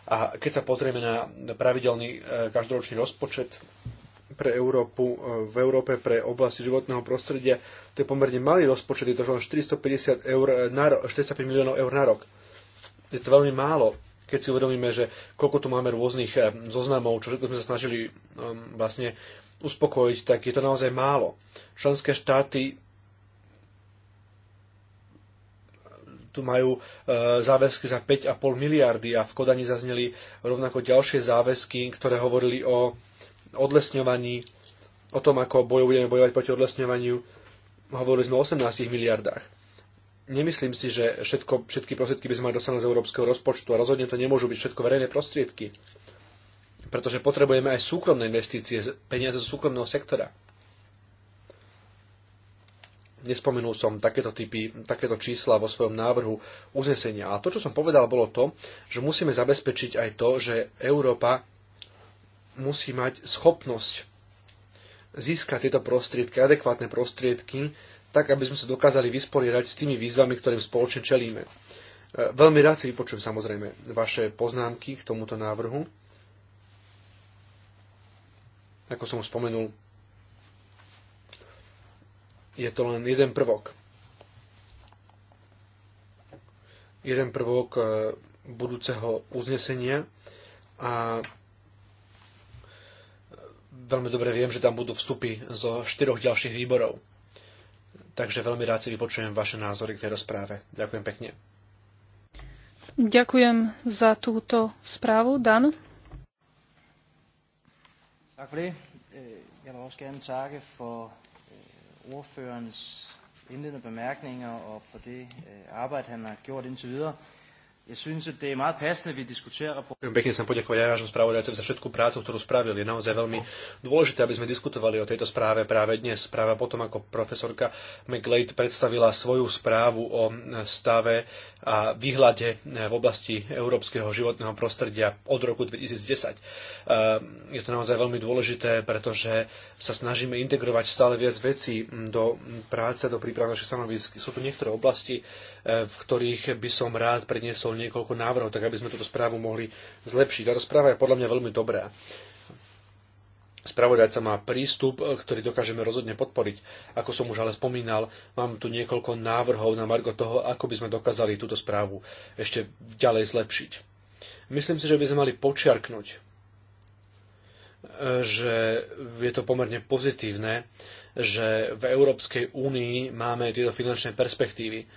A keď sa pozrieme na pravidelný e, každoročný rozpočet pre Európu, e, v Európe pre oblasti životného prostredia. To je pomerne malý rozpočet, je to len 450 eur na ro- 45 miliónov eur na rok. Je to veľmi málo, keď si uvedomíme, že koľko tu máme rôznych e, zoznamov, čo sme sa snažili um, vlastne uspokojiť, tak je to naozaj málo. Členské štáty tu majú e, záväzky za 5,5 miliardy a v Kodani zazneli rovnako ďalšie záväzky, ktoré hovorili o odlesňovaní, o tom, ako boju budeme bojovať proti odlesňovaniu. Hovorili sme o 18 miliardách. Nemyslím si, že všetko, všetky prostriedky by sme mali dostať z európskeho rozpočtu a rozhodne to nemôžu byť všetko verejné prostriedky. Pretože potrebujeme aj súkromné investície, peniaze zo súkromného sektora. Nespomenul som takéto typy, takéto čísla vo svojom návrhu uznesenia. A to, čo som povedal, bolo to, že musíme zabezpečiť aj to, že Európa musí mať schopnosť získať tieto prostriedky, adekvátne prostriedky, tak aby sme sa dokázali vysporiadať s tými výzvami, ktorým spoločne čelíme. E, veľmi rád si vypočujem samozrejme vaše poznámky k tomuto návrhu. Ako som už spomenul, je to len jeden prvok. Jeden prvok e, budúceho uznesenia a veľmi dobre viem, že tam budú vstupy zo štyroch ďalších výborov. Takže veľmi rád si vypočujem vaše názory k tej rozpráve. Ďakujem pekne. Ďakujem za túto správu. Dan? Ďakujem. for det. Eh, Jeg for ordførerens indledende bemærkninger og for det eh, arbejde, han har gjort indtil videre synes, at det er meget passende, at vi diskuterer rapporten. Pekne som poďakovať aj vášom spravodajcom za všetkú prácu, ktorú spravili. Je naozaj veľmi dôležité, aby sme diskutovali o tejto správe práve dnes. Práve potom, ako profesorka McGlade predstavila svoju správu o stave a výhľade v oblasti európskeho životného prostredia od roku 2010. Ehm, je to naozaj veľmi dôležité, pretože sa snažíme integrovať stále viac vecí do práce, do príprav našich stanovisk. Sú tu niektoré oblasti, E, v ktorých by som rád predniesol niekoľko návrhov, tak aby sme túto správu mohli zlepšiť. Tá rozpráva je podľa mňa veľmi dobrá. Spravodajca má prístup, ktorý dokážeme rozhodne podporiť. Ako som už ale spomínal, mám tu niekoľko návrhov na margo toho, ako by sme dokázali túto správu ešte ďalej zlepšiť. Myslím si, že by sme mali počiarknúť, e, že je to pomerne pozitívne, že v Európskej únii máme tieto finančné perspektívy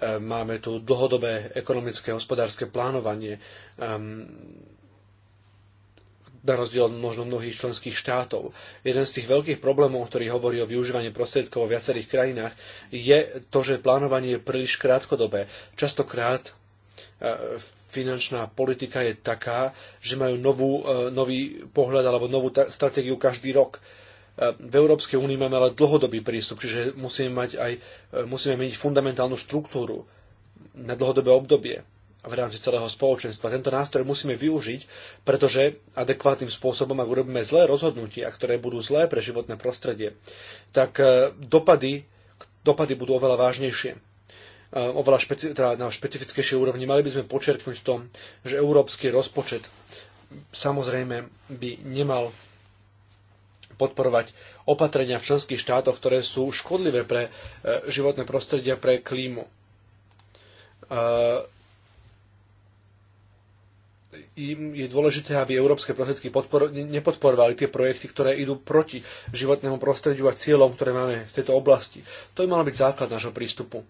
Ehm, máme tu dlhodobé ekonomické a hospodárske plánovanie ehm, na rozdiel od možno mnohých členských štátov. Jeden z tých veľkých problémov, ktorý hovorí o využívaní prostriedkov vo viacerých krajinách, je to, že plánovanie je príliš krátkodobé. Častokrát e, finančná politika je taká, že majú novú, e, nový pohľad alebo novú stratégiu každý rok v Európskej únii máme ale dlhodobý prístup, čiže musíme, mať aj, e, musíme meniť fundamentálnu štruktúru na dlhodobé obdobie v rámci celého spoločenstva. Tento nástroj musíme využiť, pretože adekvátnym spôsobom, ak urobíme zlé rozhodnutia, ktoré budú zlé pre životné prostredie, tak e, dopady, dopady budú oveľa vážnejšie e, oveľa špeci- teda na špecifickejšej úrovni. Mali by sme počerknúť v tom, že európsky rozpočet samozrejme by nemal podporovať opatrenia v členských štátoch, ktoré sú škodlivé pre e, životné prostredie, pre klímu. E, je dôležité, aby európske prostriedky nepodporovali tie projekty, ktoré idú proti životnému prostrediu a cieľom, ktoré máme v tejto oblasti. To by mal byť základ nášho prístupu.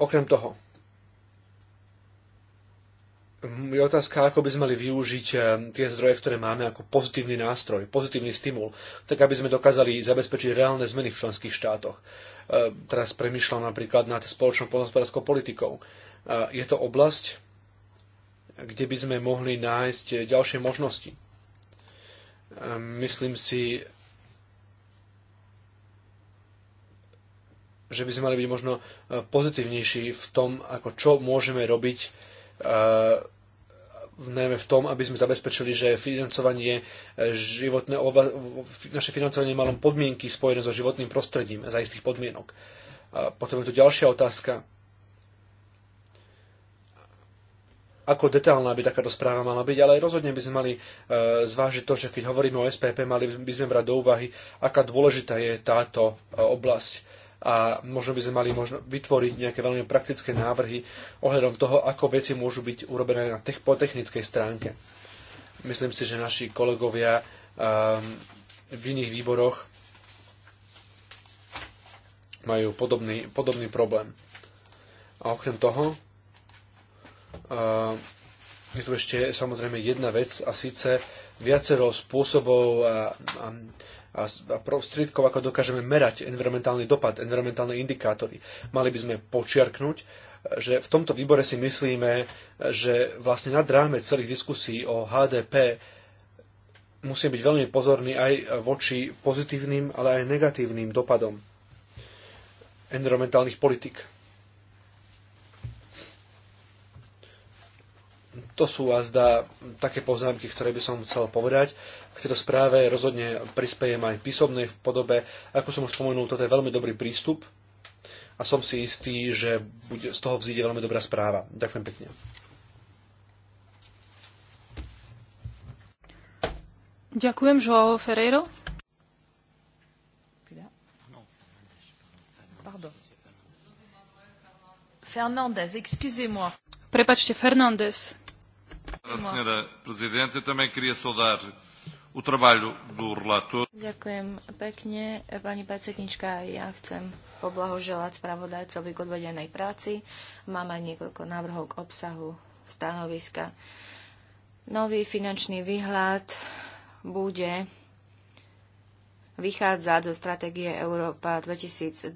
Okrem toho, je otázka, ako by sme mali využiť eh, tie zdroje, ktoré máme ako pozitívny nástroj, pozitívny stimul, tak aby sme dokázali zabezpečiť reálne zmeny v členských štátoch. Eh, teraz premyšľam napríklad nad spoločnou poľnohospodárskou politikou. Eh, je to oblasť, kde by sme mohli nájsť ďalšie možnosti. Myslím si, že by sme mali byť možno pozitívnejší v tom, ako čo môžeme robiť najmä v tom, aby sme zabezpečili, že financovanie e, životné naše financovanie malo podmienky spojené so životným prostredím za istých podmienok. A potom je tu ďalšia otázka. Ako detálna by takáto správa mala byť, ale rozhodne by sme mali e, zvážiť to, že keď hovoríme o SPP, mali by sme brať do úvahy, aká dôležitá je táto e, oblasť a možno by sme mali možno vytvoriť nejaké veľmi praktické návrhy ohľadom toho, ako veci môžu byť urobené na tech, po technickej stránke. Myslím si, že naši kolegovia um, v iných výboroch majú podobný, podobný problém. A okrem toho uh, je tu ešte samozrejme jedna vec a síce viacero spôsobov a, a a prostriedkov, ako dokážeme merať environmentálny dopad, environmentálne indikátory. Mali by sme počiarknúť, že v tomto výbore si myslíme, že vlastne nad ráme celých diskusí o HDP musí byť veľmi pozorný aj voči pozitívnym, ale aj negatívnym dopadom environmentálnych politik. To sú a zdá také poznámky, ktoré by som chcel povedať. K tejto správe rozhodne prispejem aj v písomnej podobe. Ako som už spomenul, toto je veľmi dobrý prístup a som si istý, že bude, z toho vzíde veľmi dobrá správa. Ďakujem pekne. Ďakujem, Joao Ferreiro. Fernández, excusez-moi. Prepačte, Fernández. Ďakujem pekne, pani predsednička. Ja chcem poblahoželať spravodajcovi k odvedenej práci. Mám aj niekoľko návrhov k obsahu stanoviska. Nový finančný výhľad bude Vychádza zo stratégie Európa 2020,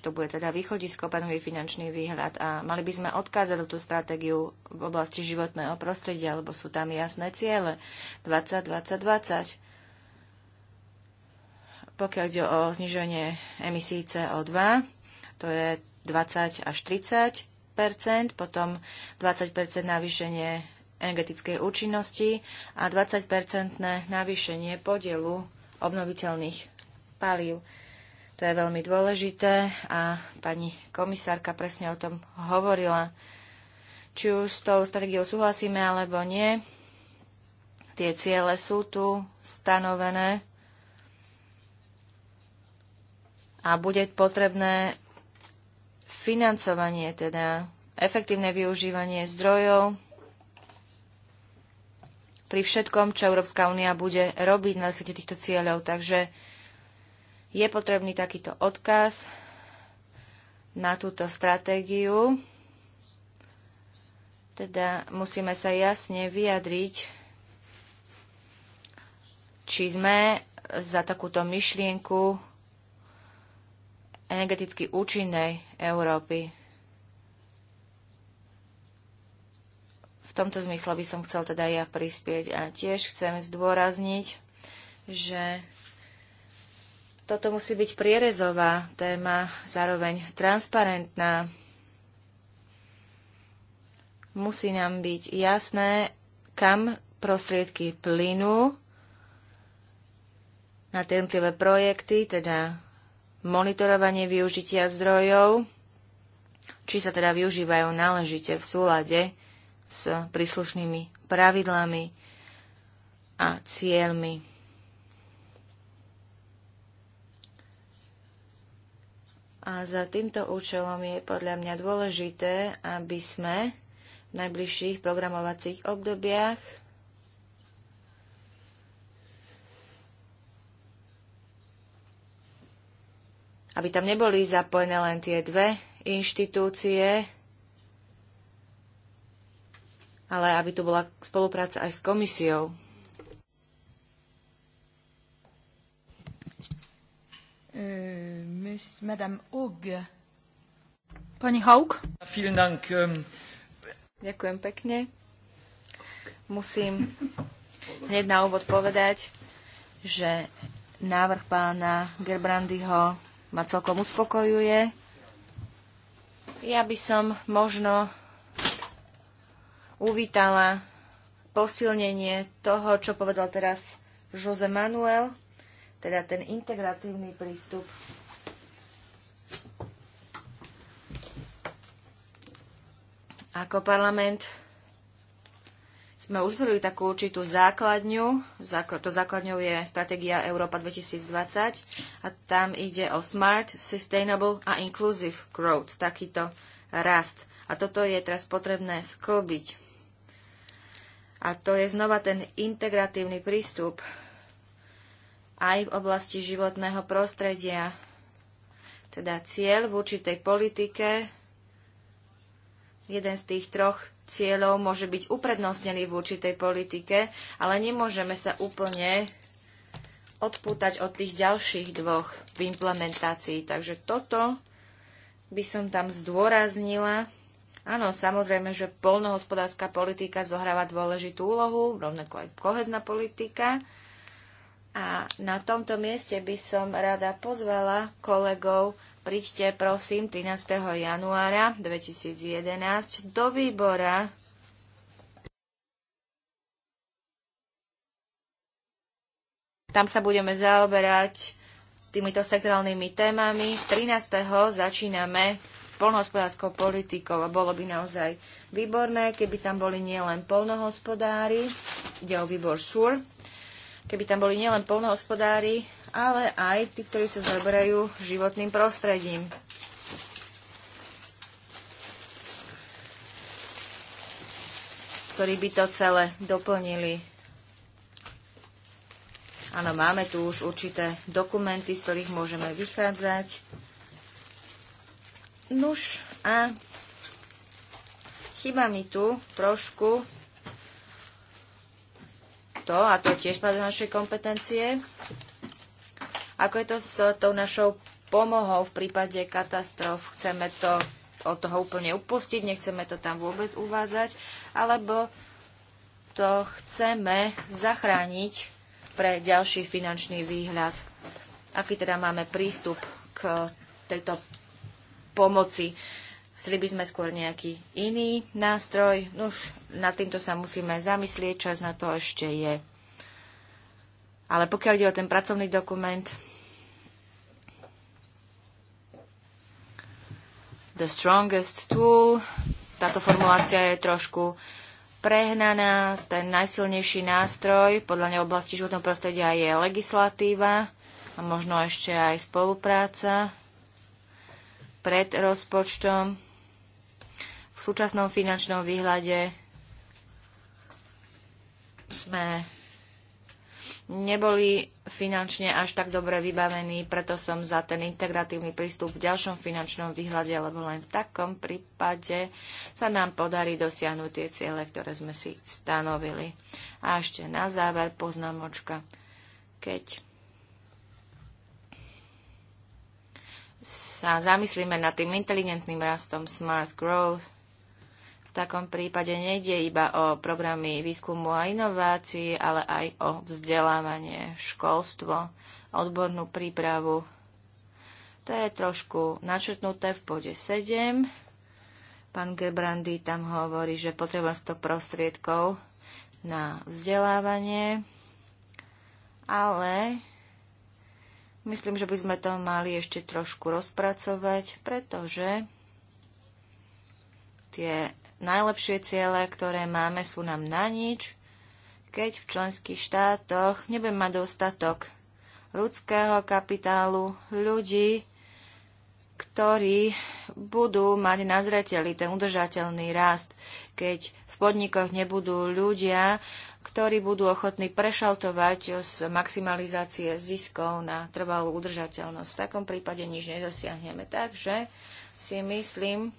to bude teda východisko, panový finančný výhľad a mali by sme odkázať tú stratégiu v oblasti životného prostredia, lebo sú tam jasné ciele 20, 20, 20. Pokiaľ ide o zniženie emisí CO2, to je 20 až 30 potom 20 navýšenie energetickej účinnosti a 20-percentné navýšenie podielu obnoviteľných palív. To je veľmi dôležité a pani komisárka presne o tom hovorila. Či už s tou strategiou súhlasíme alebo nie, tie ciele sú tu stanovené a bude potrebné financovanie, teda efektívne využívanie zdrojov, pri všetkom, čo Európska únia bude robiť na svete týchto cieľov. Takže je potrebný takýto odkaz na túto stratégiu. Teda musíme sa jasne vyjadriť, či sme za takúto myšlienku energeticky účinnej Európy. tomto zmysle by som chcel teda ja prispieť a tiež chcem zdôrazniť, že toto musí byť prierezová téma, zároveň transparentná. Musí nám byť jasné, kam prostriedky plynú na jednotlivé projekty, teda monitorovanie využitia zdrojov, či sa teda využívajú náležite v súlade s príslušnými pravidlami a cieľmi. A za týmto účelom je podľa mňa dôležité, aby sme v najbližších programovacích obdobiach aby tam neboli zapojené len tie dve inštitúcie, ale aby tu bola spolupráca aj s komisiou. Pani Haug. Ähm, Ďakujem pekne. Musím hneď na úvod povedať, že návrh pána Gerbrandyho ma celkom uspokojuje. Ja by som možno uvítala posilnenie toho, čo povedal teraz Jose Manuel, teda ten integratívny prístup. Ako parlament sme už vytvorili takú určitú základňu. To základňou je stratégia Európa 2020 a tam ide o smart, sustainable a inclusive growth, takýto rast. A toto je teraz potrebné sklbiť. A to je znova ten integratívny prístup aj v oblasti životného prostredia. Teda cieľ v určitej politike, jeden z tých troch cieľov môže byť uprednostnený v určitej politike, ale nemôžeme sa úplne odpútať od tých ďalších dvoch v implementácii. Takže toto by som tam zdôraznila. Áno, samozrejme, že polnohospodárska politika zohráva dôležitú úlohu, rovnako aj kohezná politika. A na tomto mieste by som rada pozvala kolegov, príďte prosím 13. januára 2011 do výbora Tam sa budeme zaoberať týmito sektorálnymi témami. 13. začíname polnohospodárskou politikou a bolo by naozaj výborné, keby tam boli nielen polnohospodári, ide o výbor SUR, keby tam boli nielen polnohospodári, ale aj tí, ktorí sa zaberajú životným prostredím. ktorí by to celé doplnili. Áno, máme tu už určité dokumenty, z ktorých môžeme vychádzať. Nuž a chyba mi tu trošku to, a to tiež padlo našej kompetencie, ako je to s tou našou pomohou v prípade katastrof. Chceme to od toho úplne upustiť, nechceme to tam vôbec uvádzať, alebo to chceme zachrániť pre ďalší finančný výhľad. Aký teda máme prístup k tejto pomoci. Chceli by sme skôr nejaký iný nástroj. Už nad týmto sa musíme zamyslieť, čas na to ešte je. Ale pokiaľ ide o ten pracovný dokument, the strongest tool, táto formulácia je trošku prehnaná. Ten najsilnejší nástroj podľa mňa oblasti životného prostredia je legislatíva a možno ešte aj spolupráca pred rozpočtom v súčasnom finančnom výhľade sme neboli finančne až tak dobre vybavení, preto som za ten integratívny prístup v ďalšom finančnom výhľade, lebo len v takom prípade sa nám podarí dosiahnuť tie ciele, ktoré sme si stanovili. A ešte na záver poznámočka. Keď sa zamyslíme nad tým inteligentným rastom Smart Growth, v takom prípade nejde iba o programy výskumu a inovácií, ale aj o vzdelávanie, školstvo, odbornú prípravu. To je trošku načrtnuté v bode 7. Pán Gebrandy tam hovorí, že potreba 100 prostriedkov na vzdelávanie, ale Myslím, že by sme to mali ešte trošku rozpracovať, pretože tie najlepšie ciele, ktoré máme, sú nám na nič, keď v členských štátoch nebudeme mať dostatok ľudského kapitálu, ľudí, ktorí budú mať na zreteli ten udržateľný rast, keď v podnikoch nebudú ľudia, ktorí budú ochotní prešaltovať z maximalizácie ziskov na trvalú udržateľnosť. V takom prípade nič nedosiahneme. Takže si myslím,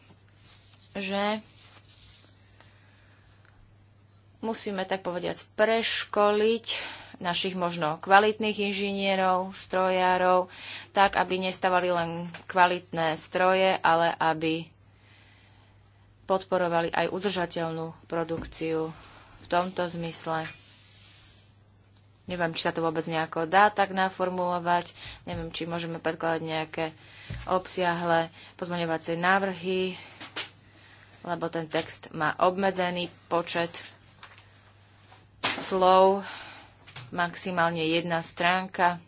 že musíme tak povediať preškoliť našich možno kvalitných inžinierov, strojárov, tak, aby nestávali len kvalitné stroje, ale aby podporovali aj udržateľnú produkciu tomto zmysle. Neviem, či sa to vôbec nejako dá tak naformulovať. Neviem, či môžeme predkladať nejaké obsiahle pozmeňovacie návrhy, lebo ten text má obmedzený počet slov, maximálne jedna stránka.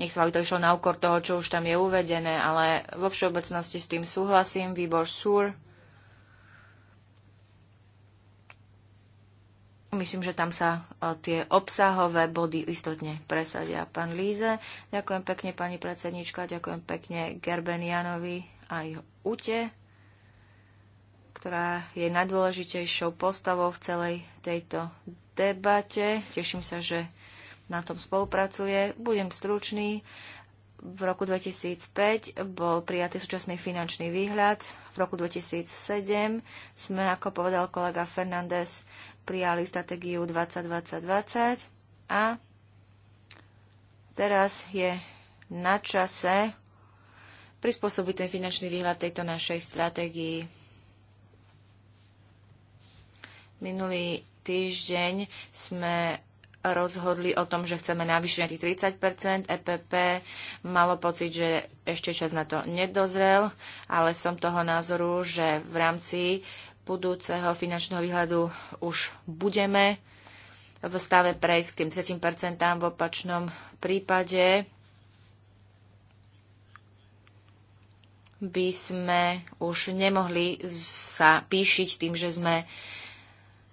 Nech sa by to išlo na úkor toho, čo už tam je uvedené, ale vo všeobecnosti s tým súhlasím. Výbor SUR. Sure. Myslím, že tam sa e, tie obsahové body istotne presadia. Pán Líze, ďakujem pekne pani predsednička, ďakujem pekne Gerbenianovi a jeho úte, ktorá je najdôležitejšou postavou v celej tejto debate. Teším sa, že na tom spolupracuje. Budem stručný. V roku 2005 bol prijatý súčasný finančný výhľad. V roku 2007 sme, ako povedal kolega Fernández, prijali stratégiu 2020 a teraz je na čase prispôsobiť ten finančný výhľad tejto našej stratégii. Minulý týždeň sme rozhodli o tom, že chceme navýšiť na tých 30 EPP malo pocit, že ešte čas na to nedozrel, ale som toho názoru, že v rámci budúceho finančného výhľadu už budeme v stave prejsť k tým 30 v opačnom prípade by sme už nemohli sa píšiť tým, že sme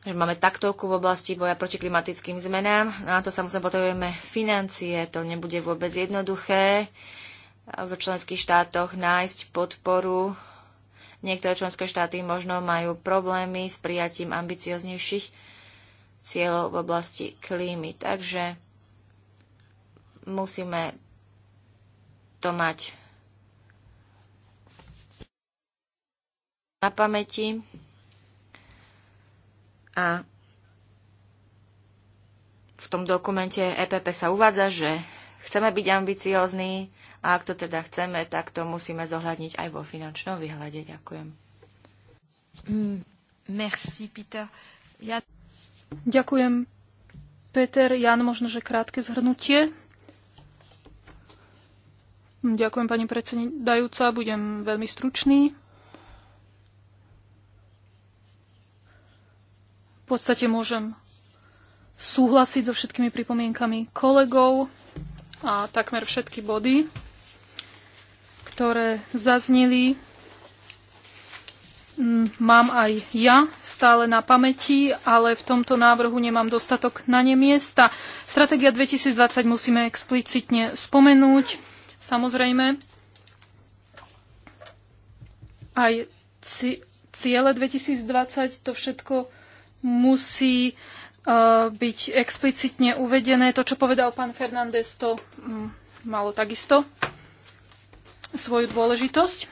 že máme taktovku v oblasti boja proti klimatickým zmenám. Na no to samozrejme potrebujeme financie. To nebude vôbec jednoduché v členských štátoch nájsť podporu Niektoré členské štáty možno majú problémy s prijatím ambicioznejších cieľov v oblasti klímy. Takže musíme to mať na pamäti a v tom dokumente EPP sa uvádza, že chceme byť ambiciózni, a ak to teda chceme, tak to musíme zohľadniť aj vo finančnom výhľade. Ďakujem. Mm, merci, Peter. Ja... Ďakujem, Peter. Jan, možno, že krátke zhrnutie. Hm, ďakujem, pani predsedajúca. Budem veľmi stručný. V podstate môžem súhlasiť so všetkými pripomienkami kolegov a takmer všetky body ktoré zazneli, mm, mám aj ja stále na pamäti, ale v tomto návrhu nemám dostatok na ne miesta. Stratégia 2020 musíme explicitne spomenúť, samozrejme. Aj ciele 2020, to všetko musí uh, byť explicitne uvedené. To, čo povedal pán Fernández, to um, malo takisto svoju dôležitosť.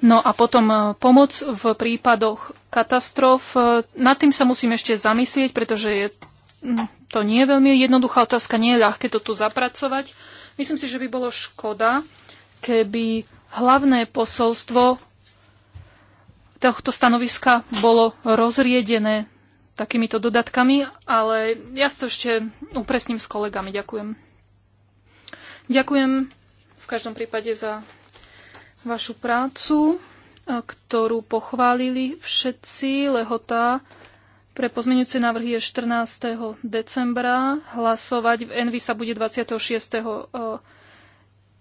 No a potom e, pomoc v prípadoch katastrof. E, nad tým sa musím ešte zamyslieť, pretože je, mm, to nie je veľmi jednoduchá otázka, nie je ľahké to tu zapracovať. Myslím si, že by bolo škoda, keby hlavné posolstvo tohto stanoviska bolo rozriedené takýmito dodatkami, ale ja to ešte upresním s kolegami. Ďakujem. Ďakujem každom prípade za vašu prácu, e, ktorú pochválili všetci. Lehota pre pozmenujúce návrhy je 14. decembra. Hlasovať v Envy sa bude 26.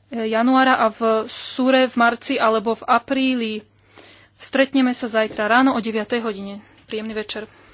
E, januára a v Sure v marci alebo v apríli. Stretneme sa zajtra ráno o 9. hodine. Príjemný večer.